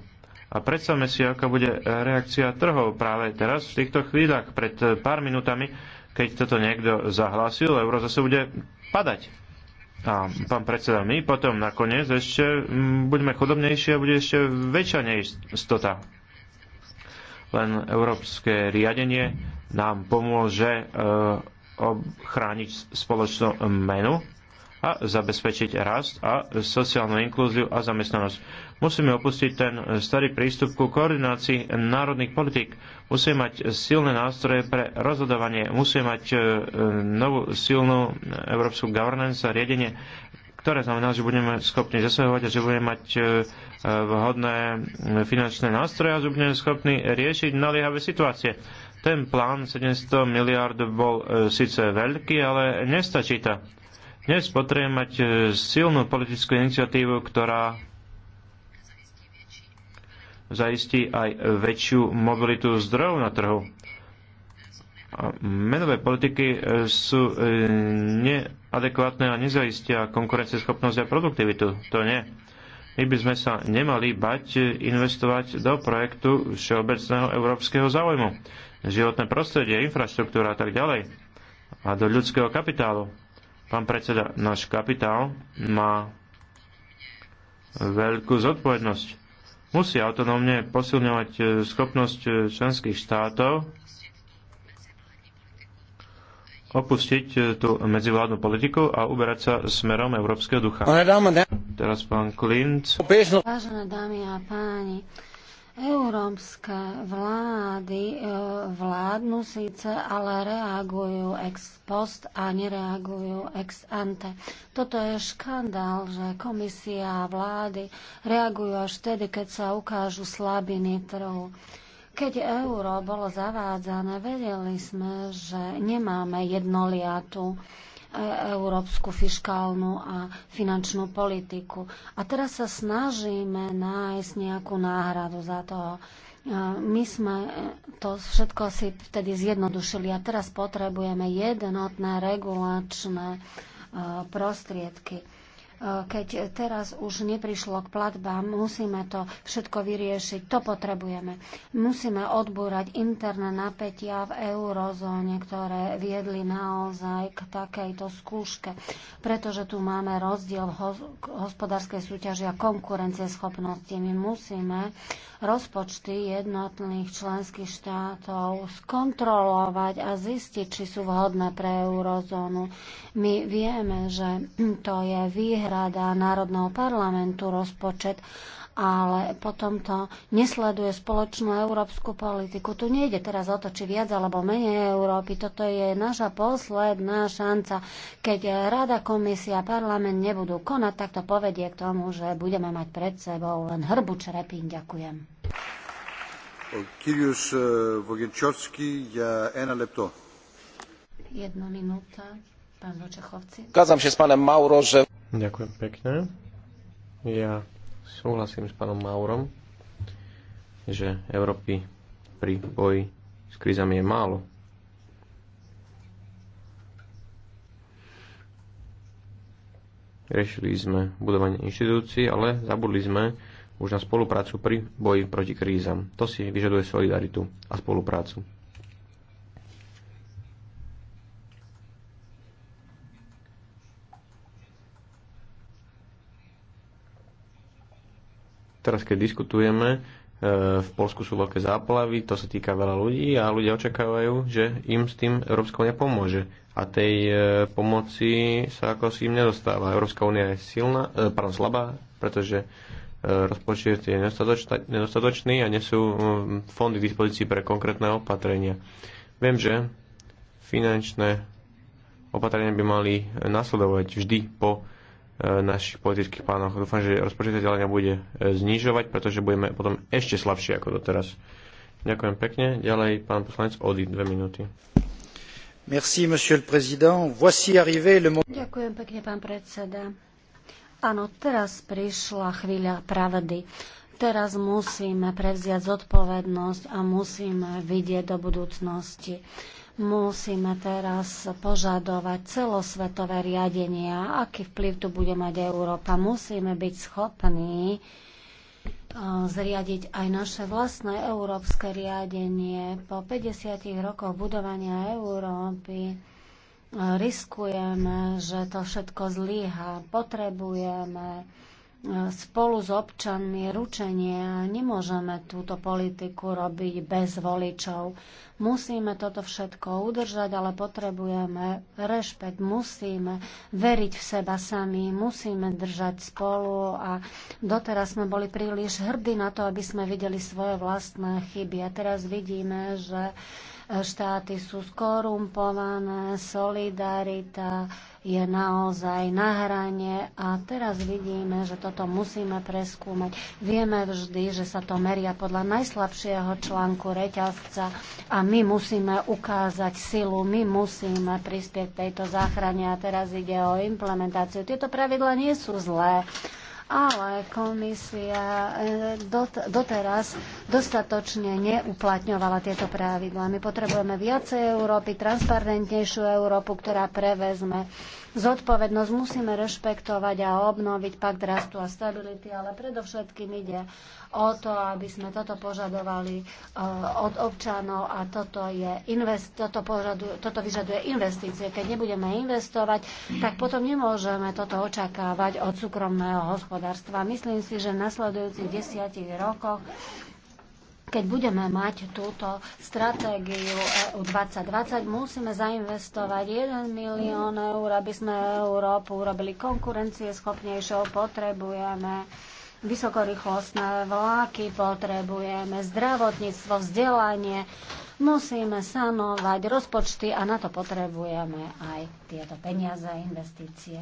A predstavme si, aká bude reakcia trhov práve teraz, v týchto chvíľach, pred pár minutami, keď toto niekto zahlásil, euro zase bude padať. A pán predseda, my potom nakoniec ešte mm, budeme chudobnejší a bude ešte väčšia neistota. Len európske riadenie nám pomôže e, chrániť spoločnú menu a zabezpečiť rast a sociálnu inklúziu a zamestnanosť. Musíme opustiť ten starý prístup ku koordinácii národných politik. Musíme mať silné nástroje pre rozhodovanie. Musíme mať e, novú silnú európsku governance a riadenie, ktoré znamená, že budeme schopní zasahovať a že budeme mať e, e, vhodné finančné nástroje a že budeme schopní riešiť naliehavé situácie ten plán 700 miliard bol síce veľký, ale nestačí to. Dnes potrebujeme mať e, silnú politickú iniciatívu, ktorá zaistí aj väčšiu mobilitu zdrojov na trhu. Menové politiky e, sú e, neadekvátne a nezaistia konkurencieschopnosť a produktivitu. To nie. My by sme sa nemali bať investovať do projektu všeobecného európskeho záujmu. Životné prostredie, infraštruktúra a tak ďalej. A do ľudského kapitálu Pán predseda, náš kapitál má veľkú zodpovednosť. Musí autonómne posilňovať e, schopnosť e, členských štátov opustiť e, tú medzivládnu politiku a uberať sa smerom európskeho ducha. Teraz pán Klint. Vážené dámy a páni, Európske vlády e, vládnu síce, ale reagujú ex post a nereagujú ex ante. Toto je škandál, že komisia a vlády reagujú až vtedy, keď sa ukážu slabiny trhu. Keď euro bolo zavádzané, vedeli sme, že nemáme jednoliatu E, európsku fiskálnu a finančnú politiku. A teraz sa snažíme nájsť nejakú náhradu za to. E, my sme to všetko si vtedy zjednodušili a teraz potrebujeme jednotné regulačné e, prostriedky keď teraz už neprišlo k platbám, musíme to všetko vyriešiť. To potrebujeme. Musíme odbúrať interné napätia v eurozóne, ktoré viedli naozaj k takejto skúške. Pretože tu máme rozdiel v hospodárskej súťaži a schopnosti. My musíme rozpočty jednotných členských štátov skontrolovať a zistiť, či sú vhodné pre eurozónu. My vieme, že to je výhra rada Národného parlamentu rozpočet, ale potom to nesleduje spoločnú európsku politiku. Tu nejde teraz o to, či viac alebo menej Európy. Toto je naša posledná šanca. Keď Rada, Komisia, Parlament nebudú konať, tak to povedie k tomu, že budeme mať pred sebou len hrbu črepín. Ďakujem. Kyrius eh, Vogenčovský, ja jedna lepto. minúta. Pán Vočechovci. Kázam sa s pánom Mauro, že... Ďakujem pekne. Ja súhlasím s pánom Maurom, že Európy pri boji s krízami je málo. Riešili sme budovanie inštitúcií, ale zabudli sme už na spoluprácu pri boji proti krízam. To si vyžaduje solidaritu a spoluprácu. Teraz, keď diskutujeme, e, v Polsku sú veľké záplavy, to sa týka veľa ľudí a ľudia očakávajú, že im s tým Európska únia pomôže. A tej e, pomoci sa ako si im nedostáva. Európska únia je silná, e, pardon, slabá, pretože rozpočet je nedostatočný a nie sú fondy k dispozícii pre konkrétne opatrenia. Viem, že finančné opatrenia by mali nasledovať vždy po našich politických plánoch. Dúfam, že rozpočet ďalej nebude e, znižovať, pretože budeme potom ešte slabšie ako doteraz. Ďakujem pekne. Ďalej pán poslanec Odi, dve minúty. Merci, monsieur le président. Voici arrivé le moment... Ďakujem pekne, pán predseda. Áno, teraz prišla chvíľa pravdy. Teraz musíme prevziať zodpovednosť a musíme vidieť do budúcnosti. Uh, Musíme teraz požadovať celosvetové riadenia, aký vplyv tu bude mať Európa. Musíme byť schopní e, zriadiť aj naše vlastné európske riadenie. Po 50 rokoch budovania Európy e, riskujeme, že to všetko zlyha. Potrebujeme spolu s občanmi ručenie a nemôžeme túto politiku robiť bez voličov. Musíme toto všetko udržať, ale potrebujeme rešpekt, musíme veriť v seba sami, musíme držať spolu a doteraz sme boli príliš hrdí na to, aby sme videli svoje vlastné chyby. A teraz vidíme, že štáty sú skorumpované, solidarita je naozaj na hrane a teraz vidíme, že toto musíme preskúmať. Vieme vždy, že sa to meria podľa najslabšieho článku reťazca a my musíme ukázať silu, my musíme prispieť tejto záchrane a teraz ide o implementáciu. Tieto pravidla nie sú zlé ale komisia eh, doteraz dostatočne neuplatňovala tieto pravidlá. My potrebujeme viacej Európy, transparentnejšiu Európu, ktorá prevezme zodpovednosť musíme rešpektovať a obnoviť pakt rastu a stability, ale predovšetkým ide o to, aby sme toto požadovali eh, od občanov a toto, je invest, toto, požaduje, toto vyžaduje investície. Keď nebudeme investovať, tak potom nemôžeme toto očakávať od súkromného hospodárstva. Myslím si, že v nasledujúcich desiatich rokoch keď budeme mať túto stratégiu EU 2020, musíme zainvestovať 1 milión eur, aby sme Európu urobili konkurencieschopnejšou. Potrebujeme vysokorýchlostné vláky, potrebujeme zdravotníctvo, vzdelanie, musíme sanovať rozpočty a na to potrebujeme aj tieto peniaze a investície.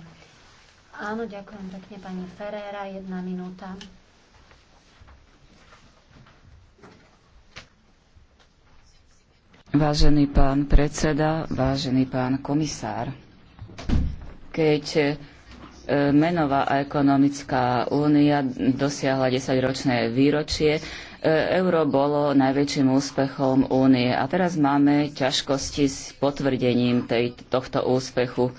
Áno, ďakujem pekne pani Ferrera, jedna minúta. Vážený pán predseda, vážený pán komisár, keď e, menová a ekonomická únia dosiahla 10-ročné výročie, e, euro bolo najväčším úspechom únie a teraz máme ťažkosti s potvrdením tej, tohto úspechu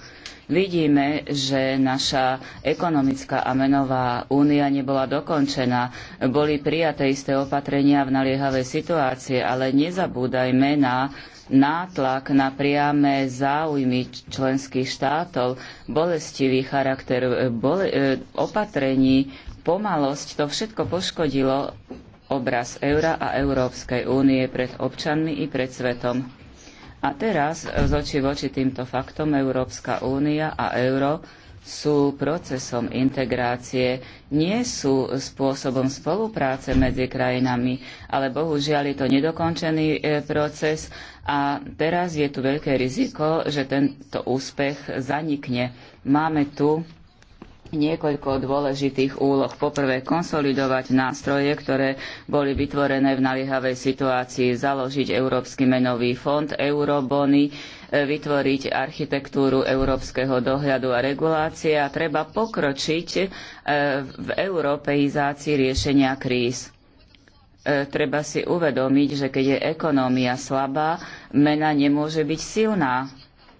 Vidíme, že naša ekonomická a menová únia nebola dokončená. Boli prijaté isté opatrenia v naliehavej situácii, ale nezabúdajme na nátlak na priame záujmy členských štátov, bolestivý charakter bole, e, opatrení, pomalosť, to všetko poškodilo obraz eura a Európskej únie pred občanmi i pred svetom. A teraz eh, z oči voči týmto faktom Európska únia a euro sú procesom integrácie, nie sú spôsobom spolupráce medzi krajinami, ale bohužiaľ je to nedokončený eh, proces a teraz je tu veľké riziko, že tento úspech zanikne. Máme tu niekoľko dôležitých úloh. Poprvé, konsolidovať nástroje, ktoré boli vytvorené v naliehavej situácii, založiť Európsky menový fond, eurobony, e, vytvoriť architektúru európskeho dohľadu a regulácie a treba pokročiť e, v europeizácii riešenia kríz. E, treba si uvedomiť, že keď je ekonómia slabá, mena nemôže byť silná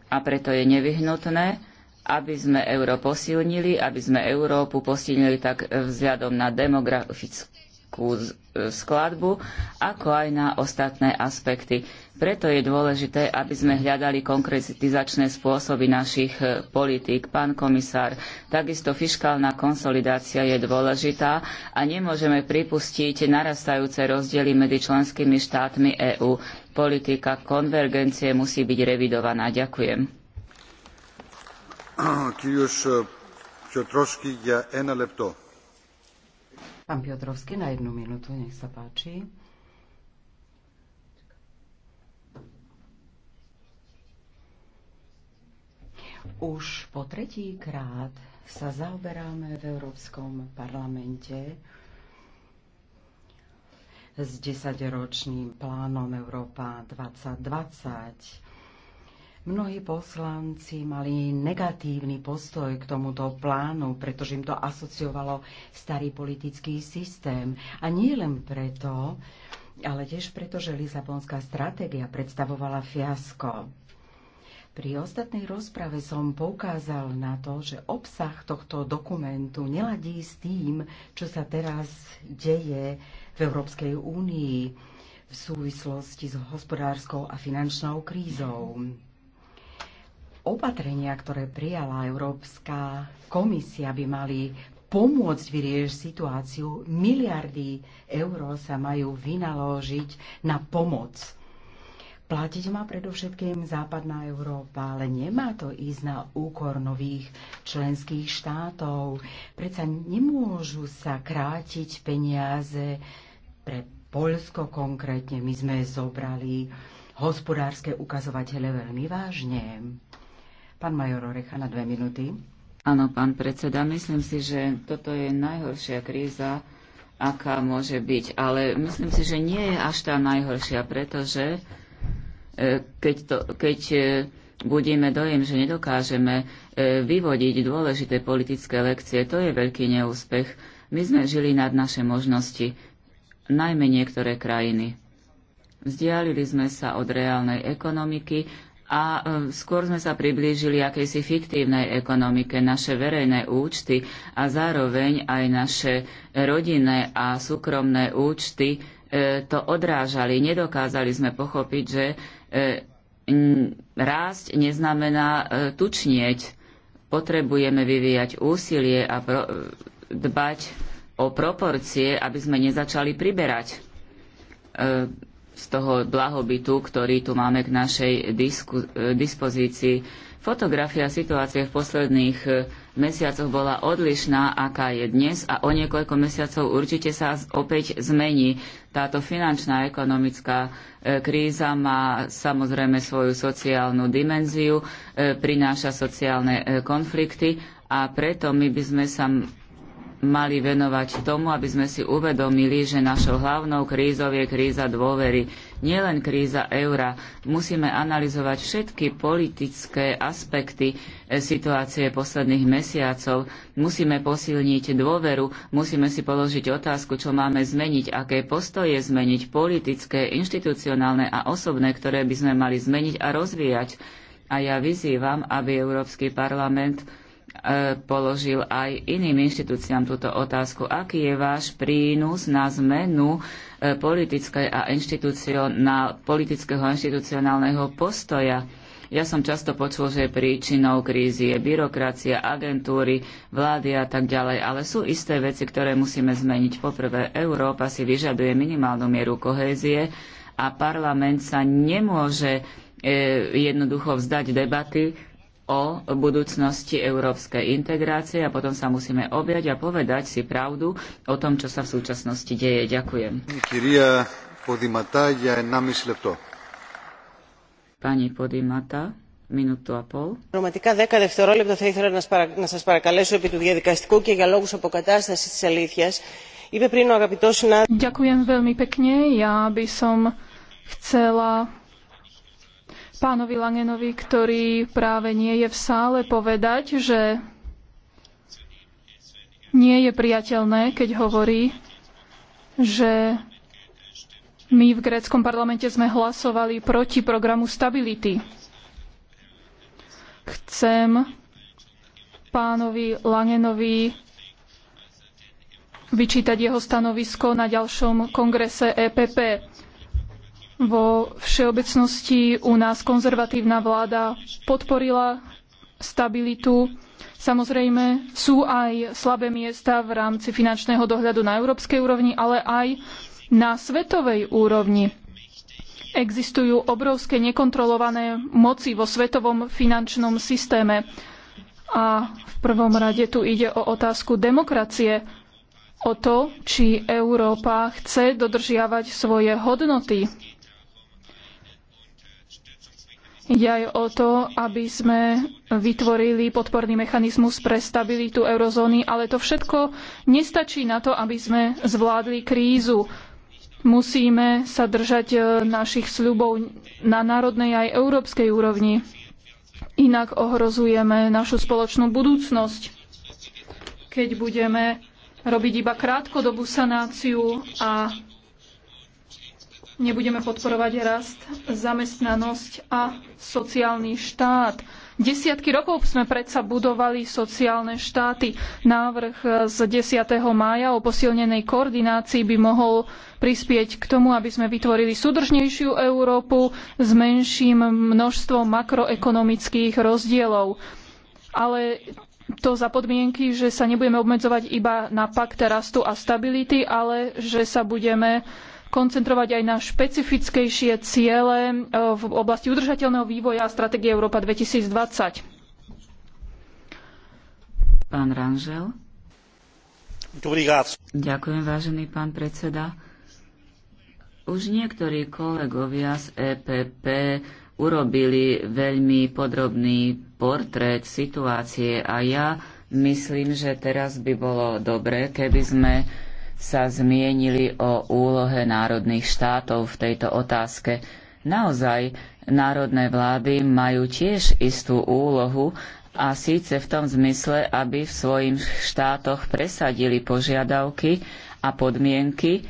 a preto je nevyhnutné, aby sme euro posilnili, aby sme Európu posilnili tak vzhľadom na demografickú e, skladbu, ako aj na ostatné aspekty. Preto je dôležité, aby sme hľadali konkretizačné spôsoby našich e, politík. Pán komisár, takisto fiškálna konsolidácia je dôležitá a nemôžeme pripustiť narastajúce rozdiely medzi členskými štátmi EÚ. Politika konvergencie musí byť revidovaná. Ďakujem. Pán Piotrovský, na jednu minútu, nech sa páči. Už po tretí krát sa zaoberáme v Európskom parlamente s desaťročným plánom Európa 2020 Mnohí poslanci mali negatívny postoj k tomuto plánu, pretože im to asociovalo starý politický systém. A nie len preto, ale tiež preto, že Lisabonská stratégia predstavovala fiasko. Pri ostatnej rozprave som poukázal na to, že obsah tohto dokumentu neladí s tým, čo sa teraz deje v Európskej únii v súvislosti s hospodárskou a finančnou krízou. Opatrenia, ktoré prijala Európska komisia, by mali pomôcť vyriešiť situáciu. Miliardy eur sa majú vynaložiť na pomoc. Platiť má predovšetkým západná Európa, ale nemá to ísť na úkor nových členských štátov. Predsa nemôžu sa krátiť peniaze pre Polsko konkrétne. My sme zobrali hospodárske ukazovatele veľmi vážne. Pán Major Orecha na dve minúty. Áno, pán predseda, myslím si, že toto je najhoršia kríza, aká môže byť. Ale myslím si, že nie je až tá najhoršia, pretože e, keď, to, keď e, budíme dojem, že nedokážeme e, vyvodiť dôležité politické lekcie, to je veľký neúspech. My sme žili nad naše možnosti, najmä niektoré krajiny. Vzdialili sme sa od reálnej ekonomiky, a e, skôr sme sa priblížili akejsi fiktívnej ekonomike, naše verejné účty a zároveň aj naše rodinné a súkromné účty e, to odrážali. Nedokázali sme pochopiť, že e, rásť neznamená tučnieť. Potrebujeme vyvíjať úsilie a dbať o proporcie, aby sme nezačali priberať z toho blahobytu, ktorý tu máme k našej disku, e, dispozícii. Fotografia situácie v posledných e, mesiacoch bola odlišná, aká je dnes a o niekoľko mesiacov určite sa opäť zmení. Táto finančná ekonomická e, kríza má samozrejme svoju sociálnu dimenziu, prináša sociálne konflikty a preto my by sme sa mali venovať tomu, aby sme si uvedomili, že našou hlavnou krízou je kríza dôvery, nielen kríza eura. Musíme analyzovať všetky politické aspekty e, situácie posledných mesiacov. Musíme posilniť dôveru, musíme si položiť otázku, čo máme zmeniť, aké postoje zmeniť, politické, inštitucionálne a osobné, ktoré by sme mali zmeniť a rozvíjať. A ja vyzývam, aby Európsky parlament položil aj iným inštitúciám túto otázku. Aký je váš prínos na zmenu e, politickej a inštitucionál, politického a inštitucionálneho postoja? Ja som často počul, že príčinou krízy je byrokracia, agentúry, vlády a tak ďalej, ale sú isté veci, ktoré musíme zmeniť. Poprvé, Európa si vyžaduje minimálnu mieru kohézie a parlament sa nemôže e, jednoducho vzdať debaty o budúcnosti európskej integrácie a potom sa musíme objať a povedať si pravdu o tom, čo sa v súčasnosti deje. Ďakujem. Pani Podimata, minútu a pol. Πραγματικά 10 δευτερόλεπτα θα ήθελα να, σας παρακαλέσω επί του διαδικαστικού και για λόγους αποκατάστασης της αλήθειας. Είπε πριν ο αγαπητός συνάδελφος... Ďakujem veľmi pekne. Ja by som chcela pánovi Langenovi, ktorý práve nie je v sále, povedať, že nie je priateľné, keď hovorí, že my v gréckom parlamente sme hlasovali proti programu stability. Chcem pánovi Langenovi vyčítať jeho stanovisko na ďalšom kongrese EPP. Vo všeobecnosti u nás konzervatívna vláda podporila stabilitu. Samozrejme, sú aj slabé miesta v rámci finančného dohľadu na európskej úrovni, ale aj na svetovej úrovni. Existujú obrovské nekontrolované moci vo svetovom finančnom systéme. A v prvom rade tu ide o otázku demokracie, o to, či Európa chce dodržiavať svoje hodnoty, Ide aj o to, aby sme vytvorili podporný mechanizmus pre stabilitu eurozóny, ale to všetko nestačí na to, aby sme zvládli krízu. Musíme sa držať e, našich sľubov na národnej aj európskej úrovni. Inak ohrozujeme našu spoločnú budúcnosť. Keď budeme robiť iba krátkodobú sanáciu a nebudeme podporovať rast, zamestnanosť a sociálny štát. Desiatky rokov sme predsa budovali sociálne štáty. Návrh z 10. mája o posilnenej koordinácii by mohol prispieť k tomu, aby sme vytvorili súdržnejšiu Európu s menším množstvom makroekonomických rozdielov. Ale to za podmienky, že sa nebudeme obmedzovať iba na pakt rastu a stability, ale že sa budeme koncentrovať aj na špecifickejšie ciele e, v oblasti udržateľného vývoja a stratégie Európa 2020. Pán Ranžel. Ďakujem, vážený pán predseda. Už niektorí kolegovia z EPP urobili veľmi podrobný portrét situácie a ja myslím, že teraz by bolo dobré, keby sme sa zmienili o úlohe národných štátov v tejto otázke. Naozaj, národné vlády majú tiež istú úlohu a síce v tom zmysle, aby v svojich štátoch presadili požiadavky a podmienky,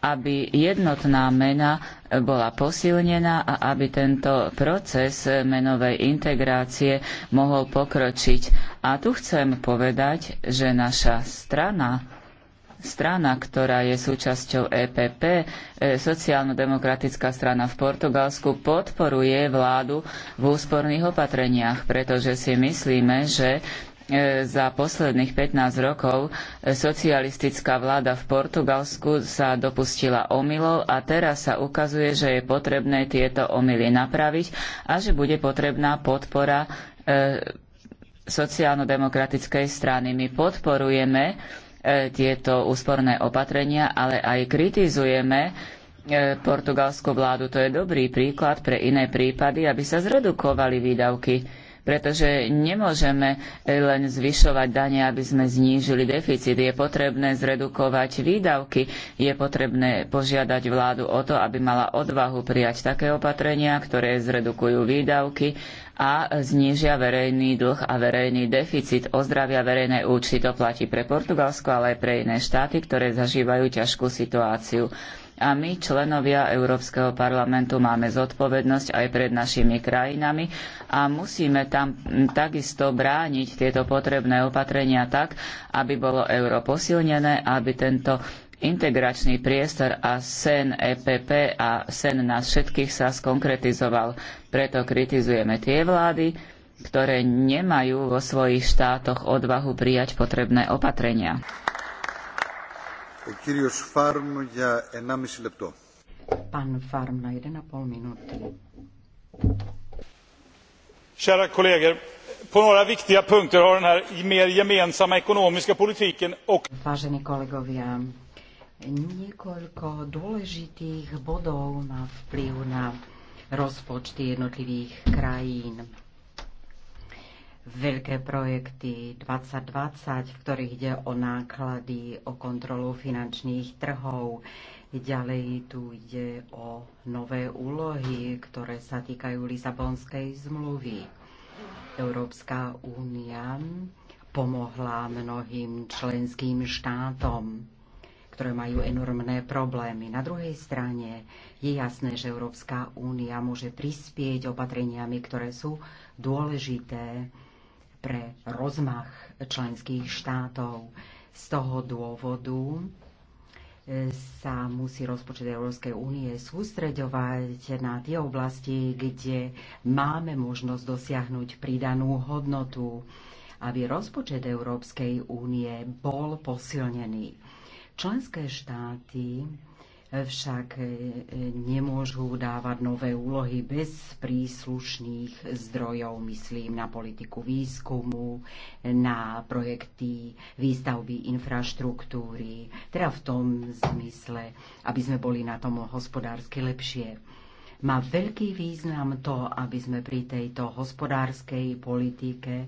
aby jednotná mena bola posilnená a aby tento proces menovej integrácie mohol pokročiť. A tu chcem povedať, že naša strana strana, ktorá je súčasťou EPP, e, sociálno-demokratická strana v Portugalsku, podporuje vládu v úsporných opatreniach, pretože si myslíme, že e, za posledných 15 rokov e, socialistická vláda v Portugalsku sa dopustila omylov a teraz sa ukazuje, že je potrebné tieto omyly napraviť a že bude potrebná podpora sociálno-demokratickej strany. My podporujeme E, tieto úsporné opatrenia, ale aj kritizujeme e, portugalskú vládu. To je dobrý príklad pre iné prípady, aby sa zredukovali výdavky pretože nemôžeme len zvyšovať dane, aby sme znížili deficit. Je potrebné zredukovať výdavky, je potrebné požiadať vládu o to, aby mala odvahu prijať také opatrenia, ktoré zredukujú výdavky a znížia verejný dlh a verejný deficit. Ozdravia verejné účty to platí pre Portugalsko, ale aj pre iné štáty, ktoré zažívajú ťažkú situáciu a my, členovia Európskeho parlamentu, máme zodpovednosť aj pred našimi krajinami a musíme tam takisto brániť tieto potrebné opatrenia tak, aby bolo euro posilnené, aby tento integračný priestor a sen EPP a sen nás všetkých sa skonkretizoval. Preto kritizujeme tie vlády, ktoré nemajú vo svojich štátoch odvahu prijať potrebné opatrenia. Kära kollegor, på några viktiga punkter har den här mer gemensamma ekonomiska politiken och... Vážení kolegovia, niekoľko dôležitých bodov má vplyv na rozpočty jednotlivých krajín veľké projekty 2020, v ktorých ide o náklady, o kontrolu finančných trhov. Ďalej tu ide o nové úlohy, ktoré sa týkajú Lisabonskej zmluvy. Európska únia pomohla mnohým členským štátom ktoré majú enormné problémy. Na druhej strane je jasné, že Európska únia môže prispieť opatreniami, ktoré sú dôležité pre rozmach členských štátov. Z toho dôvodu e, sa musí rozpočet Európskej únie sústreďovať na tie oblasti, kde máme možnosť dosiahnuť pridanú hodnotu, aby rozpočet Európskej únie bol posilnený. Členské štáty však e, nemôžu dávať nové úlohy bez príslušných zdrojov, myslím na politiku výskumu, na projekty výstavby infraštruktúry, teda v tom zmysle, aby sme boli na tom hospodársky lepšie. Má veľký význam to, aby sme pri tejto hospodárskej politike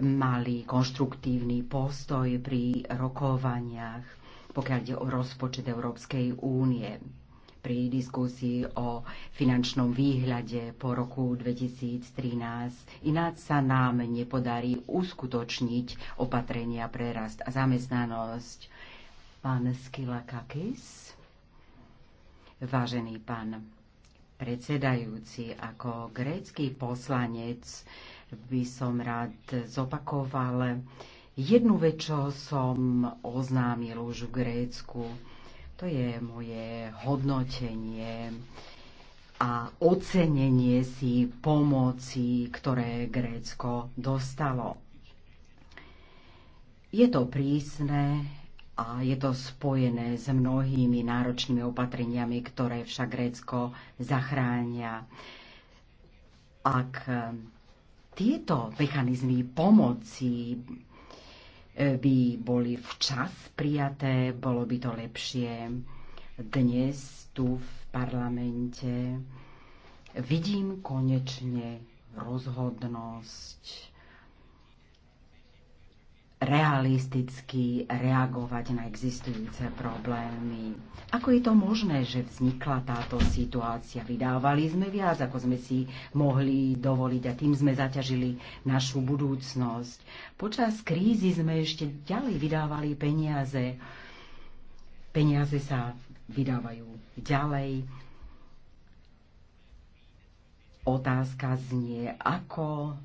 mali konštruktívny postoj pri rokovaniach pokiaľ ide o rozpočet Európskej únie pri diskusii o finančnom výhľade po roku 2013. Ináč sa nám nepodarí uskutočniť opatrenia pre rast a zamestnanosť. Pán Skilakakis, vážený pán predsedajúci, ako grécky poslanec by som rád zopakoval, Jednu vec, čo som oznámil už v Grécku, to je moje hodnotenie a ocenenie si pomoci, ktoré Grécko dostalo. Je to prísne a je to spojené s mnohými náročnými opatreniami, ktoré však Grécko zachránia. Ak tieto mechanizmy pomoci by boli včas prijaté, bolo by to lepšie. Dnes tu v parlamente vidím konečne rozhodnosť realisticky reagovať na existujúce problémy. Ako je to možné, že vznikla táto situácia? Vydávali sme viac, ako sme si mohli dovoliť a tým sme zaťažili našu budúcnosť. Počas krízy sme ešte ďalej vydávali peniaze. Peniaze sa vydávajú ďalej. Otázka znie, ako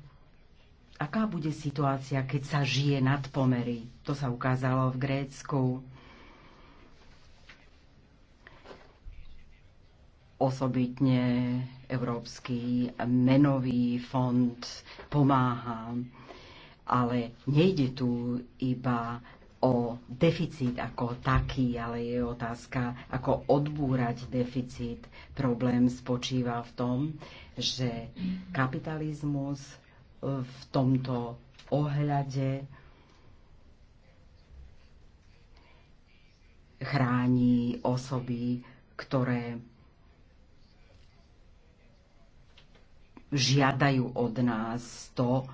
aká bude situácia, keď sa žije nad pomery. To sa ukázalo v Grécku. Osobitne Európsky menový fond pomáha, ale nejde tu iba o deficit ako taký, ale je otázka, ako odbúrať deficit. Problém spočíva v tom, že kapitalizmus v tomto ohľade chráni osoby, ktoré žiadajú od nás to,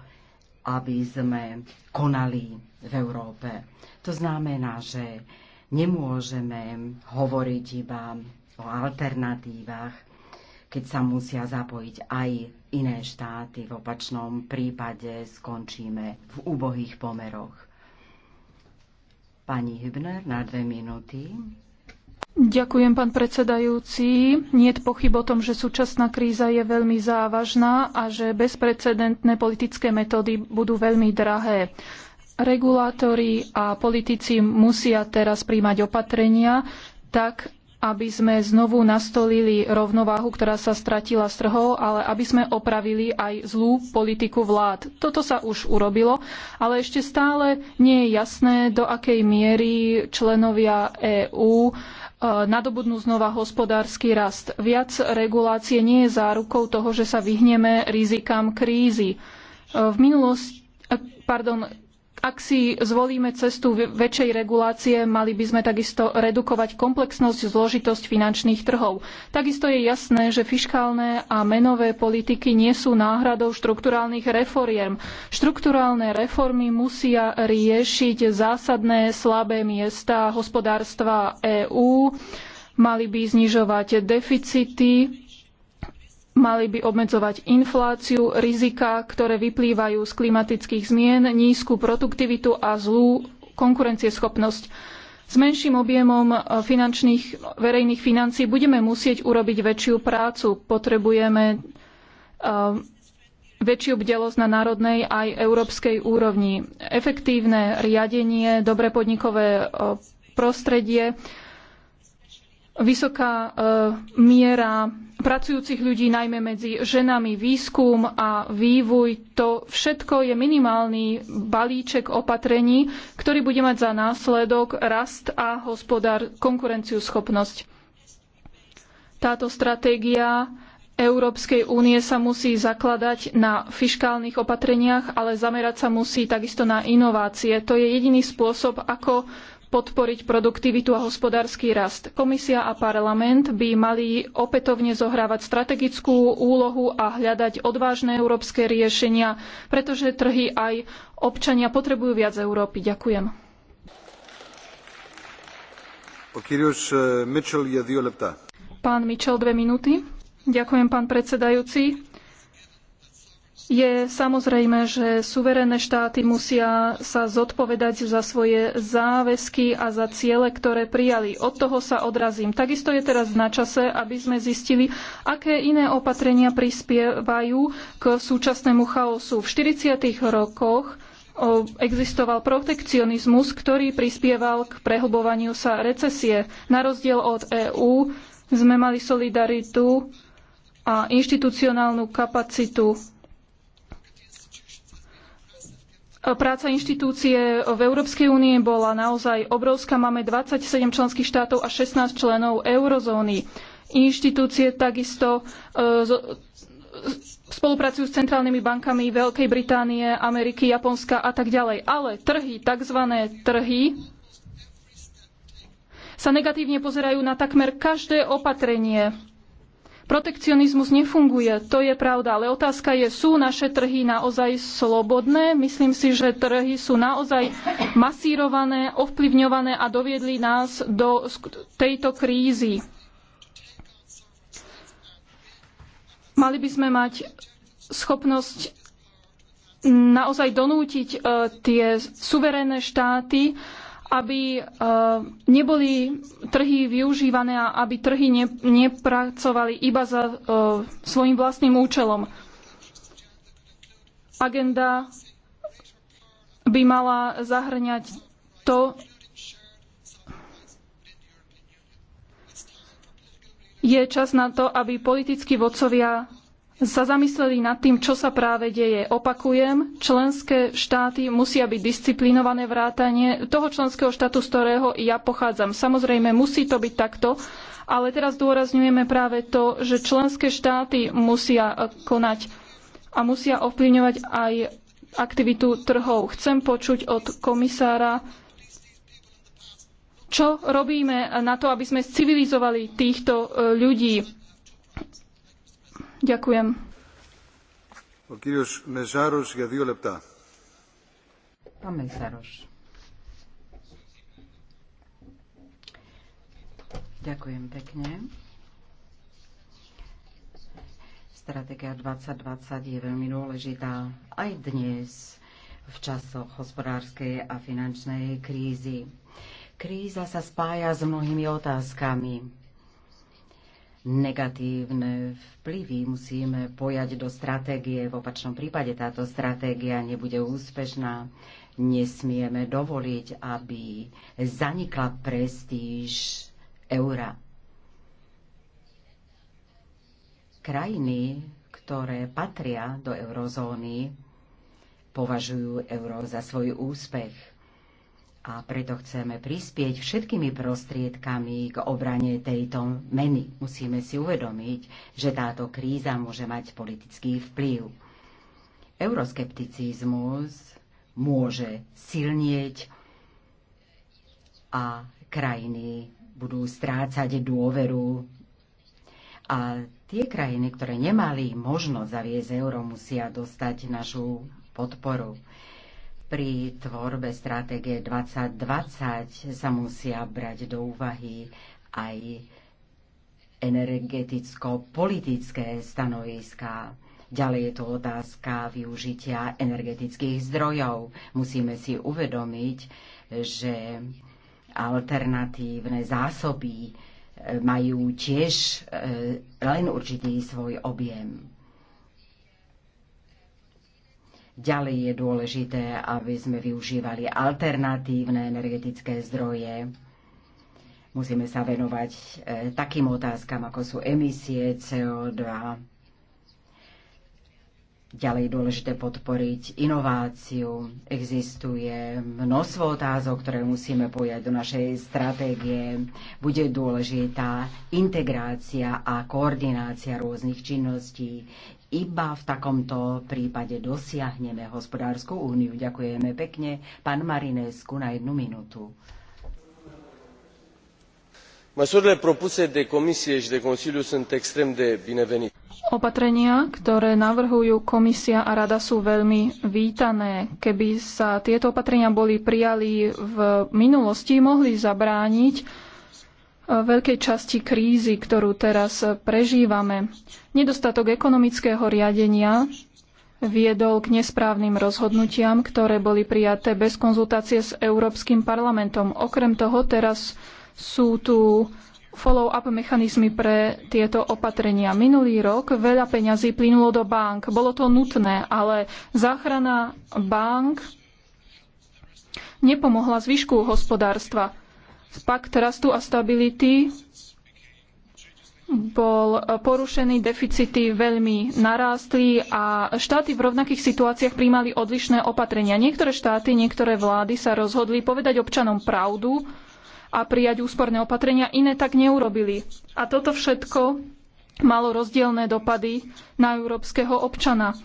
aby sme konali v Európe. To znamená, že nemôžeme hovoriť iba o alternatívach, keď sa musia zapojiť aj iné štáty. V opačnom prípade skončíme v úbohých pomeroch. Pani Hübner na dve minúty. Ďakujem, pán predsedajúci. Nie je pochyb o tom, že súčasná kríza je veľmi závažná a že bezprecedentné politické metódy budú veľmi drahé. Regulátori a politici musia teraz príjmať opatrenia tak, aby sme znovu nastolili rovnováhu, ktorá sa stratila z trhov, ale aby sme opravili aj zlú politiku vlád. Toto sa už urobilo, ale ešte stále nie je jasné, do akej miery členovia EÚ e, nadobudnú znova hospodársky rast. Viac regulácie nie je zárukou toho, že sa vyhneme rizikám krízy. E, v minulosti e, pardon, ak si zvolíme cestu väčšej regulácie, mali by sme takisto redukovať komplexnosť, zložitosť finančných trhov. Takisto je jasné, že fiškálne a menové politiky nie sú náhradou štrukturálnych reforiem. Štrukturálne reformy musia riešiť zásadné slabé miesta hospodárstva EÚ, mali by znižovať deficity, mali by obmedzovať infláciu, rizika, ktoré vyplývajú z klimatických zmien, nízku produktivitu a zlú konkurencieschopnosť. S menším objemom eh, finančných, verejných financií budeme musieť urobiť väčšiu prácu. Potrebujeme eh, väčšiu bdelosť na národnej aj európskej úrovni. Efektívne riadenie, dobré podnikové eh, prostredie, vysoká miera pracujúcich ľudí, najmä medzi ženami, výskum a vývoj. To všetko je minimálny balíček opatrení, ktorý bude mať za následok rast a hospodár konkurencieschopnosť. Táto stratégia Európskej únie sa musí zakladať na fiškálnych opatreniach, ale zamerať sa musí takisto na inovácie. To je jediný spôsob, ako podporiť produktivitu a hospodársky rast. Komisia a parlament by mali opätovne zohrávať strategickú úlohu a hľadať odvážne európske riešenia, pretože trhy aj občania potrebujú viac Európy. Ďakujem. Eh, pán Mitchell, dve minúty. Ďakujem, pán predsedajúci je samozrejme, že suverénne štáty musia sa zodpovedať za svoje záväzky a za ciele, ktoré prijali. Od toho sa odrazím. Takisto je teraz na čase, aby sme zistili, aké iné opatrenia prispievajú k súčasnému chaosu. V 40. rokoch existoval protekcionizmus, ktorý prispieval k prehlbovaniu sa recesie. Na rozdiel od EÚ sme mali solidaritu a inštitucionálnu kapacitu Práca inštitúcie v Európskej únie bola naozaj obrovská. Máme 27 členských štátov a 16 členov eurozóny. Inštitúcie takisto e, spolupracujú s centrálnymi bankami Veľkej Británie, Ameriky, Japonska a tak ďalej. Ale trhy, tzv. trhy, sa negatívne pozerajú na takmer každé opatrenie Protekcionizmus nefunguje, to je pravda, ale otázka je, sú naše trhy naozaj slobodné? Myslím si, že trhy sú naozaj masírované, ovplyvňované a doviedli nás do tejto krízy. Mali by sme mať schopnosť naozaj donútiť e, tie suverénne štáty, aby e, neboli trhy využívané a aby trhy nepracovali iba za e, svojim vlastným účelom. Agenda by mala zahrňať to, je čas na to, aby politickí vodcovia sa zamysleli nad tým, čo sa práve deje. Opakujem, členské štáty musia byť disciplinované vrátanie toho členského štátu, z ktorého ja pochádzam. Samozrejme, musí to byť takto, ale teraz dôrazňujeme práve to, že členské štáty musia konať a musia ovplyvňovať aj aktivitu trhov. Chcem počuť od komisára, čo robíme na to, aby sme civilizovali týchto e, ľudí Ďakujem. Pán Mesároš. Ďakujem pekne. Stratégia 2020 je veľmi dôležitá aj dnes v časoch hospodárskej a finančnej krízy. Kríza sa spája s mnohými otázkami negatívne vplyvy musíme pojať do stratégie. V opačnom prípade táto stratégia nebude úspešná. Nesmieme dovoliť, aby zanikla prestíž eura. Krajiny, ktoré patria do eurozóny, považujú euro za svoj úspech a preto chceme prispieť všetkými prostriedkami k obrane tejto meny. Musíme si uvedomiť, že táto kríza môže mať politický vplyv. Euroskepticizmus môže silnieť a krajiny budú strácať dôveru a tie krajiny, ktoré nemali možnosť zaviesť euro, musia dostať našu podporu. Pri tvorbe stratégie 2020 sa musia brať do úvahy aj energeticko-politické stanoviská. Ďalej je to otázka využitia energetických zdrojov. Musíme si uvedomiť, že alternatívne zásoby eh, majú tiež eh, len určitý svoj objem. Ďalej je dôležité, aby sme využívali alternatívne energetické zdroje. Musíme sa venovať e, takým otázkam, ako sú emisie CO2. Ďalej dôležité podporiť inováciu. Existuje množstvo otázok, ktoré musíme pojať do našej stratégie. Bude dôležitá integrácia a koordinácia rôznych činností. Iba v takomto prípade dosiahneme hospodárskú úniu. Ďakujeme pekne. Pán Marinesku na jednu minútu. Măsurile propuse de Comisie și de Consiliu sunt extrem de binevenite. Opatrenia, ktoré navrhujú Komisia a Rada sú veľmi vítané. Keby sa tieto opatrenia boli prijali v minulosti, mohli zabrániť E, veľkej časti krízy, ktorú teraz e, prežívame. Nedostatok ekonomického riadenia viedol k nesprávnym rozhodnutiam, ktoré boli prijaté bez konzultácie s Európskym parlamentom. Okrem toho teraz sú tu follow-up mechanizmy pre tieto opatrenia. Minulý rok veľa peňazí plynulo do bank. Bolo to nutné, ale záchrana bank nepomohla zvyšku hospodárstva. Pakt rastu a stability bol porušený, deficity veľmi narástli a štáty v rovnakých situáciách príjmali odlišné opatrenia. Niektoré štáty, niektoré vlády sa rozhodli povedať občanom pravdu a prijať úsporné opatrenia, iné tak neurobili. A toto všetko malo rozdielne dopady na európskeho občana.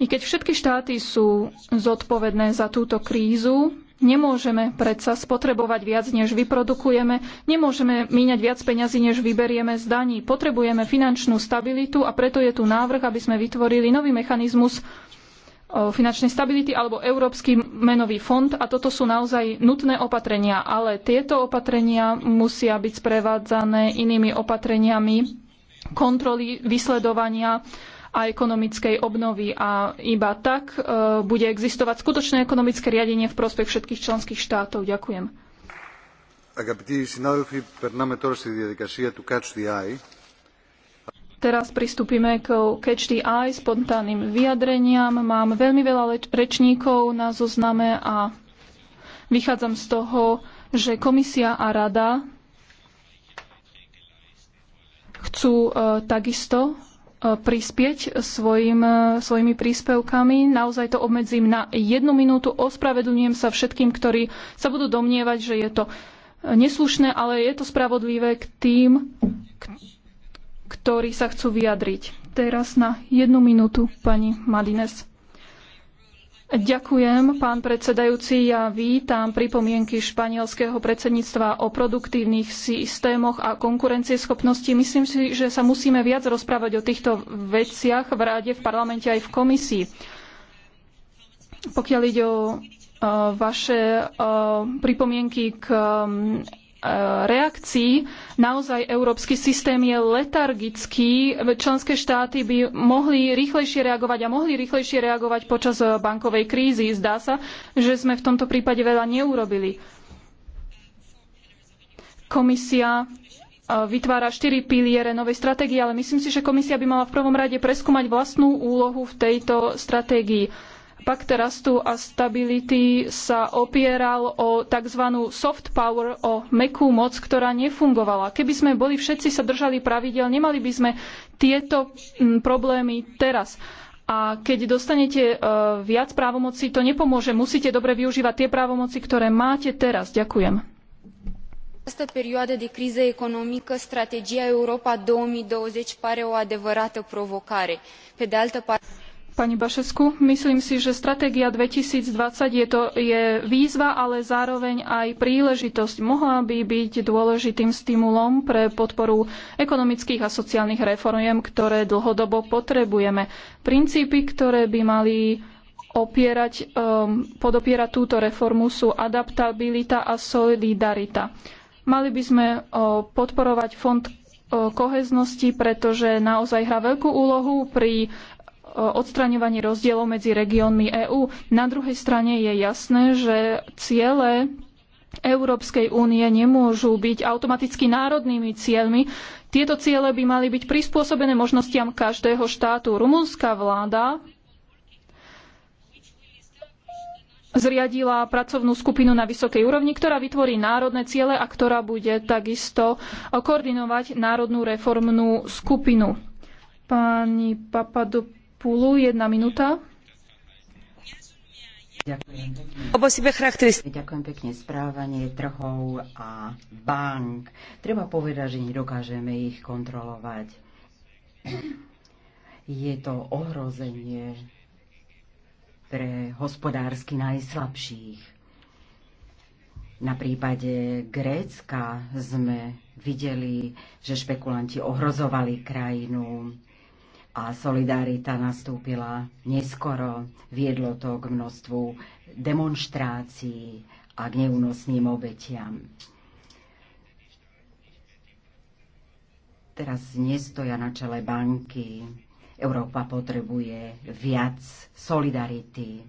I keď všetky štáty sú zodpovedné za túto krízu, Nemôžeme predsa spotrebovať viac, než vyprodukujeme, nemôžeme míňať viac peňazí, než vyberieme z daní. Potrebujeme finančnú stabilitu a preto je tu návrh, aby sme vytvorili nový mechanizmus finančnej stability alebo Európsky menový fond a toto sú naozaj nutné opatrenia, ale tieto opatrenia musia byť sprevádzané inými opatreniami kontroly, vysledovania a ekonomickej obnovy a iba tak e, bude existovať skutočné ekonomické riadenie v prospech všetkých členských štátov. Ďakujem. Teraz pristúpime k Catch the Eye, spontánnym vyjadreniam. Mám veľmi veľa rečníkov na zozname a vychádzam z toho, že komisia a rada chcú e, takisto E, prispieť svojim, e, svojimi príspevkami. Naozaj to obmedzím na jednu minútu. Ospravedlňujem sa všetkým, ktorí sa budú domnievať, že je to e, neslušné, ale je to spravodlivé k tým, ktorí sa chcú vyjadriť. Teraz na jednu minútu pani Madines. Ďakujem, pán predsedajúci. Ja vítam pripomienky španielského predsedníctva o produktívnych systémoch a konkurencieschopnosti. Myslím si, že sa musíme viac rozprávať o týchto veciach v Rade, v parlamente aj v komisii. Pokiaľ ide o e, vaše e, pripomienky k reakcií. Naozaj európsky systém je letargický. Členské štáty by mohli rýchlejšie reagovať a mohli rýchlejšie reagovať počas eh, bankovej krízy. Zdá sa, že sme v tomto prípade veľa neurobili. Komisia eh, vytvára štyri piliere novej stratégie, ale myslím si, že komisia by mala v prvom rade preskúmať vlastnú úlohu v tejto stratégii. Pakt rastu a stability sa opieral o tzv. soft power, o mekú moc, ktorá nefungovala. Keby sme boli všetci sa držali pravidel, nemali by sme tieto mm, problémy teraz. A keď dostanete e, viac právomocí, to nepomôže. Musíte dobre využívať tie právomoci, ktoré máte teraz. Ďakujem. această perioadă de criză economică, strategia Europa 2020 pare o adevărată provocare. Pe de altă parte... Pani Bašesku, myslím si, že stratégia 2020 je, to, je výzva, ale zároveň aj príležitosť. Mohla by byť dôležitým stimulom pre podporu ekonomických a sociálnych reforiem, ktoré dlhodobo potrebujeme. Princípy, ktoré by mali opierať, um, podopierať túto reformu sú adaptabilita a solidarita. Mali by sme uh, podporovať fond koheznosti, pretože naozaj hrá veľkú úlohu pri odstraňovanie rozdielov medzi regiónmi EÚ. Na druhej strane je jasné, že ciele Európskej únie nemôžu byť automaticky národnými cieľmi. Tieto ciele by mali byť prispôsobené možnostiam každého štátu. Rumunská vláda zriadila pracovnú skupinu na vysokej úrovni, ktorá vytvorí národné ciele a ktorá bude takisto koordinovať národnú reformnú skupinu. Pani Papadu Pulu, jedna minúta. Ďakujem pekne. Správanie trhov a bank. Treba povedať, že nedokážeme ich kontrolovať. Je to ohrozenie pre hospodársky najslabších. Na prípade Grécka sme videli, že špekulanti ohrozovali krajinu a solidarita nastúpila neskoro. Viedlo to k množstvu demonstrácií a k neúnosným obetiam. Teraz nestoja na čele banky. Európa potrebuje viac solidarity,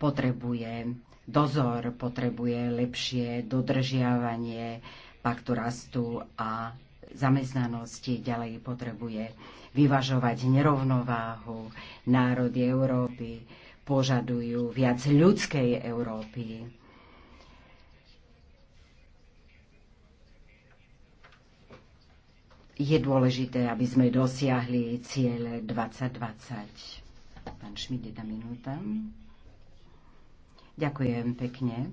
potrebuje dozor, potrebuje lepšie dodržiavanie paktu rastu a zamestnanosti ďalej potrebuje vyvažovať nerovnováhu. Národy Európy požadujú viac ľudskej Európy. Je dôležité, aby sme dosiahli ciele 2020. Pán Šmid, jedna minúta. Ďakujem pekne.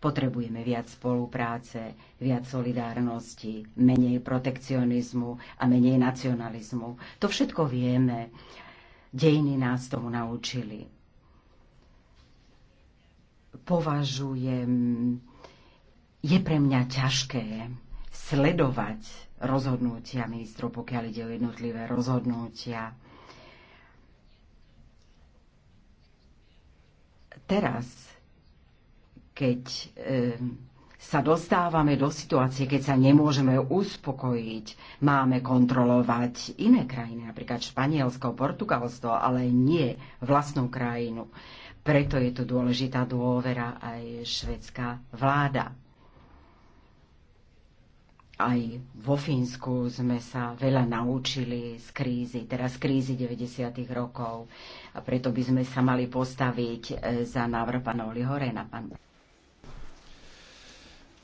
Potrebujeme viac spolupráce, viac solidárnosti, menej protekcionizmu a menej nacionalizmu. To všetko vieme. Dejiny nás tomu naučili. Považujem, je pre mňa ťažké sledovať rozhodnutia ministrov, pokiaľ ide o jednotlivé rozhodnutia. Teraz keď sa dostávame do situácie, keď sa nemôžeme uspokojiť, máme kontrolovať iné krajiny, napríklad Španielsko, Portugalsko, ale nie vlastnú krajinu. Preto je tu dôležitá dôvera aj švedská vláda. Aj vo Fínsku sme sa veľa naučili z krízy, teraz z krízy 90. rokov. A preto by sme sa mali postaviť eh, za návrh pána Oliho Rena. Pán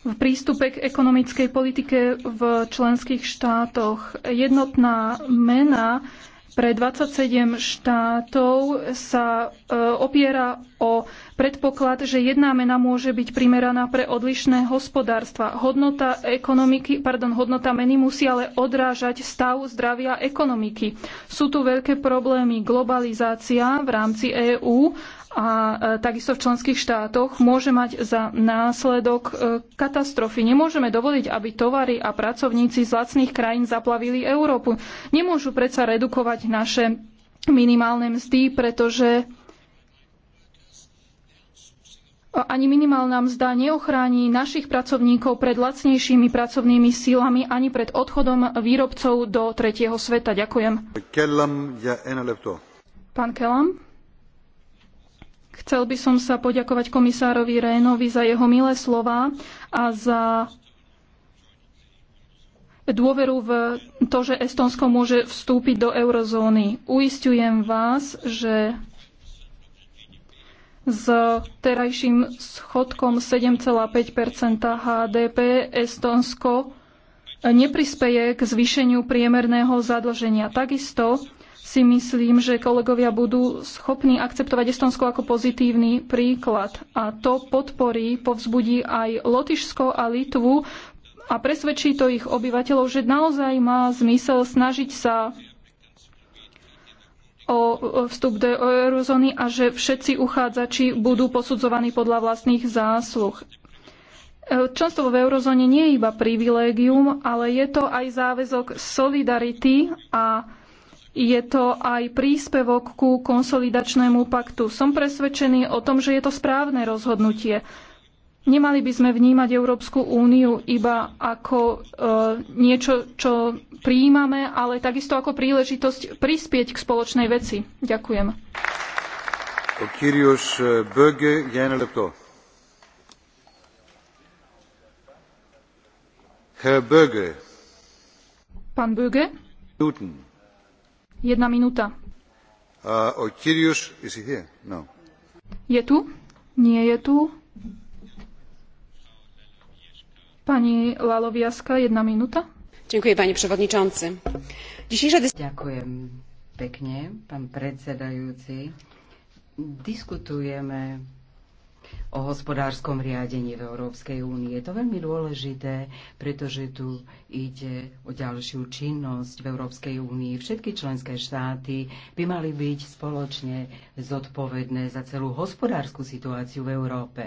v prístupe k ekonomickej politike v členských štátoch. Jednotná mena pre 27 štátov sa e, opiera o predpoklad, že jedna mena môže byť primeraná pre odlišné hospodárstva. Hodnota, ekonomiky, pardon, hodnota meny musí ale odrážať stav zdravia ekonomiky. Sú tu veľké problémy globalizácia v rámci EÚ a e, takisto v členských štátoch môže mať za následok e, katastrofy. Nemôžeme dovoliť, aby tovary a pracovníci z lacných krajín zaplavili Európu. Nemôžu predsa redukovať naše minimálne mzdy, pretože ani minimálna mzda neochrání našich pracovníkov pred lacnejšími pracovnými sílami ani pred odchodom výrobcov do tretieho sveta. Ďakujem. Pán Kelam. Chcel by som sa poďakovať komisárovi Rénovi za jeho milé slova a za dôveru v to, že Estonsko môže vstúpiť do eurozóny. Uistujem vás, že s terajším schodkom 7,5 HDP Estonsko neprispeje k zvýšeniu priemerného zadlženia. Takisto si myslím, že kolegovia budú schopní akceptovať Estonsko ako pozitívny príklad. A to podporí, povzbudí aj Lotyšsko a Litvu a presvedčí to ich obyvateľov, že naozaj má zmysel snažiť sa o vstup do eurozóny a že všetci uchádzači budú posudzovaní podľa vlastných zásluh. Členstvo v eurozóne nie je iba privilégium, ale je to aj záväzok solidarity a je to aj príspevok ku konsolidačnému paktu. Som presvedčený o tom, že je to správne rozhodnutie. Nemali by sme vnímať Európsku úniu iba ako e, niečo, čo prijímame, ale takisto ako príležitosť prispieť k spoločnej veci. Ďakujem. Pán e, Böge. Jedna minúta. No. Je tu? Nie je tu. Pani Laloviaska, jedna minúta. Ďakujem, pani przewodniczący. Dzisiejsza Ďakujem pekne, pán predsedajúci. Diskutujeme o hospodárskom riadení v Európskej únii. Je to veľmi dôležité, pretože tu ide o ďalšiu činnosť v Európskej únii. Všetky členské štáty by mali byť spoločne zodpovedné za celú hospodárskú situáciu v Európe.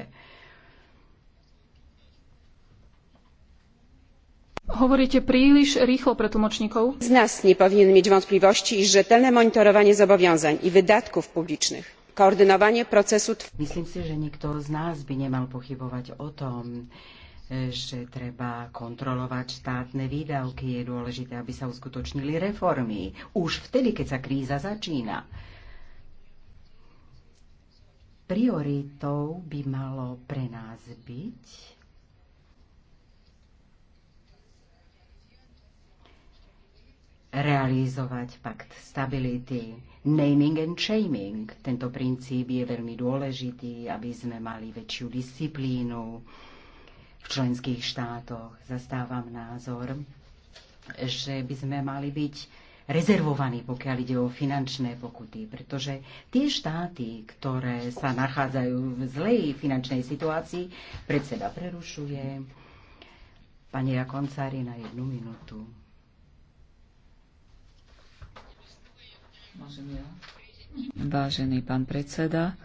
Hovoríte príliš rýchlo pre tlmočníkov. Z nás nie powinien mieć že telné monitorovanie zobowiązań i wydatków publicznych koordynowanie procesu. Myslím si, že nikto z nás by nemal pochybovať o tom, že treba kontrolovať štátne výdavky. Je dôležité, aby sa uskutočnili reformy. Už vtedy, keď sa kríza začína. Prioritou by malo pre nás byť realizovať pakt stability. Naming and shaming. Tento princíp je veľmi dôležitý, aby sme mali väčšiu disciplínu v členských štátoch. Zastávam názor, že by sme mali byť rezervovaní, pokiaľ ide o finančné pokuty, pretože tie štáty, ktoré sa nachádzajú v zlej finančnej situácii, predseda prerušuje. Pani Jakoncári na jednu minútu. Vážený pán predseda,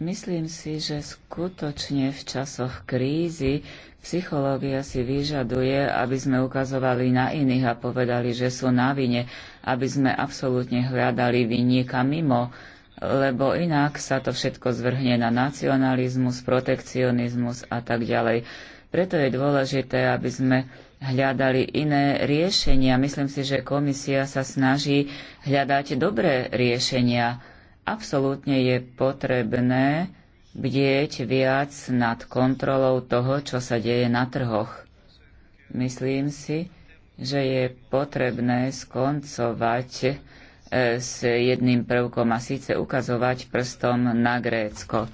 myslím si, že skutočne v časoch krízy psychológia si vyžaduje, aby sme ukazovali na iných a povedali, že sú na vine, aby sme absolútne hľadali vinníka mimo, lebo inak sa to všetko zvrhne na nacionalizmus, protekcionizmus a tak ďalej. Preto je dôležité, aby sme hľadali iné riešenia. Myslím si, že komisia sa snaží hľadať dobré riešenia. Absolútne je potrebné bdieť viac nad kontrolou toho, čo sa deje na trhoch. Myslím si, že je potrebné skoncovať e, s jedným prvkom a síce ukazovať prstom na Grécko.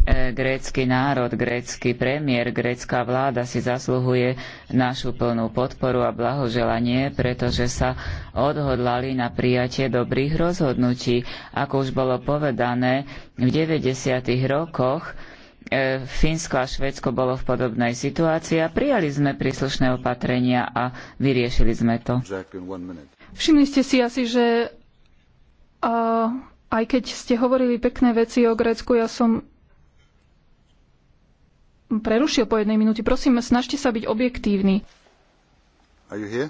E, grécky národ, grécky premiér, grécka vláda si zasluhuje našu plnú podporu a blahoželanie, pretože sa odhodlali na prijatie dobrých rozhodnutí. Ako už bolo povedané, v 90. rokoch e, Fínsko a Švédsko bolo v podobnej situácii a prijali sme príslušné opatrenia a vyriešili sme to. Všimli ste si asi, že uh, aj keď ste hovorili pekné veci o Grécku, ja som prerušil po jednej minúte. Prosím, snažte sa byť objektívny. E,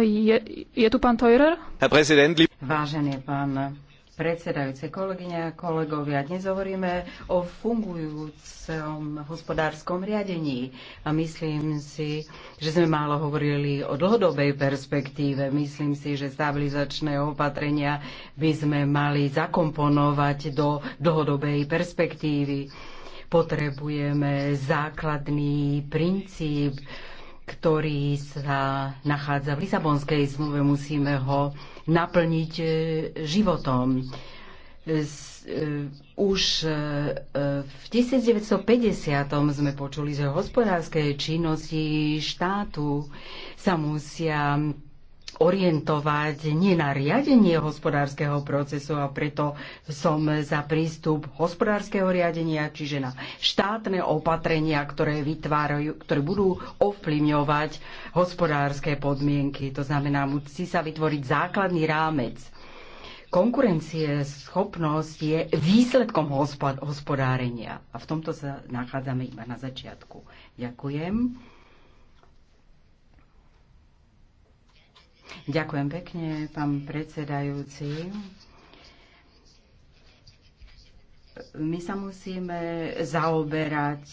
je, je tu pán Teurer? Vážený pán predsedajúce kolegyne a kolegovia. Dnes hovoríme o fungujúcom hospodárskom riadení a myslím si, že sme málo hovorili o dlhodobej perspektíve. Myslím si, že stabilizačné opatrenia by sme mali zakomponovať do dlhodobej perspektívy Potrebujeme základný princíp, ktorý sa nachádza v Lisabonskej zmluve. Musíme ho naplniť e, životom. E, už e, v 1950. sme počuli, že hospodárskej činnosti štátu sa musia orientovať nie na riadenie hospodárskeho procesu a preto som za prístup hospodárskeho riadenia, čiže na štátne opatrenia, ktoré vytvárajú, ktoré budú ovplyvňovať hospodárske podmienky. To znamená, musí sa vytvoriť základný rámec konkurencie, schopnosť je výsledkom hospodárenia. A v tomto sa nachádzame iba na začiatku. Ďakujem. Ďakujem pekne, pán predsedajúci. My sa musíme zaoberať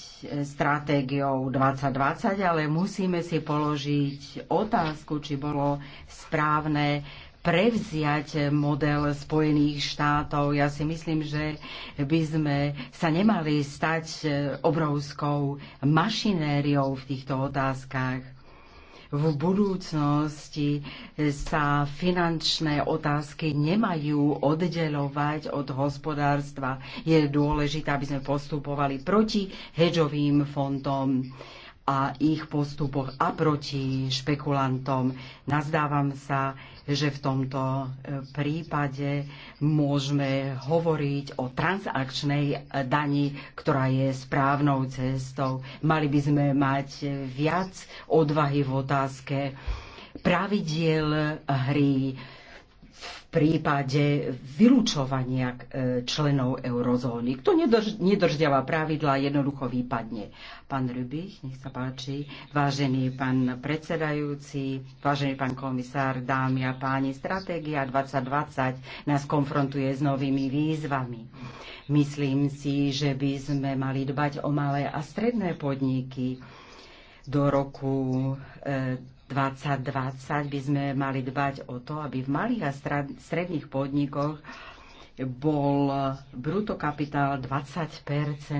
stratégiou 2020, ale musíme si položiť otázku, či bolo správne prevziať model Spojených štátov. Ja si myslím, že by sme sa nemali stať obrovskou mašinériou v týchto otázkach v budúcnosti sa finančné otázky nemajú oddelovať od hospodárstva. Je dôležité, aby sme postupovali proti hedžovým fondom a ich postupoch a proti špekulantom. Nazdávam sa, že v tomto e, prípade môžeme hovoriť o transakčnej e, dani, ktorá je správnou cestou. Mali by sme mať e, viac odvahy v otázke pravidiel hry prípade vylúčovania e, členov eurozóny. Kto nedrž, nedržďava pravidla, jednoducho výpadne. Pán Rybich, nech sa páči. Vážený pán predsedajúci, vážený pán komisár, dámy a páni, stratégia 2020 nás konfrontuje s novými výzvami. Myslím si, že by sme mali dbať o malé a stredné podniky do roku e, 2020 by sme mali dbať o to, aby v malých a stredných podnikoch bol brutokapitál 20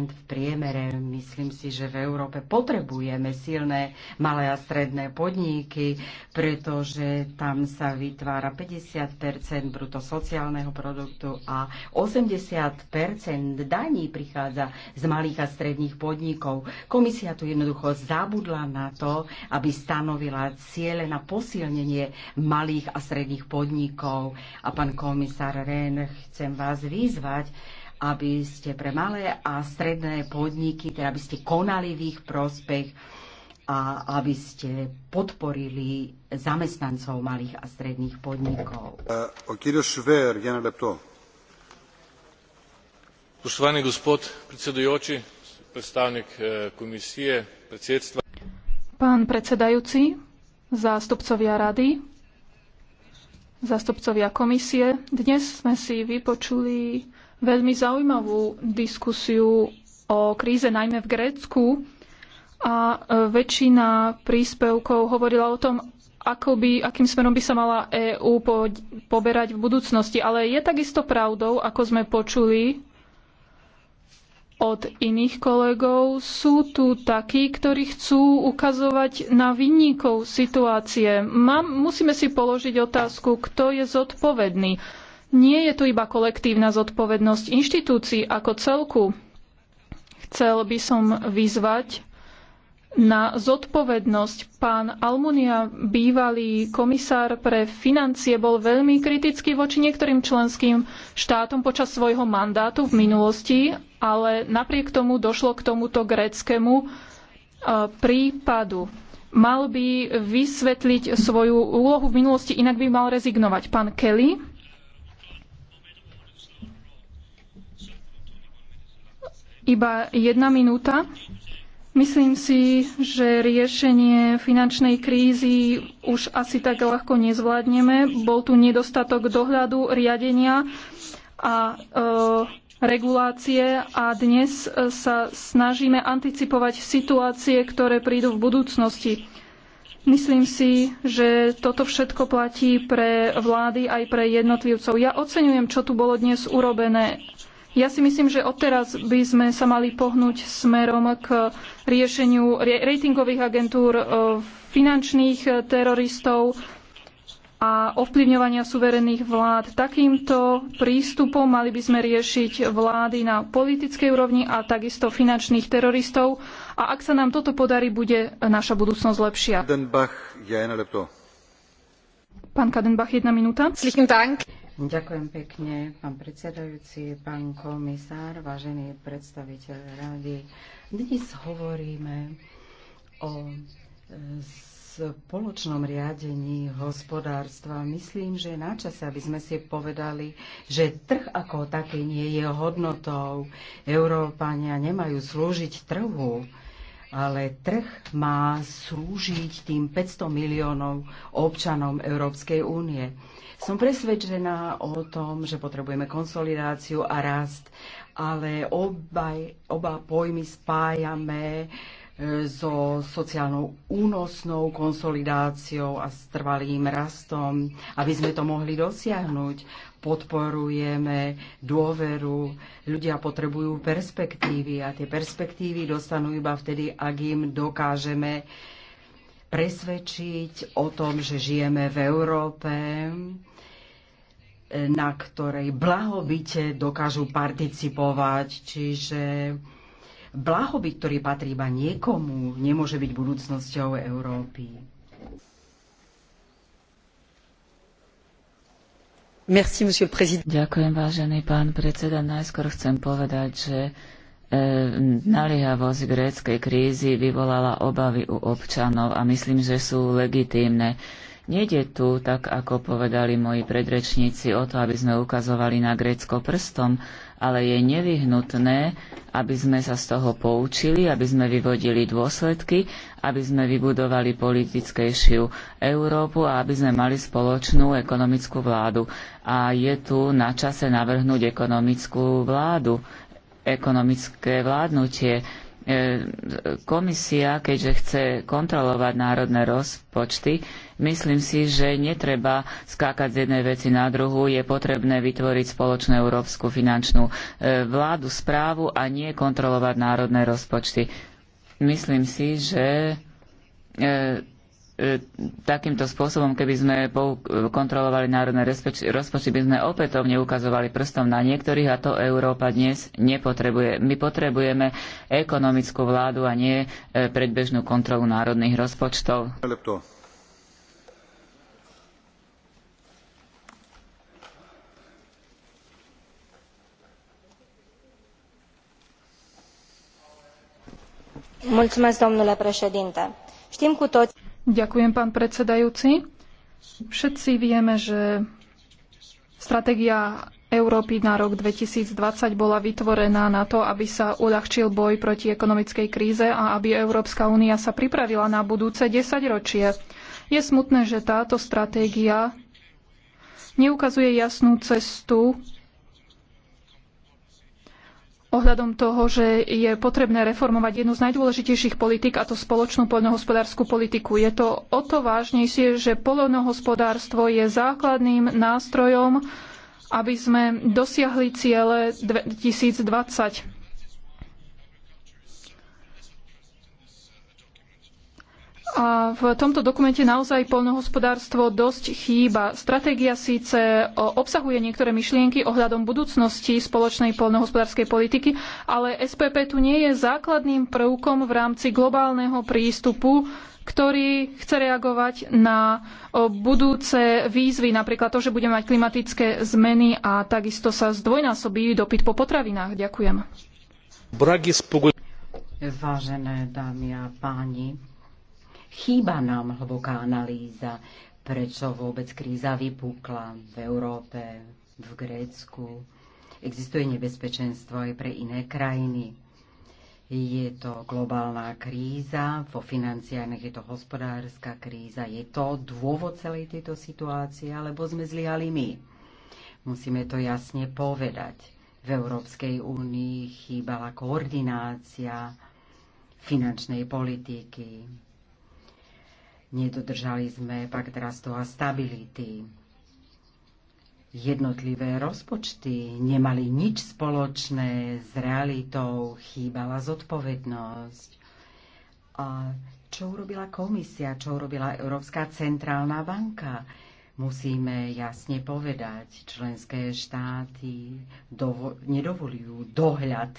v priemere. Myslím si, že v Európe potrebujeme silné malé a stredné podniky, pretože tam sa vytvára 50 bruto sociálneho produktu a 80 daní prichádza z malých a stredných podnikov. Komisia tu jednoducho zabudla na to, aby stanovila ciele na posilnenie malých a stredných podnikov. A pán komisár Rehn chce chcem vás vyzvať, aby ste pre malé a stredné podniky, teda aby ste konali v ich prospech a aby ste podporili zamestnancov malých a stredných podnikov. E, Spoštovani gospod predsedujúci, predstavník e, komisie, predsedstva. Pán predsedajúci, zástupcovia rady, zastupcovia komisie. Dnes sme si vypočuli veľmi zaujímavú diskusiu o kríze najmä v Grécku a e, väčšina príspevkov hovorila o tom, ako by, akým smerom by sa mala EÚ po, poberať v budúcnosti. Ale je takisto pravdou, ako sme počuli, od iných kolegov. Sú tu takí, ktorí chcú ukazovať na vinníkov situácie. Mám, musíme si položiť otázku, kto je zodpovedný. Nie je tu iba kolektívna zodpovednosť inštitúcií ako celku. Chcel by som vyzvať na zodpovednosť. Pán Almunia, bývalý komisár pre financie, bol veľmi kritický voči niektorým členským štátom počas svojho mandátu v minulosti, ale napriek tomu došlo k tomuto gréckému e, prípadu. Mal by vysvetliť svoju úlohu v minulosti, inak by mal rezignovať. Pán Kelly. Iba jedna minúta. Myslím si, že riešenie finančnej krízy už asi tak ľahko nezvládneme. Bol tu nedostatok dohľadu, riadenia a e, regulácie a dnes e, sa snažíme anticipovať situácie, ktoré prídu v budúcnosti. Myslím si, že toto všetko platí pre vlády aj pre jednotlivcov. Ja oceňujem, čo tu bolo dnes urobené ja si myslím, že odteraz by sme sa mali pohnúť smerom k riešeniu ratingových agentúr, e, finančných e, teroristov a ovplyvňovania suverénnych vlád. Takýmto prístupom mali by sme riešiť vlády na politickej úrovni a takisto finančných teroristov. A ak sa nám toto podarí, bude naša budúcnosť lepšia. Pán Kadenbach, jedna minúta. Ďakujem pekne, pán predsedajúci, pán komisár, vážený predstaviteľ rady. Dnes hovoríme o e, spoločnom riadení hospodárstva. Myslím, že je na čase, aby sme si povedali, že trh ako taký nie je hodnotou. Európania nemajú slúžiť trhu, ale trh má slúžiť tým 500 miliónov občanom Európskej únie. Som presvedčená o tom, že potrebujeme konsolidáciu a rast, ale obaj, oba pojmy spájame e, so sociálnou únosnou konsolidáciou a s trvalým rastom. Aby sme to mohli dosiahnuť, podporujeme dôveru. Ľudia potrebujú perspektívy a tie perspektívy dostanú iba vtedy, ak im dokážeme presvedčiť o tom, že žijeme v Európe, eh, na ktorej blahobite dokážu participovať, čiže blahobyt, ktorý patrí iba niekomu, nemôže byť budúcnosťou Európy. Merci, Ďakujem, vážený pán predseda. Najskôr chcem povedať, že Ehm, naliehavosť gréckej krízy vyvolala obavy u občanov a myslím, že sú legitímne. Nede tu, tak ako povedali moji predrečníci, o to, aby sme ukazovali na Grécko prstom, ale je nevyhnutné, aby sme sa z toho poučili, aby sme vyvodili dôsledky, aby sme vybudovali politickejšiu Európu a aby sme mali spoločnú ekonomickú vládu. A je tu na čase navrhnúť ekonomickú vládu, ekonomické vládnutie. E, komisia, keďže chce kontrolovať národné rozpočty, myslím si, že netreba skákať z jednej veci na druhú. Je potrebné vytvoriť spoločnú európsku finančnú e, vládu, správu a nie kontrolovať národné rozpočty. Myslím si, že e, takýmto spôsobom, keby sme kontrolovali národné rozpočty, by sme opätovne ukazovali prstom na niektorých a to Európa dnes nepotrebuje. My potrebujeme ekonomickú vládu a nie e, predbežnú kontrolu národných rozpočtov. Mulțumesc, domnule președinte. Știm cu toți Ďakujem, pán predsedajúci. Všetci vieme, že stratégia Európy na rok 2020 bola vytvorená na to, aby sa uľahčil boj proti ekonomickej kríze a aby Európska únia sa pripravila na budúce desaťročie. Je smutné, že táto stratégia neukazuje jasnú cestu ohľadom toho, že je potrebné reformovať jednu z najdôležitejších politik, a to spoločnú poľnohospodárskú politiku. Je to o to vážnejšie, že poľnohospodárstvo je základným nástrojom, aby sme dosiahli ciele 2020. A v tomto dokumente naozaj poľnohospodárstvo dosť chýba. Stratégia síce obsahuje niektoré myšlienky ohľadom budúcnosti spoločnej poľnohospodárskej politiky, ale SPP tu nie je základným prvkom v rámci globálneho prístupu ktorý chce reagovať na budúce výzvy, napríklad to, že budeme mať klimatické zmeny a takisto sa zdvojnásobí dopyt po potravinách. Ďakujem. Vážené dámy a páni, Chýba nám hlboká analýza, prečo vôbec kríza vypukla v Európe, v Grécku. Existuje nebezpečenstvo aj pre iné krajiny. Je to globálna kríza, vo financiách je to hospodárska kríza. Je to dôvod celej tejto situácie, alebo sme zlyhali my? Musíme to jasne povedať. V Európskej únii chýbala koordinácia finančnej politiky, Nedodržali sme pak rastu a stability. Jednotlivé rozpočty nemali nič spoločné s realitou, chýbala zodpovednosť. A čo urobila komisia, čo urobila Európska centrálna banka? Musíme jasne povedať, členské štáty nedovolujú dohľad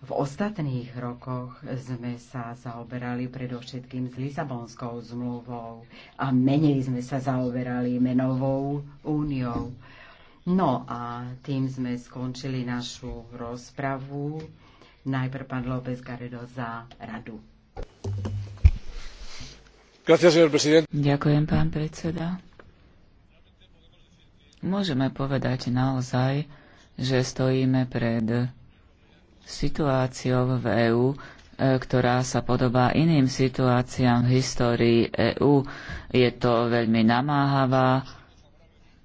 v ostatných rokoch sme sa zaoberali predovšetkým s Lisabonskou zmluvou a menej sme sa zaoberali menovou úniou. No a tým sme skončili našu rozpravu. Najprv pán López Garedo za radu. Ďakujem, pán predseda. Môžeme povedať naozaj, že stojíme pred situáciou v EÚ, e, ktorá sa podobá iným situáciám v histórii EÚ. Je to veľmi namáhavá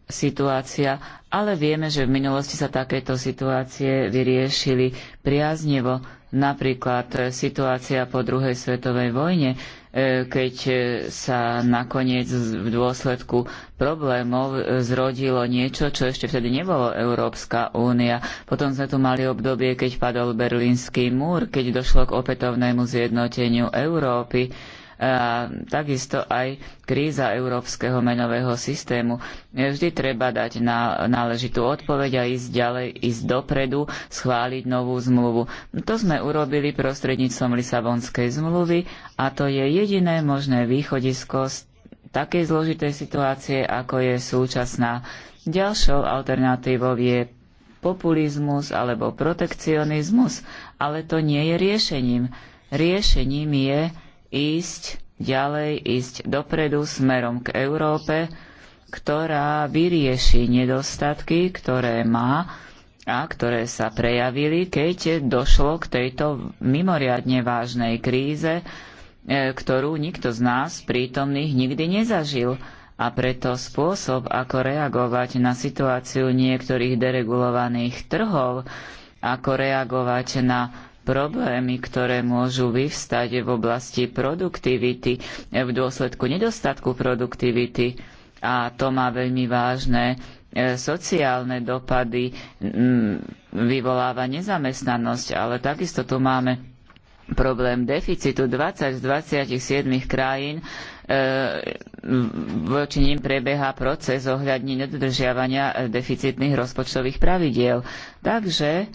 situácia, ale vieme, že v minulosti sa takéto situácie vyriešili priaznivo. Napríklad situácia po druhej svetovej vojne, e, keď sa nakoniec v dôsledku problémov e, zrodilo niečo, čo ešte vtedy nebolo Európska únia. Potom sme tu mali obdobie, keď padol berlínsky múr, keď došlo k opätovnému zjednoteniu Európy a takisto aj kríza európskeho menového systému. Vždy treba dať na, náležitú odpoveď a ísť ďalej, ísť dopredu, schváliť novú zmluvu. To sme urobili prostredníctvom Lisabonskej zmluvy a to je jediné možné východisko z takej zložitej situácie, ako je súčasná. Ďalšou alternatívou je populizmus alebo protekcionizmus, ale to nie je riešením. Riešením je ísť ďalej, ísť dopredu smerom k Európe, ktorá vyrieši nedostatky, ktoré má a ktoré sa prejavili, keď došlo k tejto mimoriadne vážnej kríze, e, ktorú nikto z nás prítomných nikdy nezažil. A preto spôsob, ako reagovať na situáciu niektorých deregulovaných trhov, ako reagovať na problémy, ktoré môžu vyvstať v oblasti produktivity v dôsledku nedostatku produktivity a to má veľmi vážne e, sociálne dopady, vyvoláva nezamestnanosť, ale takisto tu máme problém deficitu 20 z 27 krajín e, voči ním prebieha proces ohľadne nedodržiavania e, deficitných rozpočtových pravidiel. Takže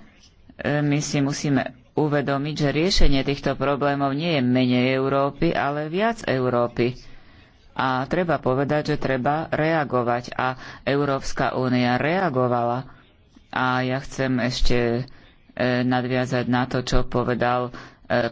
my si musíme uvedomiť, že riešenie týchto problémov nie je menej Európy, ale viac Európy. A treba povedať, že treba reagovať. A Európska únia reagovala. A ja chcem ešte e, nadviazať na to, čo povedal e,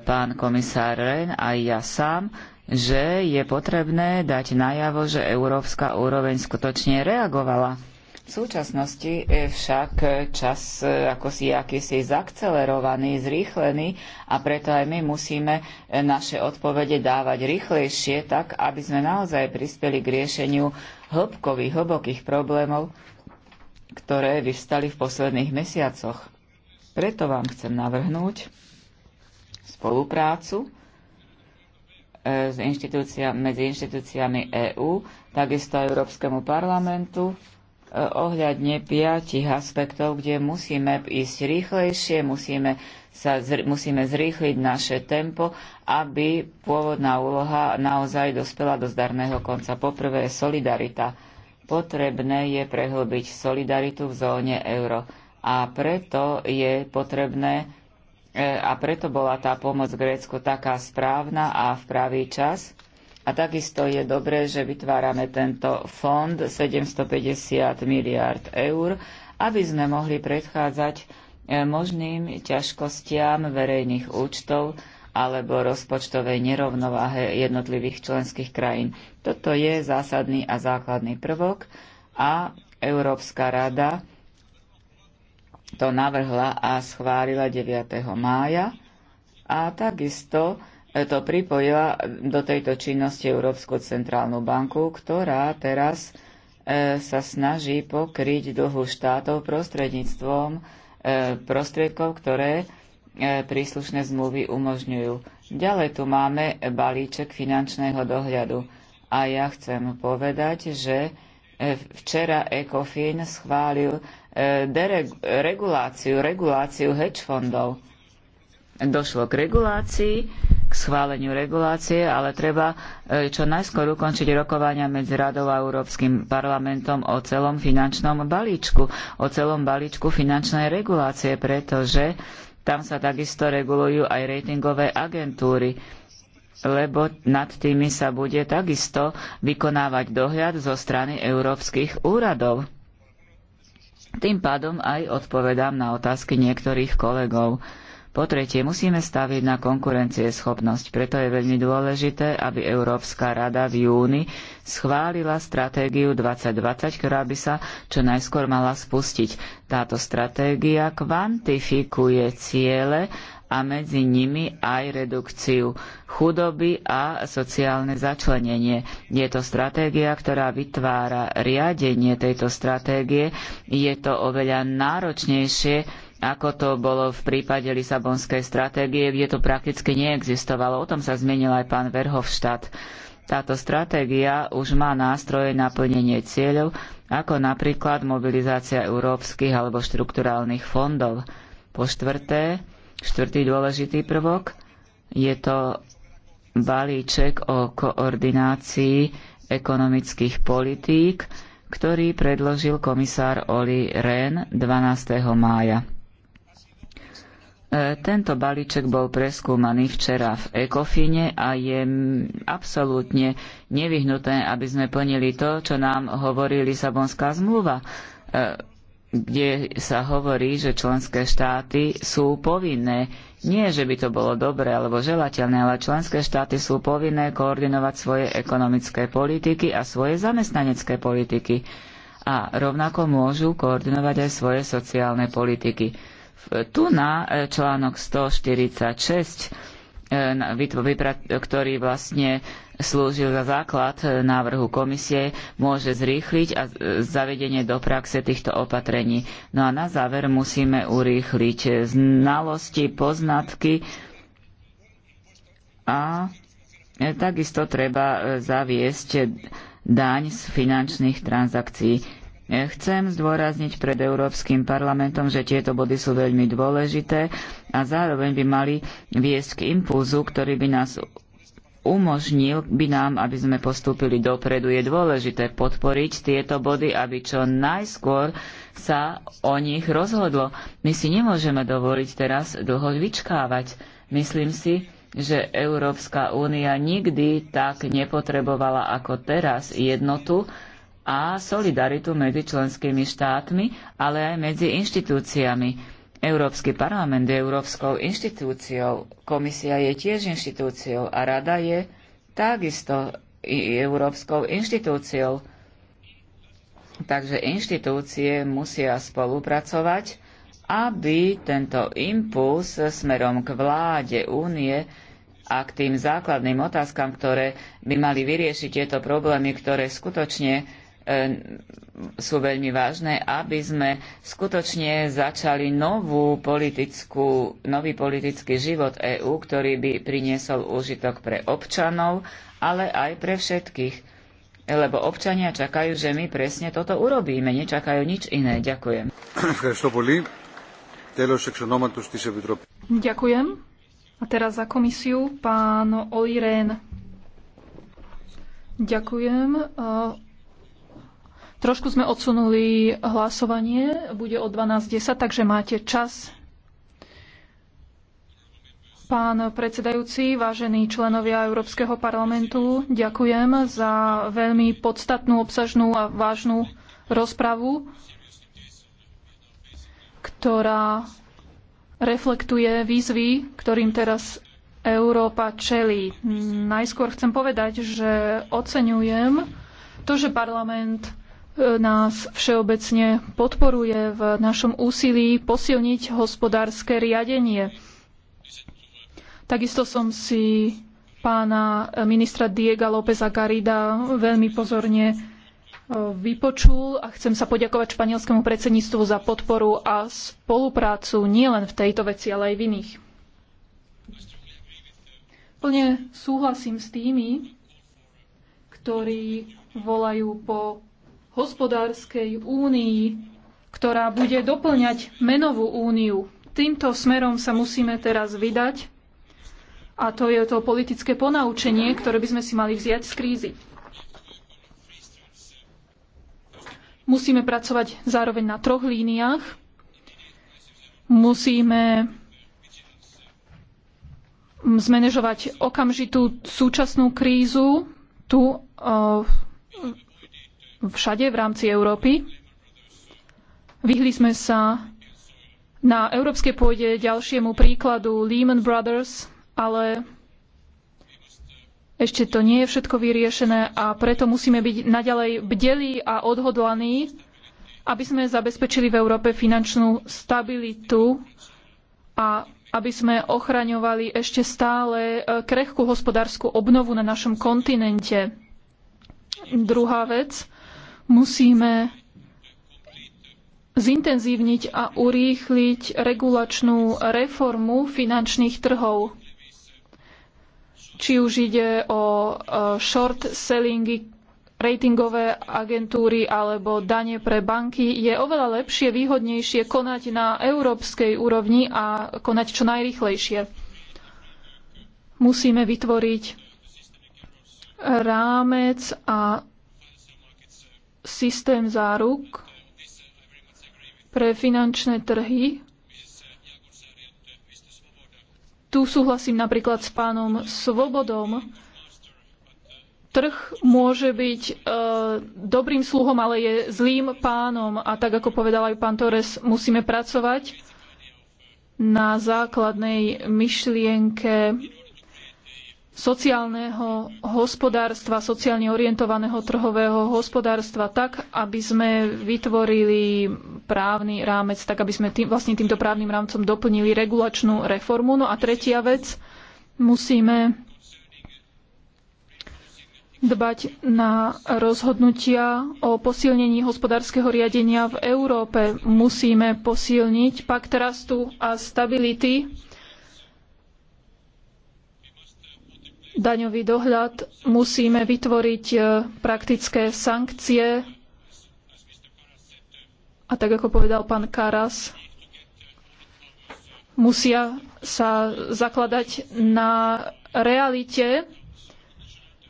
pán komisár Ren aj ja sám, že je potrebné dať najavo, že európska úroveň skutočne reagovala v súčasnosti však čas e, ako si akýsi zakcelerovaný, zrýchlený a preto aj my musíme e, naše odpovede dávať rýchlejšie, tak aby sme naozaj prispeli k riešeniu hĺbkových, hlbokých problémov, ktoré vyvstali v posledných mesiacoch. Preto vám chcem navrhnúť spoluprácu e, s inštitúcia, medzi inštitúciami EÚ, takisto Európskemu parlamentu, Eh, ohľadne piatich aspektov, kde musíme ísť rýchlejšie, musíme, sa, musíme zrýchliť naše tempo, aby pôvodná úloha naozaj dospela do zdarného konca. Poprvé, solidarita. Potrebné je prehlbiť solidaritu v zóne euro. A preto je potrebné eh, a preto bola tá pomoc Grécku taká správna a v pravý čas a takisto je dobré, že vytvárame tento fond 750 miliard eur, aby sme mohli predchádzať e, možným ťažkostiam verejných účtov alebo rozpočtovej nerovnováhe jednotlivých členských krajín. Toto je zásadný a základný prvok a Európska rada to navrhla a schválila 9. mája a takisto to pripojila do tejto činnosti Európsku centrálnu banku, ktorá teraz e, sa snaží pokryť dlhu štátov prostredníctvom e, prostriedkov, ktoré e, príslušné zmluvy umožňujú. Ďalej tu máme balíček finančného dohľadu. A ja chcem povedať, že včera ECOFIN schválil dereguláciu, reguláciu hedge fondov. Došlo k regulácii k schváleniu regulácie, ale treba e, čo najskôr ukončiť rokovania medzi Radou a Európskym parlamentom o celom finančnom balíčku, o celom balíčku finančnej regulácie, pretože tam sa takisto regulujú aj ratingové agentúry lebo nad tými sa bude takisto vykonávať dohľad zo strany európskych úradov. Tým pádom aj odpovedám na otázky niektorých kolegov. Po tretie, musíme staviť na konkurencieschopnosť. Preto je veľmi dôležité, aby Európska rada v júni schválila stratégiu 2020, ktorá by sa čo najskôr mala spustiť. Táto stratégia kvantifikuje ciele a medzi nimi aj redukciu chudoby a sociálne začlenenie. Je to stratégia, ktorá vytvára riadenie tejto stratégie. Je to oveľa náročnejšie ako to bolo v prípade Lisabonskej stratégie, kde to prakticky neexistovalo. O tom sa zmenil aj pán Verhofstadt. Táto stratégia už má nástroje na plnenie cieľov, ako napríklad mobilizácia európskych alebo štrukturálnych fondov. Po štvrté, štvrtý dôležitý prvok, je to balíček o koordinácii ekonomických politík, ktorý predložil komisár Oli Rehn 12. mája. E, tento balíček bol preskúmaný včera v Ekofine a je absolútne nevyhnuté, aby sme plnili to, čo nám hovorí Lisabonská zmluva, e, kde sa hovorí, že členské štáty sú povinné. Nie, že by to bolo dobre alebo želateľné, ale členské štáty sú povinné koordinovať svoje ekonomické politiky a svoje zamestnanecké politiky. A rovnako môžu koordinovať aj svoje sociálne politiky tu na e, článok 146, e, ktorý vlastne slúžil za základ e, návrhu komisie, môže zrýchliť a zavedenie do praxe týchto opatrení. No a na záver musíme urýchliť znalosti, poznatky a takisto treba zaviesť daň z finančných transakcií. Chcem zdôrazniť pred Európskym parlamentom, že tieto body sú veľmi dôležité a zároveň by mali viesť k impulzu, ktorý by nás umožnil by nám, aby sme postúpili dopredu. Je dôležité podporiť tieto body, aby čo najskôr sa o nich rozhodlo. My si nemôžeme dovoliť teraz dlho vyčkávať. Myslím si, že Európska únia nikdy tak nepotrebovala ako teraz jednotu a solidaritu medzi členskými štátmi, ale aj medzi inštitúciami. Európsky parlament je európskou inštitúciou, komisia je tiež inštitúciou a rada je takisto európskou inštitúciou. Takže inštitúcie musia spolupracovať, aby tento impuls smerom k vláde únie a k tým základným otázkam, ktoré by mali vyriešiť tieto problémy, ktoré skutočne E, sú veľmi vážne, aby sme skutočne začali novú politickú, nový politický život EÚ, ktorý by priniesol úžitok pre občanov, ale aj pre všetkých. Lebo občania čakajú, že my presne toto urobíme, nečakajú nič iné. Ďakujem. Ďakujem. A teraz za komisiu pán Olirén. Ďakujem. Trošku sme odsunuli hlasovanie, bude o 12.10, takže máte čas. Pán predsedajúci, vážení členovia Európskeho parlamentu, ďakujem za veľmi podstatnú, obsažnú a vážnu rozpravu, ktorá reflektuje výzvy, ktorým teraz Európa čelí. Najskôr chcem povedať, že oceňujem to, že parlament nás všeobecne podporuje v našom úsilí posilniť hospodárske riadenie. Takisto som si pána ministra Diega Lópeza Garida veľmi pozorne e, vypočul a chcem sa poďakovať španielskému predsedníctvu za podporu a spoluprácu nielen v tejto veci, ale aj v iných. Plne súhlasím s tými, ktorí volajú po hospodárskej únii, ktorá bude doplňať menovú úniu. Týmto smerom sa musíme teraz vydať a to je to politické ponaučenie, ktoré by sme si mali vziať z krízy. Musíme pracovať zároveň na troch líniách. Musíme zmanéžovať okamžitú súčasnú krízu tu eh, všade v rámci Európy. Vyhli sme sa na európskej pôde ďalšiemu príkladu Lehman Brothers, ale ešte to nie je všetko vyriešené a preto musíme byť naďalej bdelí a odhodlaní, aby sme zabezpečili v Európe finančnú stabilitu a aby sme ochraňovali ešte stále e, krehkú hospodárskú obnovu na našom kontinente. Druhá vec, Musíme zintenzívniť a urýchliť regulačnú reformu finančných trhov. Či už ide o e, short sellingy, ratingové agentúry alebo dane pre banky, je oveľa lepšie, výhodnejšie konať na európskej úrovni a konať čo najrychlejšie. Musíme vytvoriť rámec a systém záruk pre finančné trhy. Tu súhlasím napríklad s pánom Svobodom. Trh môže byť e, dobrým sluhom, ale je zlým pánom. A tak, ako povedal aj pán Torres, musíme pracovať na základnej myšlienke sociálneho hospodárstva, sociálne orientovaného trhového hospodárstva tak, aby sme vytvorili právny rámec, tak aby sme tým, vlastne týmto právnym rámcom doplnili regulačnú reformu. No a tretia vec, musíme dbať na rozhodnutia o posilnení hospodárskeho riadenia v Európe. Musíme posilniť pakt rastu a stability daňový dohľad, musíme vytvoriť e, praktické sankcie. A tak ako povedal pán Karas, musia sa zakladať na realite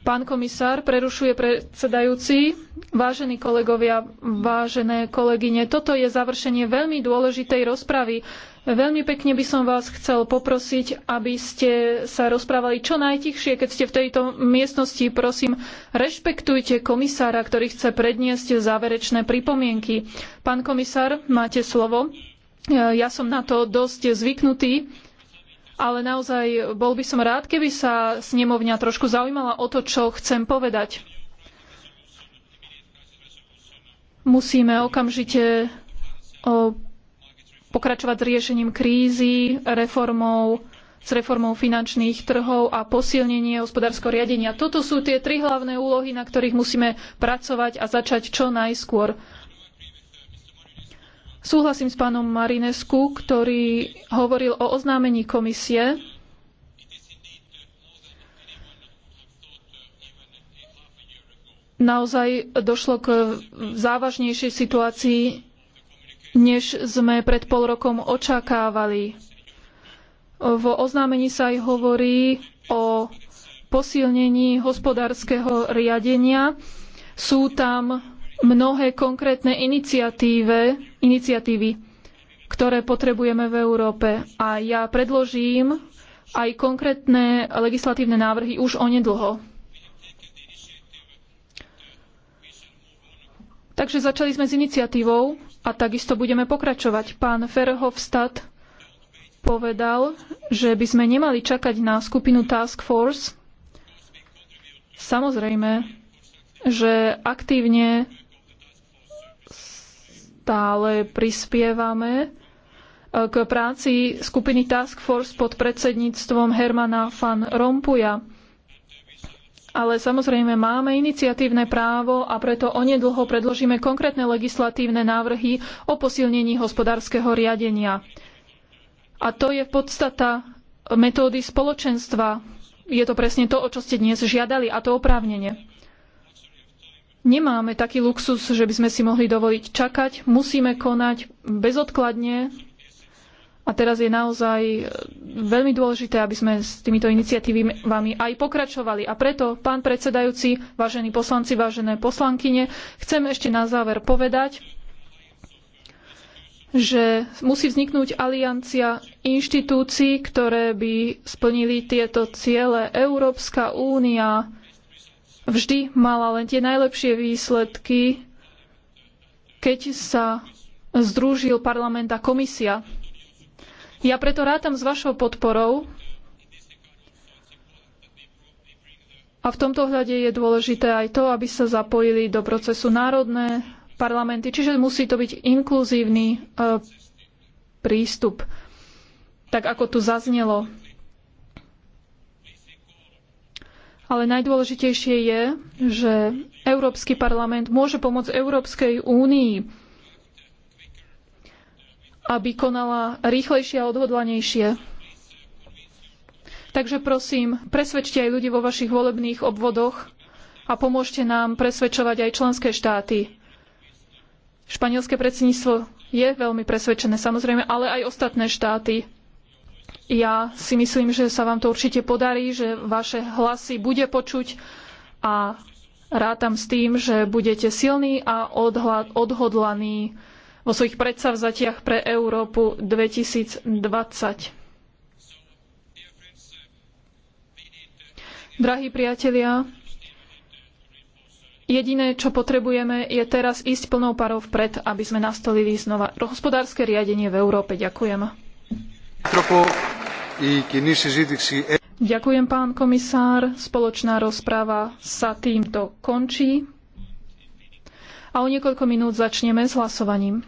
Pán komisár, prerušuje predsedajúci. Vážení kolegovia, vážené kolegyne, toto je završenie veľmi dôležitej rozpravy. Veľmi pekne by som vás chcel poprosiť, aby ste sa rozprávali čo najtichšie, keď ste v tejto miestnosti. Prosím, rešpektujte komisára, ktorý chce predniesť záverečné pripomienky. Pán komisár, máte slovo. Ja som na to dosť zvyknutý ale naozaj bol by som rád, keby sa snemovňa trošku zaujímala o to, čo chcem povedať. Musíme okamžite pokračovať s riešením krízy, reformou, s reformou finančných trhov a posilnenie hospodárskeho riadenia. Toto sú tie tri hlavné úlohy, na ktorých musíme pracovať a začať čo najskôr. Súhlasím s pánom Marinesku, ktorý hovoril o oznámení komisie. Naozaj došlo k závažnejšej situácii, než sme pred pol rokom očakávali. V oznámení sa aj hovorí o posilnení hospodárskeho riadenia. Sú tam mnohé konkrétne iniciatíve, iniciatívy, ktoré potrebujeme v Európe. A ja predložím aj konkrétne legislatívne návrhy už onedlho. Takže začali sme s iniciatívou a takisto budeme pokračovať. Pán Ferhofstadt povedal, že by sme nemali čakať na skupinu Task Force. Samozrejme, že aktívne stále prispievame e, k práci skupiny Task Force pod predsedníctvom Hermana van Rompuja. Ale samozrejme máme iniciatívne právo a preto onedlho predložíme konkrétne legislatívne návrhy o posilnení hospodárskeho riadenia. A to je podstata metódy spoločenstva. Je to presne to, o čo ste dnes žiadali, a to oprávnenie. Nemáme taký luxus, že by sme si mohli dovoliť čakať. Musíme konať bezodkladne. A teraz je naozaj e, veľmi dôležité, aby sme s týmito iniciatívami aj pokračovali. A preto, pán predsedajúci, vážení poslanci, vážené poslankyne, chcem ešte na záver povedať, že musí vzniknúť aliancia inštitúcií, ktoré by splnili tieto ciele. Európska únia vždy mala len tie najlepšie výsledky, keď sa združil parlament a komisia. Ja preto rátam s vašou podporou a v tomto hľade je dôležité aj to, aby sa zapojili do procesu národné parlamenty, čiže musí to byť inkluzívny e, prístup, tak ako tu zaznelo. Ale najdôležitejšie je, že Európsky parlament môže pomôcť Európskej únii, aby konala rýchlejšie a odhodlanejšie. Takže prosím, presvedčte aj ľudí vo vašich volebných obvodoch a pomôžte nám presvedčovať aj členské štáty. Španielske predsedníctvo je veľmi presvedčené, samozrejme, ale aj ostatné štáty ja si myslím, že sa vám to určite podarí, že vaše hlasy bude počuť a rátam s tým, že budete silní a odhodlaní vo svojich predsavzatiach pre Európu 2020. Drahí priatelia, Jediné, čo potrebujeme, je teraz ísť plnou parou vpred, aby sme nastolili znova hospodárske riadenie v Európe. Ďakujem. Ďakujem, pán komisár. Spoločná rozprava sa týmto končí. A o niekoľko minút začneme s hlasovaním.